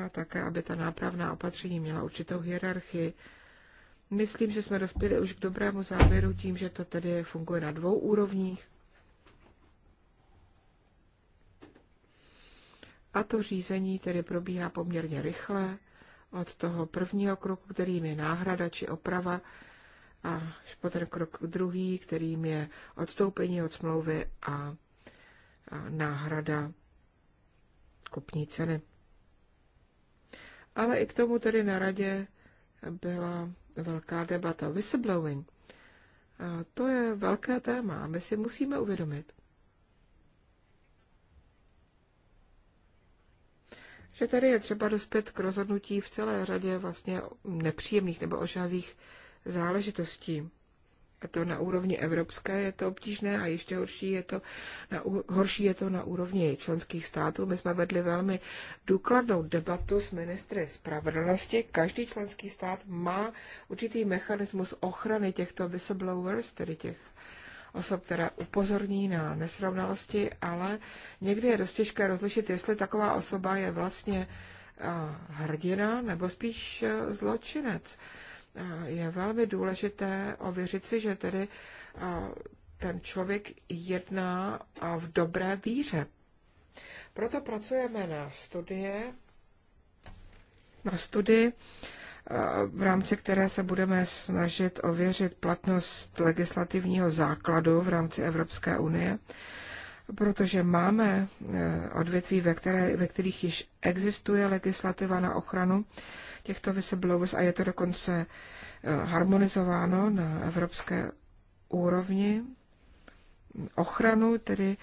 a také aby ta nápravná opatření měla určitou hierarchii, Myslím, že jsme dospěli už k dobrému závěru tím, že to tedy funguje na dvou úrovních. A to řízení tedy probíhá poměrně rychle od toho prvního kroku, kterým je náhrada či oprava, a potom krok druhý, kterým je odstoupení od smlouvy a, a náhrada kupní ceny. Ale i k tomu tedy na radě byla velká debata. Whistleblowing. to je velké téma a my si musíme uvědomit, že tady je třeba dospět k rozhodnutí v celé řadě vlastně nepříjemných nebo ožavých záležitostí to na úrovni evropské je to obtížné a ještě horší je to na, horší je to na úrovni členských států. My jsme vedli velmi důkladnou debatu s ministry spravedlnosti. Každý členský stát má určitý mechanismus ochrany těchto whistleblowers, tedy těch osob, které upozorní na nesrovnalosti, ale někdy je dost těžké rozlišit, jestli taková osoba je vlastně hrdina nebo spíš zločinec je velmi důležité ověřit si, že tedy ten člověk jedná v dobré víře. Proto pracujeme na studie, na studii, v rámci které se budeme snažit ověřit platnost legislativního základu v rámci Evropské unie protože máme eh, odvětví, ve, které, ve kterých již existuje legislativa na ochranu těchto whistleblowers a je to dokonce eh, harmonizováno na evropské úrovni. Ochranu tedy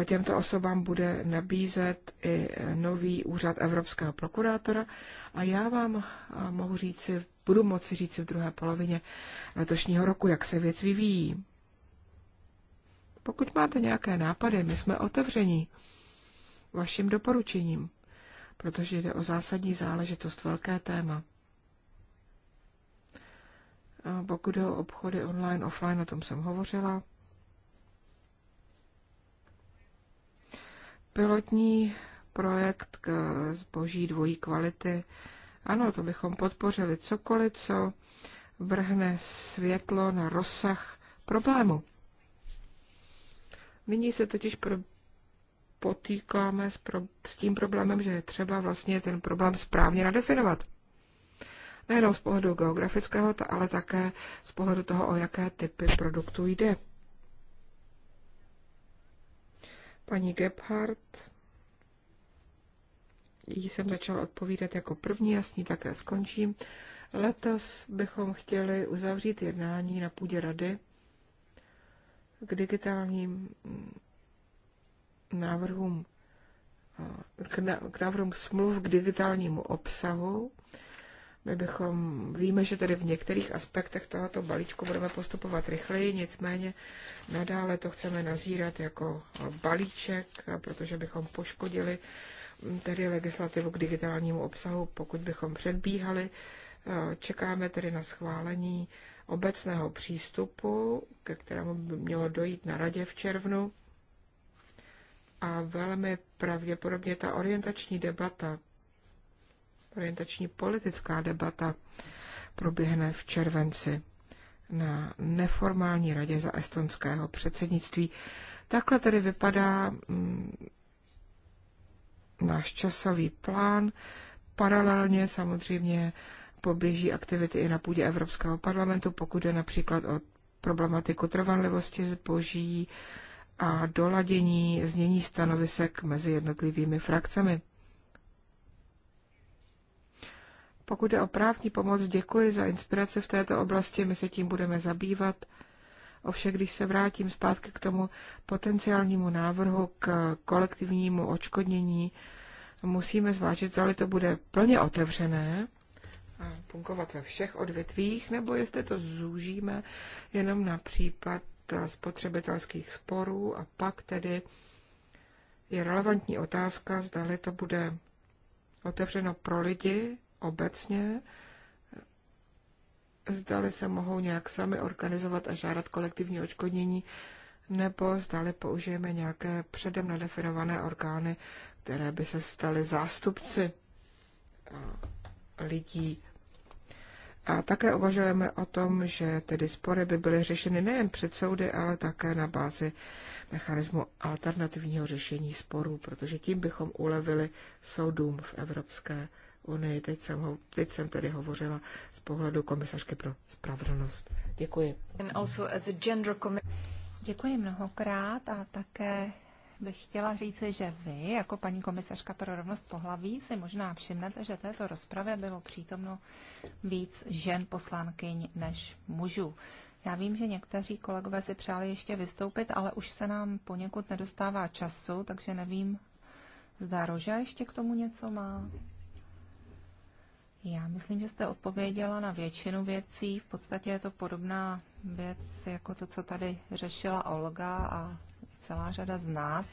eh, těmto osobám bude nabízet i nový úřad evropského prokurátora a já vám mohu říci, budu moci říci v druhé polovině letošního roku, jak se věc vyvíjí. Pokud máte nějaké nápady, my jsme otevření vašim doporučením, protože jde o zásadní záležitost, velké téma. A pokud jde o obchody online, offline, o tom jsem hovořila. Pilotní projekt k zboží dvojí kvality. Ano, to bychom podpořili cokoliv, co vrhne světlo na rozsah problému. Nyní se totiž pro, potýkáme s, pro, s tím problémem, že je třeba vlastně ten problém správně nadefinovat. Nejenom z pohledu geografického, ale také z pohledu toho, o jaké typy produktů jde. Paní Gebhardt, jí jsem začal odpovídat jako první a s ní také skončím. Letos bychom chtěli uzavřít jednání na půdě rady k digitálním návrhům, k, návrhům smluv k digitálnímu obsahu. My bychom, víme, že tedy v některých aspektech tohoto balíčku budeme postupovat rychleji, nicméně nadále to chceme nazírat jako balíček, protože bychom poškodili tedy legislativu k digitálnímu obsahu, pokud bychom předbíhali. Čekáme tedy na schválení obecného přístupu, ke kterému by mělo dojít na radě v červnu. A velmi pravděpodobně ta orientační debata, orientační politická debata proběhne v červenci na neformální radě za estonského předsednictví. Takhle tedy vypadá mm, náš časový plán. Paralelně samozřejmě poběží aktivity i na půdě Evropského parlamentu, pokud je například o problematiku trvanlivosti zboží a doladění znění stanovisek mezi jednotlivými frakcemi. Pokud je o právní pomoc, děkuji za inspiraci v této oblasti, my se tím budeme zabývat. Ovšem, když se vrátím zpátky k tomu potenciálnímu návrhu k kolektivnímu očkodnění, musíme zvážit, zda to bude plně otevřené, fungovat ve všech odvětvích, nebo jestli to zúžíme jenom na případ spotřebitelských sporů a pak tedy je relevantní otázka, zdali to bude otevřeno pro lidi obecně, zdali se mohou nějak sami organizovat a žádat kolektivní očkodnění, nebo zdali použijeme nějaké předem nadefinované orgány, které by se staly zástupci eh, lidí a také uvažujeme o tom, že tedy spory by byly řešeny nejen před soudy, ale také na bázi mechanismu alternativního řešení sporů, protože tím bychom ulevili soudům v Evropské unii. Teď jsem, ho, teď jsem tedy hovořila z pohledu komisařky pro spravedlnost. Děkuji. Děkuji mnohokrát a také bych chtěla říci, že vy, jako paní komisařka pro rovnost pohlaví, si možná všimnete, že této rozpravě bylo přítomno víc žen poslankyň než mužů. Já vím, že někteří kolegové si přáli ještě vystoupit, ale už se nám poněkud nedostává času, takže nevím, zda Roža ještě k tomu něco má. Já myslím, že jste odpověděla na většinu věcí. V podstatě je to podobná věc jako to, co tady řešila Olga a celá řada z nás.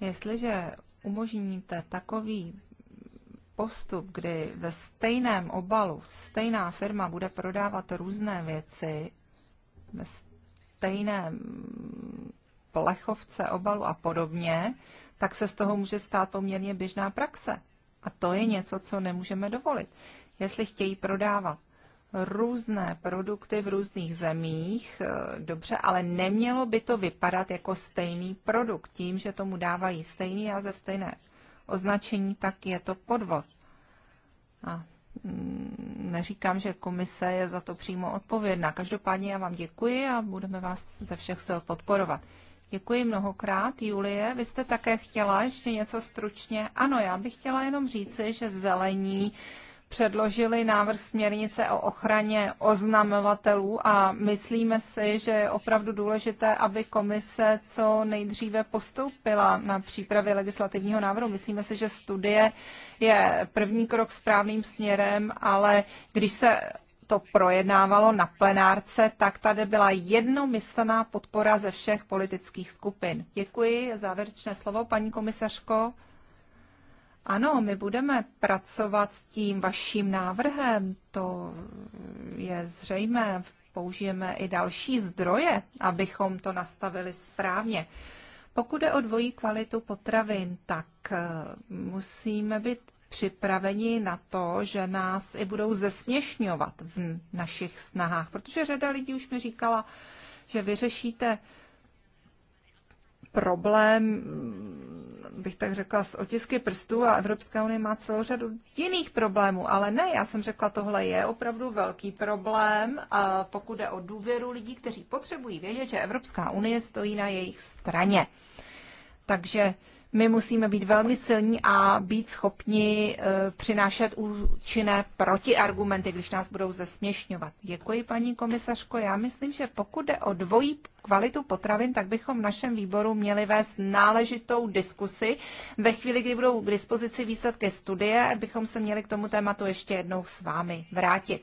Jestliže umožníte takový postup, kdy ve stejném obalu stejná firma bude prodávat různé věci, ve stejném plechovce obalu a podobně, tak se z toho může stát poměrně běžná praxe. A to je něco, co nemůžeme dovolit. Jestli chtějí prodávat různé produkty v různých zemích, eh, dobře, ale nemělo by to vypadat jako stejný produkt. Tím, že tomu dávají stejný ze stejné označení, tak je to podvod. A mm, neříkám, že komise je za to přímo odpovědná. Každopádně já vám děkuji a budeme vás ze všech sil podporovat. Děkuji mnohokrát, Julie. Vy jste také chtěla ještě něco stručně? Ano, já bych chtěla jenom říci, že zelení předložili návrh směrnice o ochraně oznamovatelů a myslíme si, že je opravdu důležité, aby komise co nejdříve postoupila na přípravě legislativního návrhu. Myslíme si, že studie je první krok správným směrem, ale když se to projednávalo na plenárce, tak tady byla jednomyslná podpora ze všech politických skupin. Děkuji. Závěrečné slovo, paní komisařko. Ano, my budeme pracovat s tím vaším návrhem, to je zřejmé. Použijeme i další zdroje, abychom to nastavili správně. Pokud je o dvojí kvalitu potravin, tak eh, musíme být připraveni na to, že nás i budou zesměšňovat v našich snahách, protože řada lidí už mi říkala, že vyřešíte problém, bych tak řekla, s otisky prstů a Evropská unie má celou řadu jiných problémů, ale ne, já jsem řekla, tohle je opravdu velký problém, a pokud jde o důvěru lidí, kteří potřebují vědět, že Evropská unie stojí na jejich straně. Takže my musíme být velmi silní a být schopni eh, přinášet účinné protiargumenty, když nás budou zesměšňovat. Děkuji, paní komisařko. Já myslím, že pokud jde o dvojí kvalitu potravin, tak bychom v našem výboru měli vést náležitou diskusi. Ve chvíli, kdy budou k dispozici výsledky studie, bychom se měli k tomu tématu ještě jednou s vámi vrátit.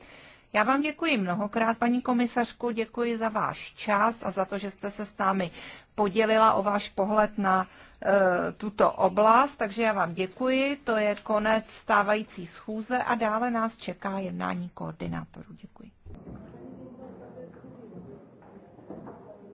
Já vám děkuji mnohokrát, paní komisařku, děkuji za váš čas a za to, že jste se s námi podělila o váš pohled na e, tuto oblast. Takže já vám děkuji, to je konec stávající schůze a dále nás čeká jednání koordinátorů. Děkuji.